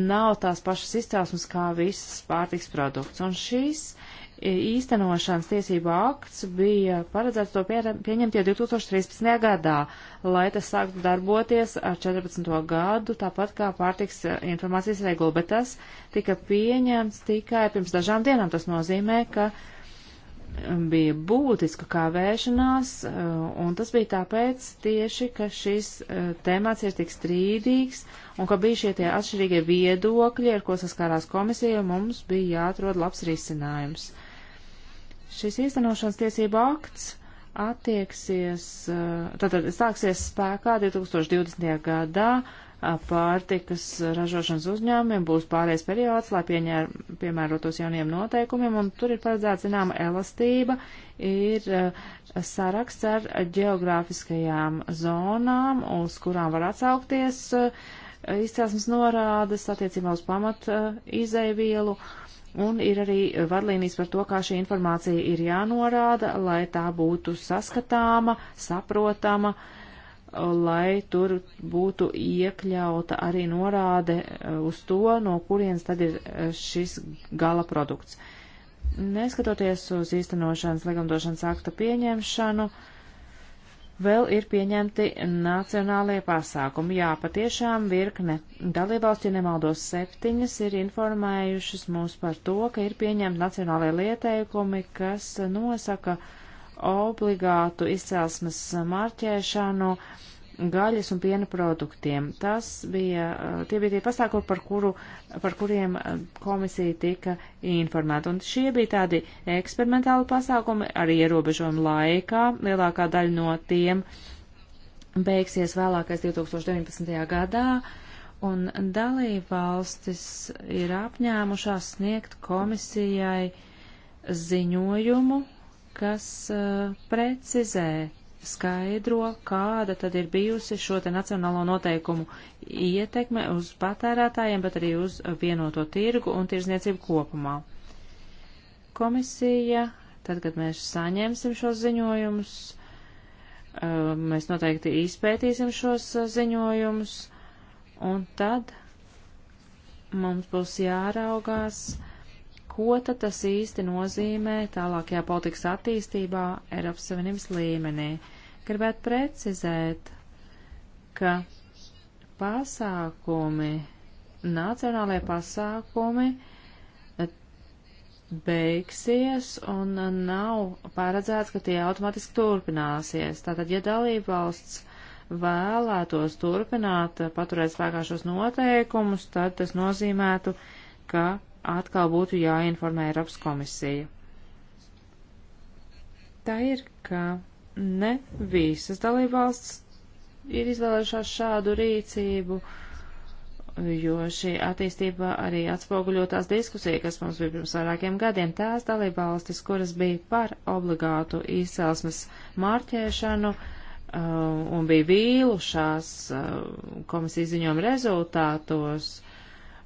nav tās pašas izcelsmes kā viss pārtiks produkts. Un šīs uh, īstenošanas tiesību akts bija paredzēts to pieņemt jau 2013. gadā, lai tas sāktu darboties ar 14. gadu, tāpat kā pārtiks eh, informācijas regula, bet tas tika pieņemts tikai pirms dažām dienām. Tas nozīmē, ka um, bija būtiska kavēšanās, eh, un tas bija tāpēc tieši, ka šis eh, temats ir tik strīdīgs, un ka bija šie tie atšķirīgie viedokļi, ar ko saskārās komisija, mums bija jāatrod labs risinājums. Uh, Šis īstenošanas tiesība akts attieksies, eh, tātad stāksies spēkā 2020. gadā pārtikas ražošanas uzņēmumiem būs pārējais periods, lai pieņēr, piemērotos jauniem noteikumiem, un tur ir paredzēta zināma elastība, ir saraksts ar geogrāfiskajām zonām, uz kurām var atsaukties izcelsmes norādes attiecībā uz pamat izēvielu. Uh, Un ir arī vadlīnijas par to, kā šī informācija ir jānorāda, lai tā būtu saskatāma, saprotama, lai tur būtu iekļauta arī norāde e, uz to, no kurienes tad ir e, šis gala produkts. Neskatoties uz īstenošanas likumdošanas akta pieņemšanu, uh, vēl ir pieņemti nacionālie pasākumi. Jā, patiešām virkne dalībvalsti, ja nemaldos septiņas, ir informējušas mūs par to, ka ir pieņemti nacionālie lieteikumi, kas nosaka obligātu izcelsmes marķēšanu gaļas un piena produktiem. Tas bija, eh, tie bija tie pasākumi, par, kuru, par kuriem eh, komisija tika informēta. Un šie bija tādi eksperimentāli pasākumi ar ierobežojumu laikā. Lielākā daļa no tiem beigsies vēlākais 2019. gadā. Un dalībvalstis ir apņēmušās sniegt komisijai ziņojumu, kas uh, precizē skaidro, kāda tad ir bijusi šo te nacionālo noteikumu ietekme uz patērētājiem, bet arī uz vienoto tirgu un tirzniecību kopumā. Komisija, tad, kad mēs saņemsim šos ziņojumus, mēs noteikti izpētīsim šos ziņojumus, un tad mums būs jāraugās, ko tad tas īsti nozīmē tālākajā politikas attīstībā Eiropas Savienības līmenī. Gribētu precizēt, ka pasākumi, nacionālajie pasākumi eh, beigsies un nav paredzēts, ka tie automatiski turpināsies. Tātad, ja dalībvalsts vēlētos turpināt paturēt spēkā šos noteikumus, tad tas nozīmētu, ka atkal būtu jāinformē Eiropas komisija. Tā ir, ka ne visas dalībvalsts ir izvēlējušās šādu rīcību, jo šī attīstība arī atspoguļotās diskusija, kas mums bija pirms vairākiem gadiem, tās dalībvalstis, kuras bija par obligātu izcelsmes mārķēšanu, uh, un bija vīlušās uh, komisijas ziņojuma rezultātos,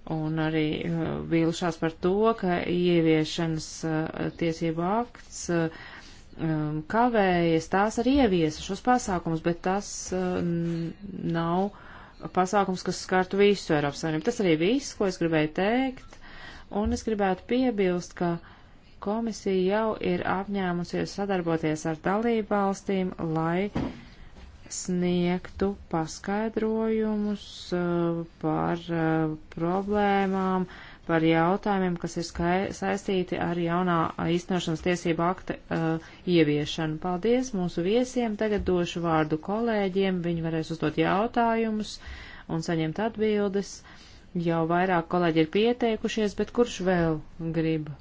un arī uh, vīlušās par to, ka ieviešanas uh, tiesību akts uh, um, kavējas, tās arī ieviesa šos pasākumus, bet tas nav pasākums, kas skartu visu Eiropas Savienību. Tas arī viss, ko es gribēju teikt, un es gribētu piebilst, ka komisija jau ir apņēmusies sadarboties ar dalību valstīm, lai sniegtu paskaidrojumus uh, par uh, problēmām, par jautājumiem, kas ir skai, saistīti ar jaunā īstenošanas tiesību akta uh, ieviešanu. Paldies mūsu viesiem, tagad došu vārdu kolēģiem, viņi varēs uzdot jautājumus un saņemt atbildes. Jau vairāk kolēģi ir pieteikušies, bet kurš vēl grib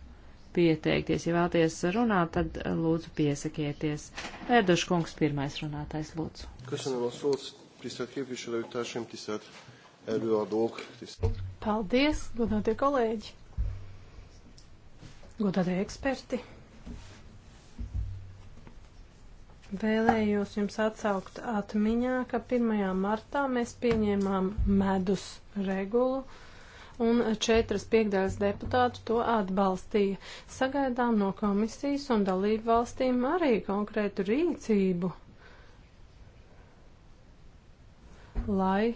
pieteikties. Ja vēlaties runāt, tad eh, lūdzu piesakieties. Erdoš kungs pirmais runātais, lūdzu. Köszönöm a szót, tisztelt képviselőtársaim, tisztelt előadók. Tisztelt. Paldies, godātie kolēģi, godātie eksperti. Vēlējos jums atsaukt atmiņā, ka 1. martā mēs pieņēmām medus regulu un četras piekdēļas deputātu to atbalstīja. Sagaidām no komisijas un dalību valstīm arī konkrētu rīcību, lai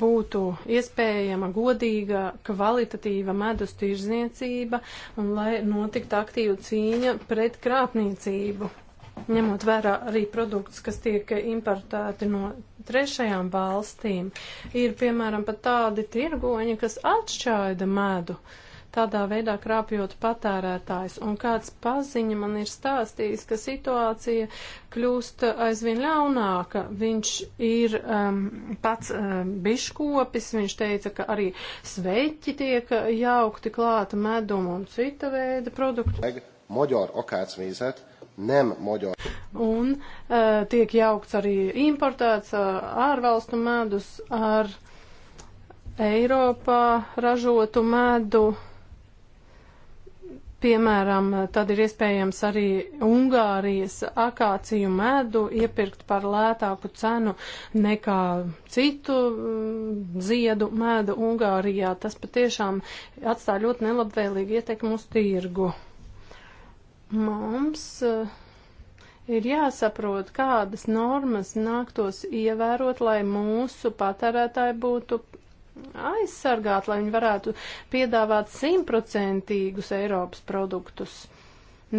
būtu iespējama godīga, kvalitatīva medus tirzniecība un lai notiktu aktīva cīņa pret krāpniecību, ņemot vērā arī produktus, kas tiek importēti no trešajām valstīm. Ir, piemēram, pat tādi tirgoņi, kas atšķaida medu, tādā veidā krāpjot patērētājs. Un kāds paziņa man ir stāstījis, ka situācija kļūst aizvien ļaunāka. Viņš ir um, pats um, biškopis, viņš teica, ka arī sveķi tiek jaukti klāta medumu un cita veida produktu. Magyar akácvīzet nem magyar. Un uh, tiek jaukts arī importēts uh, ārvalstu medus ar Eiropā ražotu medu. Piemēram, tad ir iespējams arī Ungārijas akāciju medu iepirkt par lētāku cenu nekā citu mm, ziedu medu Ungārijā. Tas patiešām atstāja ļoti nelabvēlīgu ietekmu uz tirgu. Mums uh, ir jāsaprot, kādas normas nāktos ievērot, lai mūsu patērētāji būtu aizsargāti, lai viņi varētu piedāvāt simtprocentīgus Eiropas produktus,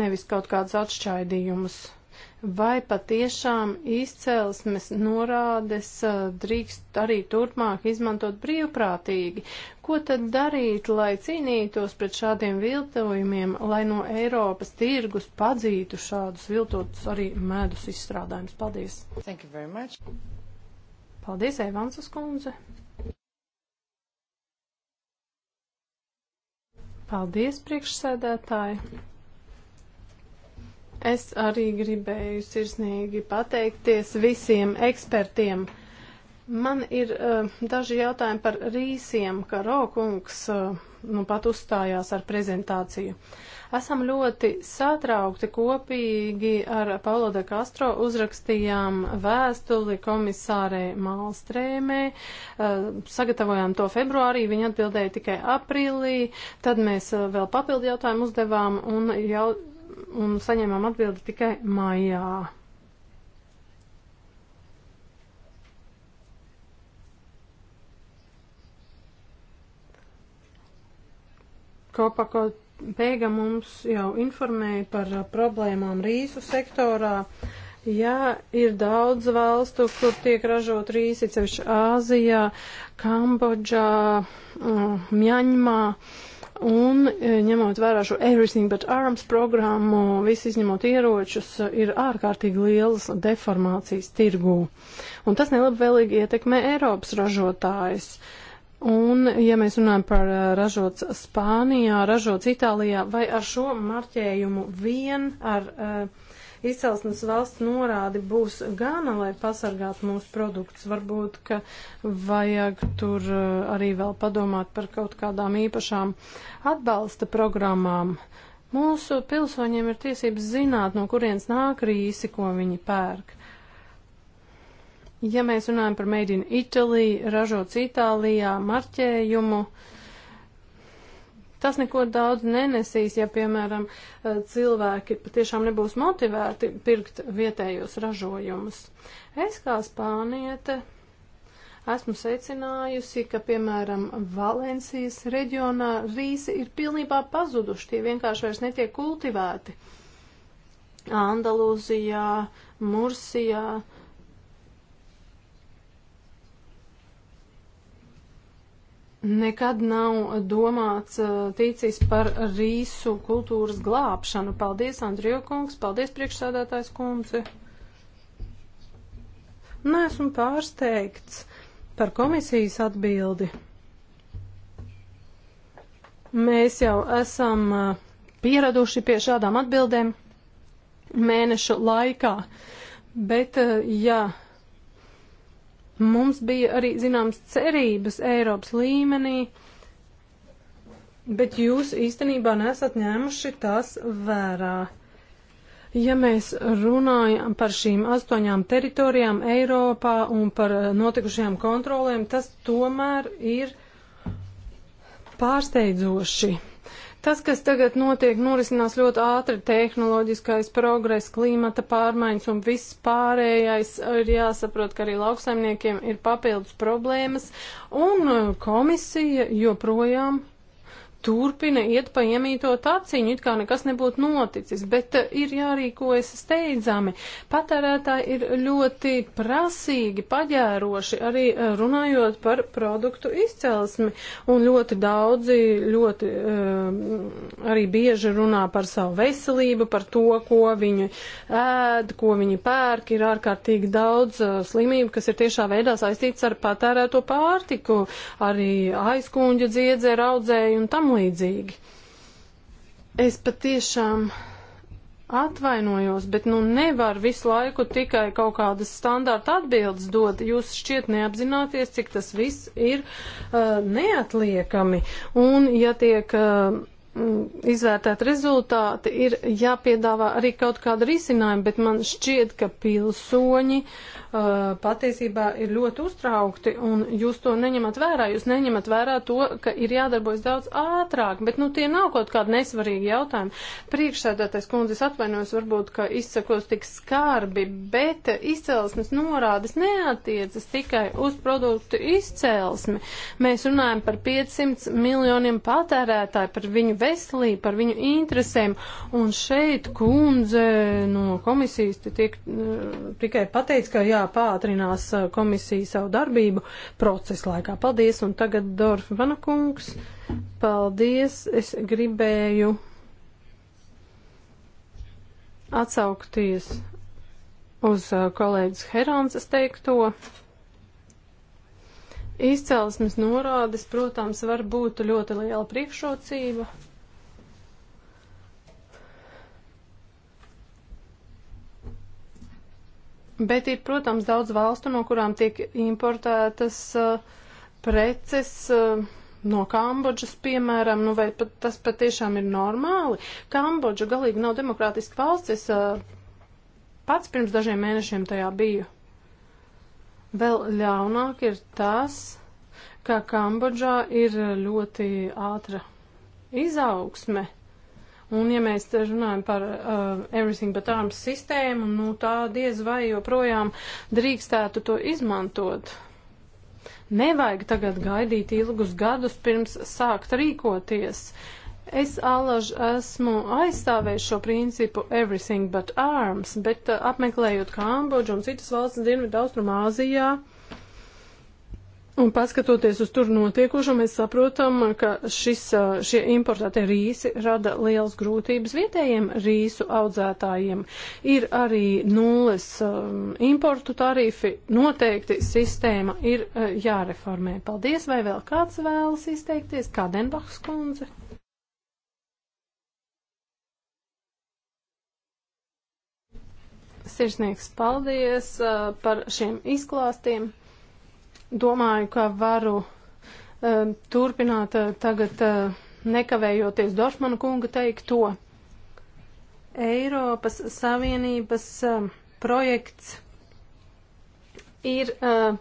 nevis kaut kādus atšķaidījumus vai patiešām izcelsmes norādes uh, drīkst arī turpmāk izmantot brīvprātīgi. Ko tad darīt, lai cīnītos pret šādiem viltojumiem, lai no Eiropas tirgus padzītu šādus viltotus arī medus izstrādājumus? Paldies! Thank you very much! Paldies, Evansas kundze! Paldies, priekšsēdētāji! Es arī gribēju sirsnīgi pateikties visiem ekspertiem. Man ir uh, daži jautājumi par rīsiem, ka Rokungs uh, nu pat uzstājās ar prezentāciju. Esam ļoti satraukti kopīgi ar Paulo de Castro uzrakstījām vēstuli komisārē Malstrēmē, uh, sagatavojām to februārī, viņa atbildēja tikai aprīlī, tad mēs uh, vēl papildu jautājumu uzdevām un jau un saņēmām atbildi tikai maijā. Kopako Pēga mums jau informēja par problēmām rīsu sektorā. Jā, ir daudz valstu, kur tiek ražot rīsi, cevišķi Āzijā, Kambodžā, mm, Mjaņmā. Um, Un e, ņemot vērā šo Everything but Arms programmu, visi izņemot ieročus, e, ir ārkārtīgi lielas deformācijas tirgū. Un tas nelabvēlīgi ietekmē Eiropas ražotājs. Un, ja mēs runājam par e, ražots Spānijā, ražots Itālijā, vai ar šo marķējumu vien ar uh, izcelsmes valsts norādi būs gana, lai pasargātu mūsu produktus. Varbūt, ka vajag tur eh, arī vēl padomāt par kaut kādām īpašām atbalsta programmām. Mūsu pilsoņiem ir tiesības zināt, no kurienes nāk rīsi, ko viņi pērk. Ja mēs runājam par Made in Italy, ražots Itālijā, marķējumu, uh, Tas neko daudz nenesīs, ja, piemēram, eh, cilvēki patiešām nebūs motivēti pirkt vietējos ražojumus. Es kā spāniete esmu secinājusi, ka, piemēram, Valencijas reģionā rīsi ir pilnībā pazuduši, tie vienkārši vairs netiek kultivēti. Andalūzijā, Mursijā, uh, Nekad nav domāts uh, tīcīs par rīsu kultūras glābšanu. Paldies, Andrija kungs, paldies, priekšsādātājs kundze. Nē, esmu pārsteigts par komisijas atbildi. Mēs jau esam uh, pieraduši pie šādām atbildēm mēnešu laikā, bet, jā. Uh, ja, Mums bija arī zināmas cerības Eiropas līmenī, bet jūs īstenībā nesat ņēmuši tās vērā. Ja mēs runājam par šīm astoņām teritorijām Eiropā un par eh, notikušajām kontrolēm, tas tomēr ir pārsteidzoši. Tas, kas tagad notiek, norisinās ļoti ātri - tehnoloģiskais progress, klimata pārmaiņas un viss pārējais. Ir jāsaprot, ka arī lauksaimniekiem ir papildus problēmas, un uh, komisija joprojām turpina iet pa iemīto taciņu, it kā nekas nebūtu noticis, bet eh, ir jārīkojas steidzami. Patērētāji ir ļoti prasīgi, paģēroši, arī eh, runājot par produktu izcelsmi, un ļoti daudzi, ļoti eh, arī bieži runā par savu veselību, par to, ko viņi ēd, ko viņi pērk, ir ārkārtīgi daudz slimību, kas ir tiešā veidā saistīts ar patērēto pārtiku, arī aizkūņģa dziedzē, raudzēju un tam tam līdzīgi. Es patiešām atvainojos, bet nu nevar visu laiku tikai kaut kādas standārta atbildes dot. Jūs šķiet neapzināties, cik tas viss ir uh, neatliekami. Un ja tiek. Uh, Mm, izvērtēt rezultāti, ir jāpiedāvā arī kaut kāda risinājuma, bet man šķiet, ka pilsoņi uh, patiesībā ir ļoti uztraukti, un jūs to neņemat vērā. Jūs neņemat vērā to, ka ir jādarbojas daudz ātrāk, bet nu tie nav kaut kādi nesvarīgi jautājumi. Priekšsēdētais kundzes atvainojas varbūt, ka izsakos tik skarbi, bet izcelsmes norādes neatiecas tikai uz produktu izcelsmi. Mēs runājam par 500 miljoniem patērētāju, par viņu veselību, par viņu interesēm. Un šeit kundze no komisijas tiek eh, tikai pateicis, ka jā, pātrinās eh, komisija savu darbību procesa laikā. Paldies, un tagad Dorf Vanakungs. Paldies, es gribēju atsaukties uz eh, kolēģis Herons, es teikto. Izcelsmes norādes, protams, var būt ļoti liela priekšrocība. Bet ir, protams, daudz valstu, no kurām tiek importētas uh, preces. Uh, no Kambodžas, piemēram, nu vai pat, tas patiešām ir normāli. Kambodža galīgi nav demokrātiska valsts. Es uh, pats pirms dažiem mēnešiem tajā biju. Vēl ļaunāk ir tas, ka Kambodžā ir ļoti ātra izaugsme. Un ja mēs runājam par uh, Everything But Arms sistēmu, nu tā diez vai joprojām drīkstētu to izmantot. Nevajag tagad gaidīt ilgus gadus pirms sākt rīkoties. Es, Alaž, esmu aizstāvējis šo principu Everything But Arms, bet uh, apmeklējot Kambodžu un citas valsts Dienvidu Austrumāzijā, uh, Un paskatoties uz tur notiekošo, mēs saprotam, ka šis, šie importētie rīsi rada liels grūtības vietējiem rīsu audzētājiem. Ir arī nulles um, importu tarifi, noteikti sistēma ir uh, jāreformē. Paldies, vai vēl kāds vēlas izteikties? Kādenbachs kundze? Sirsnieks, paldies uh, par šiem izklāstiem. Domāju, ka varu um, turpināt uh, tagad uh, nekavējoties Dorfmana kunga teikto. Eiropas Savienības um, projekts ir uh,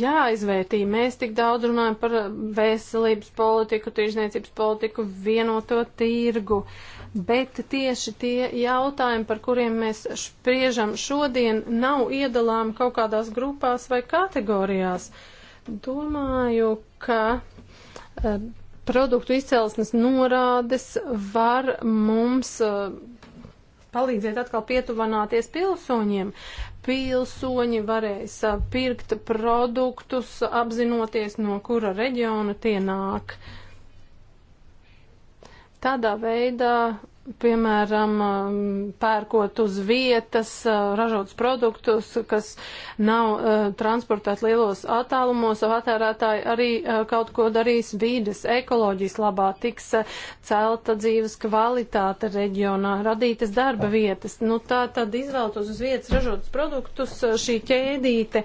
jāizvērtī. Mēs tik daudz runājam par veselības politiku, tirzniecības politiku, vienoto tirgu. Uh, Bet tieši tie jautājumi, par kuriem mēs spriežam šodien, nav iedalām kaut kādās grupās vai kategorijās. Domāju, ka eh, produktu izcelsmes norādes var mums eh, palīdzēt atkal pietuvināties pilsoņiem. Pilsoņi varēs eh, pirkt produktus, apzinoties, no kura reģiona tie nāk. Uh, Tādā veidā, piemēram, pērkot uz vietas ražotus produktus, kas nav uh, transportēti lielos attālumos, patērētāji arī uh, kaut ko darīs vīdes, ekoloģijas labā, tiks uh, celta dzīves kvalitāte reģionā, radītas darba vietas. Nu, tā tad izvēltos uz vietas ražotus produktus šī ķēdīte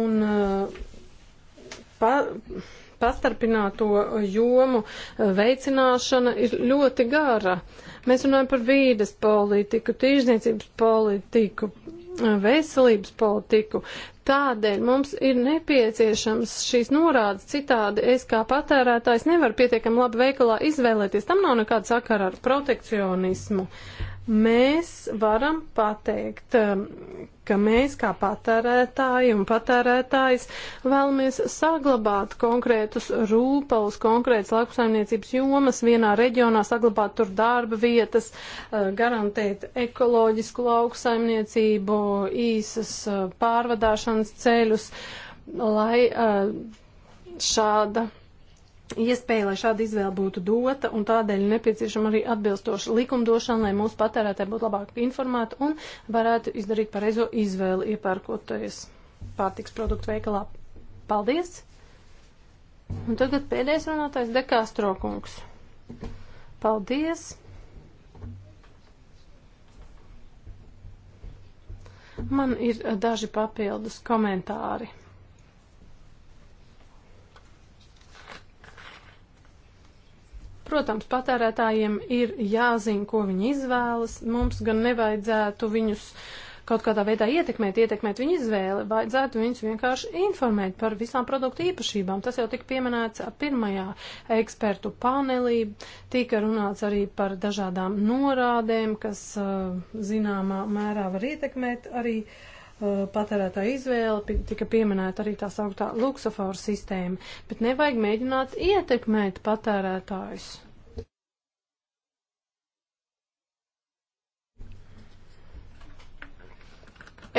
un. Pa, pastarpināto jomu eh, veicināšana ir ļoti gara. Mēs runājam par vīdes politiku, tīrzniecības politiku, eh, veselības politiku. Tādēļ mums ir nepieciešams šīs norādes, citādi es kā patērētājs nevaru pietiekami labi veikalā izvēlēties. Tam nav nekāda sakara ar protekcionismu. Uh, mēs varam pateikt, um, ka mēs kā patērētāji un patērētājs vēlamies saglabāt konkrētus rūpalus, konkrētas lauksaimniecības jomas vienā reģionā, saglabāt tur darba vietas, uh, garantēt ekoloģisku lauksaimniecību, īsas uh, pārvadāšanas ceļus, lai uh, šāda iespēja, lai šāda izvēle būtu dota, un tādēļ nepieciešama arī atbilstoša likumdošana, lai mūsu patērētāji būtu labāk informēti un varētu izdarīt pareizo izvēli, iepērkoties pārtiks produktu veikalā. Paldies! Un tagad pēdējais runātājs Dekāstro kungs. Paldies! Man ir daži papildus komentāri. Protams, patērētājiem ir jāzina, ko viņi izvēlas. Mums gan nevajadzētu viņus kaut kādā veidā ietekmēt, ietekmēt viņu izvēli, vajadzētu viņus vienkārši informēt par visām produktu īpašībām. Tas jau tika pieminēts pirmajā ekspertu panelī, tika runāts arī par dažādām norādēm, kas zināmā mērā var ietekmēt arī uh, Uh, patērētāja izvēle, tika pieminēta arī tā sauktā luksofora sistēma, bet nevajag mēģināt ietekmēt patērētājus.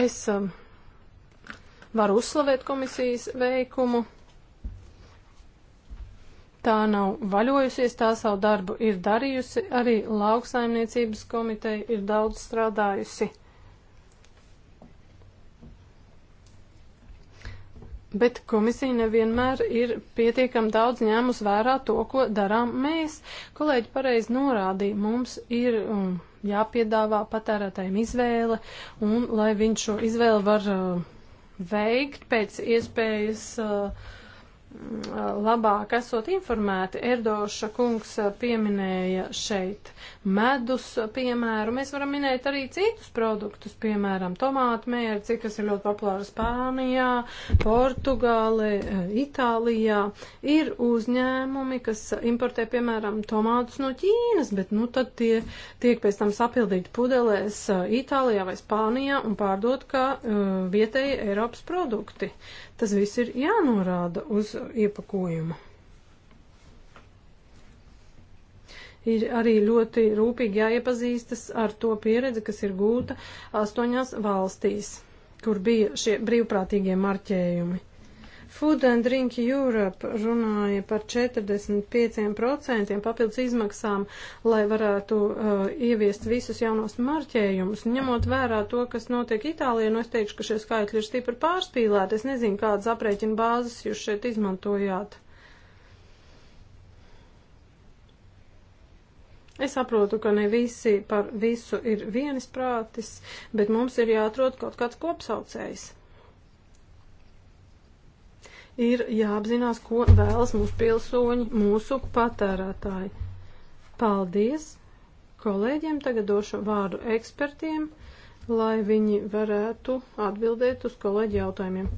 Es um, varu uzslavēt komisijas veikumu. Tā nav vaļojusies, tā savu darbu ir darījusi, arī lauksaimniecības komiteja ir daudz strādājusi. Bet komisija nevienmēr ir pietiekami daudz ņēmus vērā to, ko darām mēs. Kolēģi pareizi norādīja, mums ir um, jāpiedāvā patērētājiem izvēle, un lai viņš šo izvēli var uh, veikt pēc iespējas uh, labāk esot informēti. Erdoša kungs pieminēja šeit medus, piemēru. Mēs varam minēt arī citus produktus, piemēram, tomātu mērci, kas ir ļoti populāri Spānijā, Portugāle, Itālijā. Ir uzņēmumi, kas importē, piemēram, tomātus no Ķīnas, bet, nu, tad tie tiek pēc tam sapildīti pudelēs uh, Itālijā vai Spānijā un pārdot kā uh, vietēji Eiropas produkti. Uh, Tas viss ir jānorāda uz iepakojuma. ir arī ļoti rūpīgi jāiepazīstas ar to pieredzi, kas ir gūta astoņās valstīs, kur bija šie brīvprātīgie marķējumi. Food and Drink Europe runāja par 45% papildus izmaksām, lai varētu uh, ieviest visus jaunos marķējumus. Ņemot vērā to, kas notiek Itālijā, nu es teikšu, ka šie skaitļi ir stipri pārspīlēti. Es nezinu, kādas aprēķina bāzes jūs šeit izmantojāt. Es saprotu, ka ne visi par visu ir vienisprātis, bet mums ir jāatrod kaut kāds kopsaucējs ir jāapzinās, ko vēlas mūsu pilsoņi, mūsu patērētāji. Paldies kolēģiem, tagad došu vārdu ekspertiem, lai viņi varētu atbildēt uz kolēģi jautājumiem.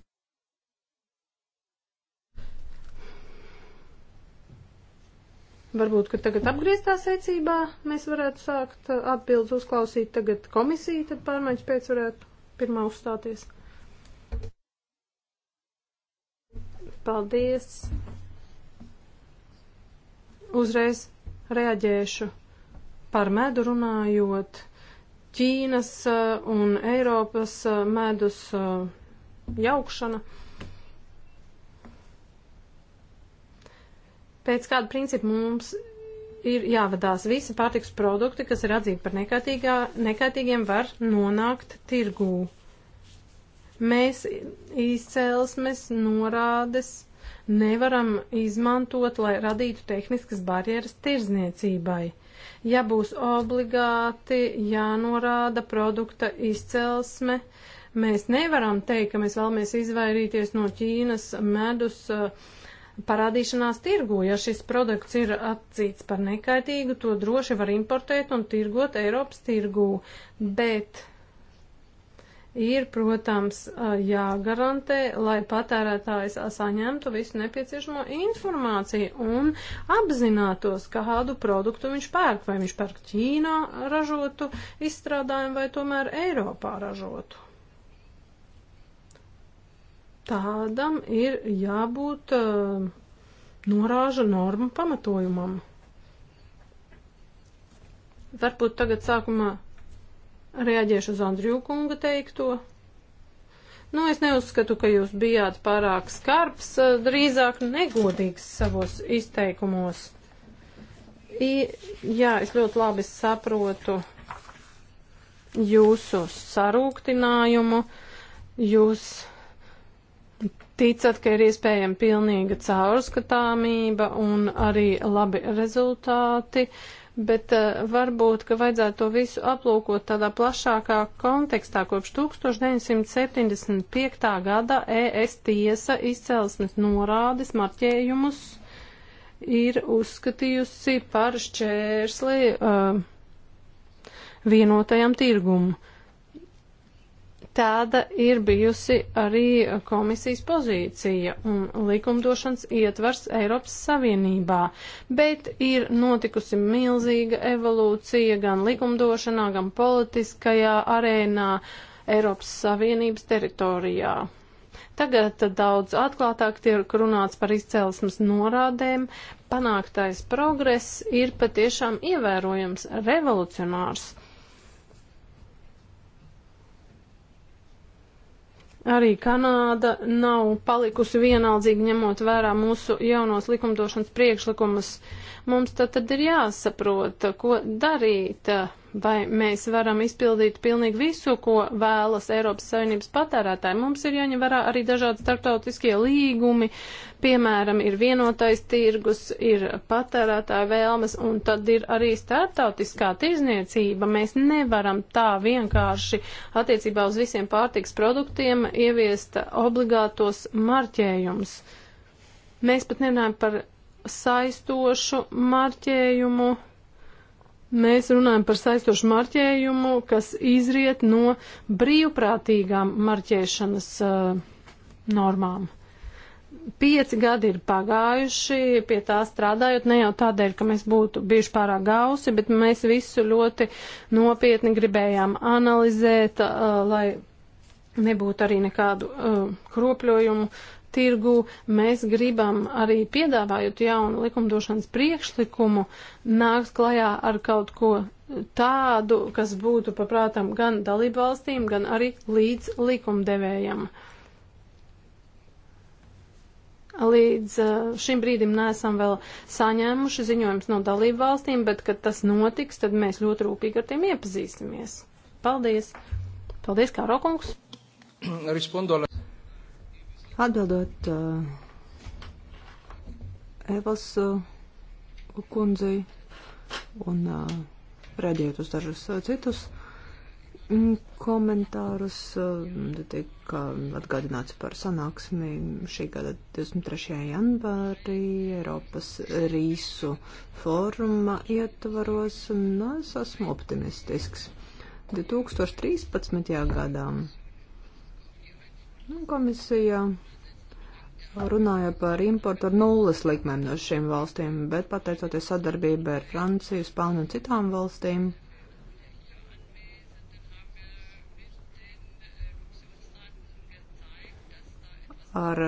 Varbūt, ka tagad apgrieztā secībā mēs varētu sākt atbildes uzklausīt, tagad komisija, tad pārmaiņas pēc varētu pirmā uzstāties. Paldies! Uzreiz reaģēšu par medu runājot. Ķīnas eh, un Eiropas eh, medus eh, jaukšana. Pēc kāda principa mums ir jāvadās visi pārtiks produkti, kas ir atzīti par nekaitīgiem, var nonākt tirgū. Mēs izcēlesmes norādes nevaram izmantot, lai radītu tehniskas barjeras tirzniecībai. Ja būs obligāti jānorāda produkta izcelsme, mēs nevaram teikt, ka mēs vēlamies izvairīties no Ķīnas medus uh, parādīšanās tirgu. Ja šis produkts ir atcīts par nekaitīgu, to droši var importēt un tirgot Eiropas tirgū, bet ir, protams, jāgarantē, lai patērētājs saņemtu visu nepieciešamo informāciju un apzinātos, kādu produktu viņš pērk, vai viņš pērk Ķīnā ražotu izstrādājumu vai tomēr Eiropā ražotu. Tādam ir jābūt uh, norāža norma pamatojumam. Varbūt tagad sākumā Reaģēšu uz Andriju kunga teikto. Nu, es neuzskatu, ka jūs bijāt pārāk skarbs, drīzāk negodīgs savos izteikumos. I, jā, es ļoti labi saprotu jūsu sarūktinājumu. Jūs ticat, ka ir iespējama pilnīga caurskatāmība un arī labi rezultāti. Uh, bet uh, varbūt, ka vajadzētu to visu aplūkot tādā plašākā kontekstā. Kopš 1975. gada ES tiesa izcelsmes norādes marķējumus ir uzskatījusi par šķērsli uh, vienotajam tirgumu. Tāda ir bijusi arī komisijas pozīcija un likumdošanas ietvars Eiropas Savienībā, bet ir notikusi milzīga evolūcija gan likumdošanā, gan politiskajā arēnā Eiropas Savienības teritorijā. Tagad daudz atklātāk tiek runāts par izcelsmes norādēm, panāktais progress ir patiešām ievērojams, revolucionārs Arī Kanāda nav palikusi vienaldzīgi ņemot vērā mūsu jaunos likumdošanas priekšlikumus. Mums tad, tad ir jāsaprot, ko darīt. Uh, vai mēs varam izpildīt pilnīgi visu, ko vēlas Eiropas Savienības patērētāji. Mums ir jāņem vērā arī dažādi starptautiskie līgumi, piemēram, ir vienotais tirgus, ir patērētāja vēlmes, un tad ir arī starptautiskā tirzniecība. Mēs nevaram tā vienkārši attiecībā uz visiem pārtiks produktiem ieviest obligātos marķējumus. Mēs pat nerunājam par saistošu marķējumu, Mēs runājam par saistošu marķējumu, kas izriet no brīvprātīgām marķēšanas uh, normām. Pieci gadi ir pagājuši pie tā strādājot, ne jau tādēļ, ka mēs būtu bijuši pārāk gausi, bet mēs visu ļoti nopietni gribējām analizēt, uh, lai nebūtu arī nekādu uh, kropļojumu tirgu. Mēs gribam arī piedāvājot jaunu likumdošanas priekšlikumu, nākt klajā ar kaut ko tādu, kas būtu paprātam gan dalību valstīm, gan arī līdz likumdevējam. Līdz uh, šim brīdim neesam vēl saņēmuši ziņojums no dalību valstīm, bet, kad tas notiks, tad mēs ļoti rūpīgi ar tiem iepazīsimies. Paldies! Paldies, Kārokungs! Respondola. Atbildot uh, Evas uh, kundzei un uh, eh, reaģēt uz dažus uh, citus mm, komentārus, uh, tika atgādināts par sanāksmi šī gada 23. janvārī Eiropas rīsu foruma ietvaros, un es esmu optimistisks. 2013. gadā Nu, komisija runāja par importu ar nulles likmēm no šīm valstīm, bet pateicoties sadarbībai ar Franciju, Spāniju un citām valstīm, ar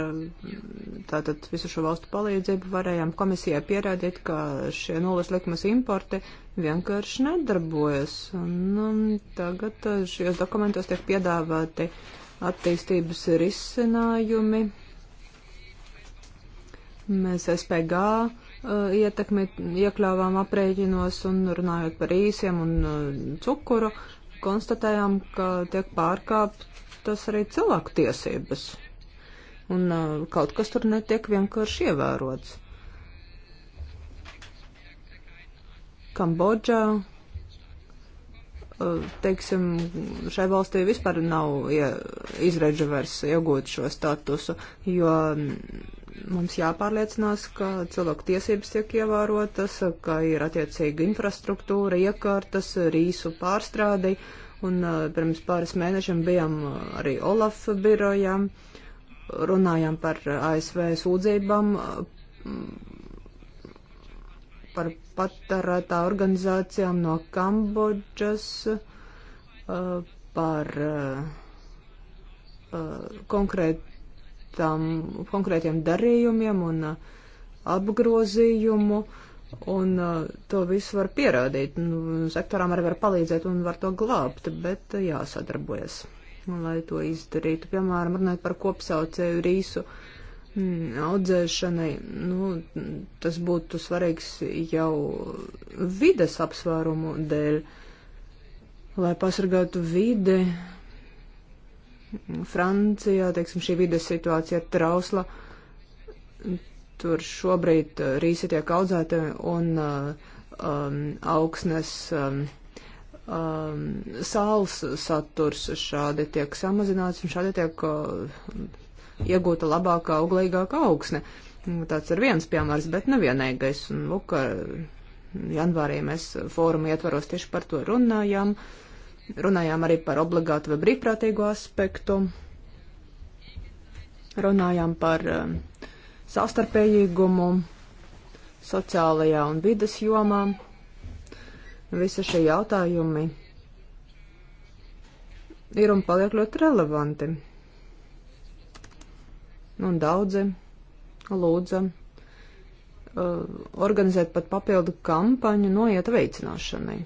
tātad visu šo valstu palīdzību varējām komisijai pierādīt, ka šie nulles likmes importi vienkārši nedarbojas. Un, un um, tagad uh, šajos dokumentos tiek piedāvāti uh, attīstības risinājumi. Mēs SPG uh, ietekmi iekļāvām aprēķinos un runājot par īsiem un uh, cukuru, konstatējām, ka tiek pārkāptas arī cilvēku tiesības. Un uh, kaut kas tur netiek vienkārši ievērots. Kambodžā teiksim, šai valstī vispār nav ja, izredža vairs iegūt šo statusu, jo mums jāpārliecinās, ka cilvēku tiesības tiek ievērotas, ka ir attiecīga infrastruktūra, iekārtas, rīsu pārstrādi, un uh, pirms pāris mēnešiem bijām uh, arī Olaf birojām, runājām par uh, ASV sūdzībām par patērētā organizācijām no Kambodžas, uh, par uh, uh, konkrētām, konkrētiem darījumiem un apgrozījumu. Un uh, to visu var pierādīt. Nu, sektorām arī var palīdzēt un var to glābt, bet jāsadarbojas, lai to izdarītu. Piemēram, runājot par kopsaucēju rīsu, uh, Mm, audzēšanai, nu, tas būtu svarīgs jau vides apsvērumu dēļ, lai pasargātu vide. Francijā, teiksim, šī vides situācija ir trausla, tur šobrīd uh, rīsi tiek audzēti un uh, um, augsnes um, um, sāls saturs šādi tiek samazināts un šādi tiek uh, iegūta labākā, auglīgākā augsne. Nu, tāds ir viens piemērs, bet nevienīgais. Un, lūk, janvārī mēs fórumu ietvaros tieši par to runājām. Runājām arī par obligātu vai brīvprātīgu aspektu. Runājām par um, savstarpējīgumu sociālajā un vidas jomā. Visi šie jautājumi ir un paliek ļoti relevanti. Nu, un daudzi lūdza uh, organizēt pat papildu kampaņu noieta veicināšanai.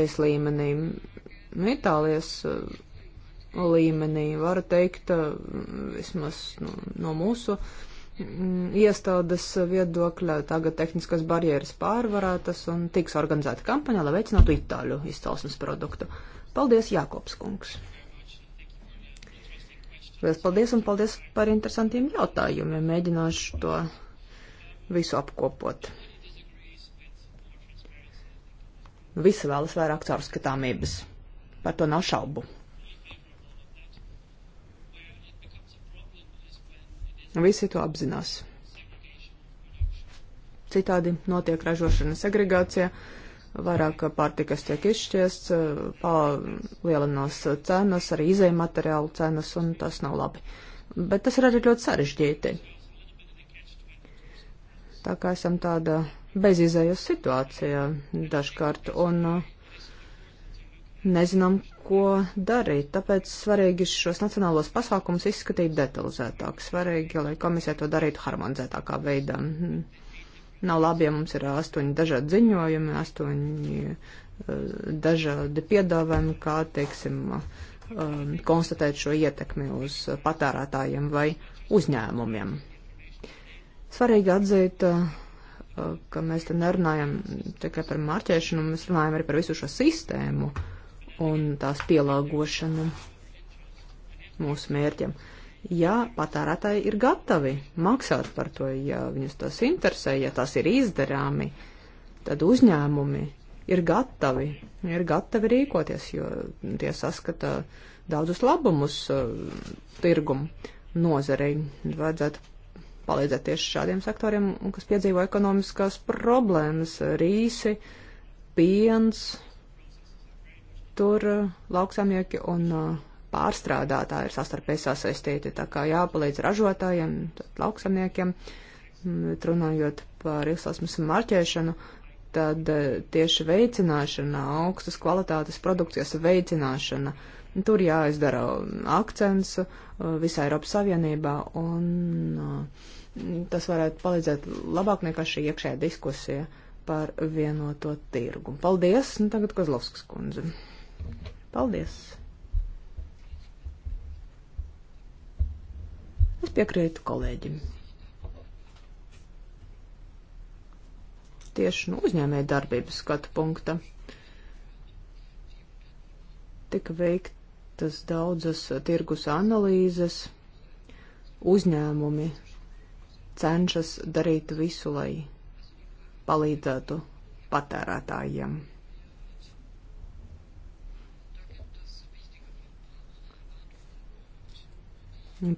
Es līmenī, nu, Itālijas uh, līmenī, var teikt, uh, vismaz nu, no mūsu mm, iestādes viedokļa, tagad tehniskās barjeras pārvarētas un tiks organizēta kampaņa, lai veicinātu itāļu izcelsmes produktu. Paldies, Jākops kungs! Liels paldies un paldies par interesantiem jautājumiem. Mēģināšu to visu apkopot. Visi vēlas vairāk caurskatāmības. Par to nav šaubu. Visi to apzinās. Citādi notiek ražošana segregācija. Uh, vairāk pārtikas tiek izšķiests, palielinās cenas, arī izējuma materiālu cenas, un tas nav labi. Bet tas ir arī ļoti sarežģīti. Tā kā esam tāda bezizējas situācija dažkārt, un uh, nezinām, ko darīt. Tāpēc svarīgi šos nacionālos pasākumus izskatīt detalizētāk. Svarīgi, lai komisija to darītu harmonizētākā veidā. Mm Nav labi, ja mums ir astoņi dažādi ziņojumi, astoņi eh, dažādi piedāvājumi, kā, teiksim, eh, konstatēt šo ietekmi uz patērētājiem vai uzņēmumiem. Svarīgi atzīt, eh, ka mēs te nerunājam tikai par marķēšanu, mēs runājam arī par visu šo sistēmu un tās pielāgošanu mūsu mērķiem. Uh, ja patērētāji ir gatavi maksāt par to, ja viņus tas interesē, ja tas ir izdarāmi, tad uzņēmumi ir gatavi, ir gatavi rīkoties, jo tie saskata daudzus labumus uh, tirgumu nozarei. Vajadzētu palīdzēt tieši šādiem sektoriem, kas piedzīvo ekonomiskās problēmas - rīsi, piens, tur uh, lauksāmnieki un uh, pārstrādātāji ir sastarpēji sasaistīti, tā kā jāpalīdz ražotājiem, lauksamniekiem, mm, runājot par izlasmes marķēšanu, tad eh, tieši veicināšana, augstas kvalitātes produkcijas veicināšana, tur jāizdara mm, akcents eh, visā Eiropas Savienībā, un eh, tas varētu palīdzēt labāk nekā šī iekšējā diskusija par vienoto tirgu. Paldies, un tagad Kozlovskas kundze. Paldies! Es piekrītu kolēģim. Tieši no nu, uzņēmēja darbības skatu punkta tika veiktas daudzas tirgus analīzes. Uzņēmumi cenšas darīt visu, lai palīdzētu patērētājiem.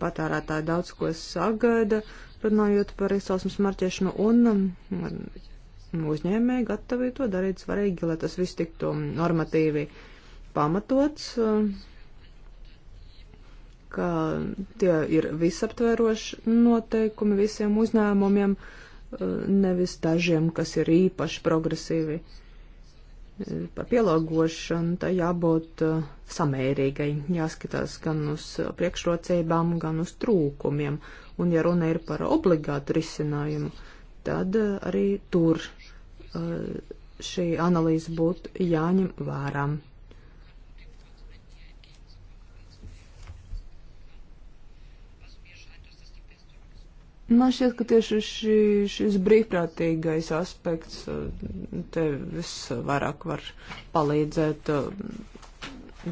Patērētāji daudz ko sagaida, runājot par izcelsmes marķēšanu, um, un uzņēmēji gatavi to darīt svarīgi, lai tas viss tiktu normatīvi pamatots, um, ka tie ir visaptveroši noteikumi visiem uzņēmumiem, uh, nevis dažiem, kas ir īpaši progresīvi. Uh, par pielāgošanu, tai jābūt uh, samērīgai, jāskatās gan uz priekšrocībām, gan uz trūkumiem. Un, ja runa ir par obligātu risinājumu, tad uh, arī tur uh, šī analīze būtu jāņem vērām. Man šķiet, ka tieši šī, šis brīvprātīgais aspekts uh, te visvairāk var palīdzēt, uh,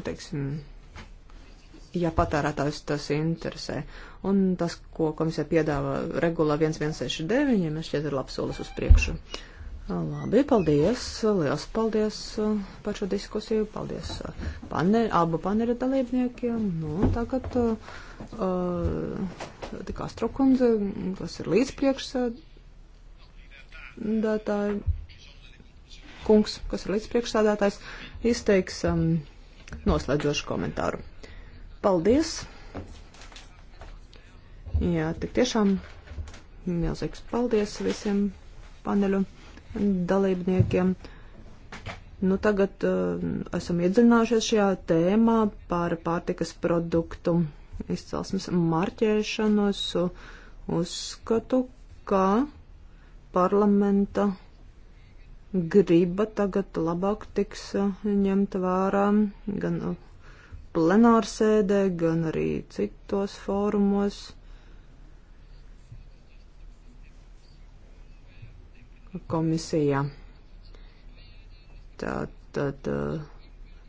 teiksim, ja patērētājs tas interesē. Un tas, ko komisija piedāvā regulā 1169, man šķiet, ir labs solis uz priekšu. Uh, Labi, paldies. Lielas paldies uh, par šo diskusiju. Paldies uh, pane, abu paneļa dalībniekiem. Nu, tagad uh, uh tikā Strokundze, kas ir līdzpriekšsēdētāji, kungs, kas ir līdzpriekšsēdētājs, izteiks um, noslēdzošu komentāru. Paldies! Jā, tik tiešām milzīgs paldies visiem paneļu dalībniekiem. Nu, tagad uh, esam iedziļinājušies šajā tēmā par pārtikas produktu izcelsmes marķēšanos. Uzskatu, ka parlamenta griba tagad labāk tiks e, ņemta vērā gan plenārsēdē, gan arī citos fórumos. komisija tad, tad eh,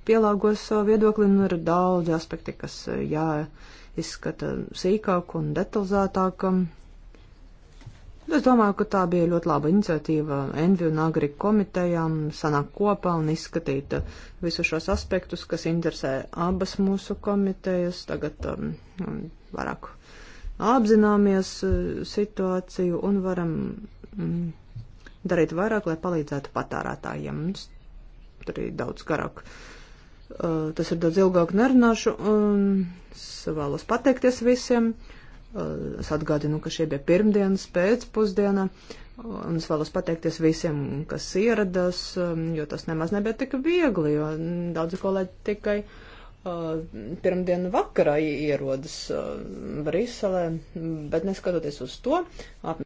pielāgos savu viedokli un ir daudz aspekti, kas eh, jāizskata sīkāk un detalizētāk. Es domāju, ka tā bija ļoti laba iniciatīva Envi un Agri komitejām sanākt kopā un izskatīt eh, visus šos aspektus, kas interesē abas mūsu komitejas. Tagad um, vairāk apzināmies situāciju un varam. Um, darīt vairāk, lai palīdzētu patērētājiem. Tur ir daudz garāk. Uh, tas ir daudz ilgāk nerunāšu, un es vēlos pateikties visiem. Uh, es atgādinu, ka šie bija pirmdienas pēcpusdiena, un es vēlos pateikties visiem, kas ieradās, um, jo tas nemaz nebija tik viegli, jo daudzi kolēģi tikai uh, pirmdienu vakarā ierodas uh, Briselē, bet neskatoties uz to, ap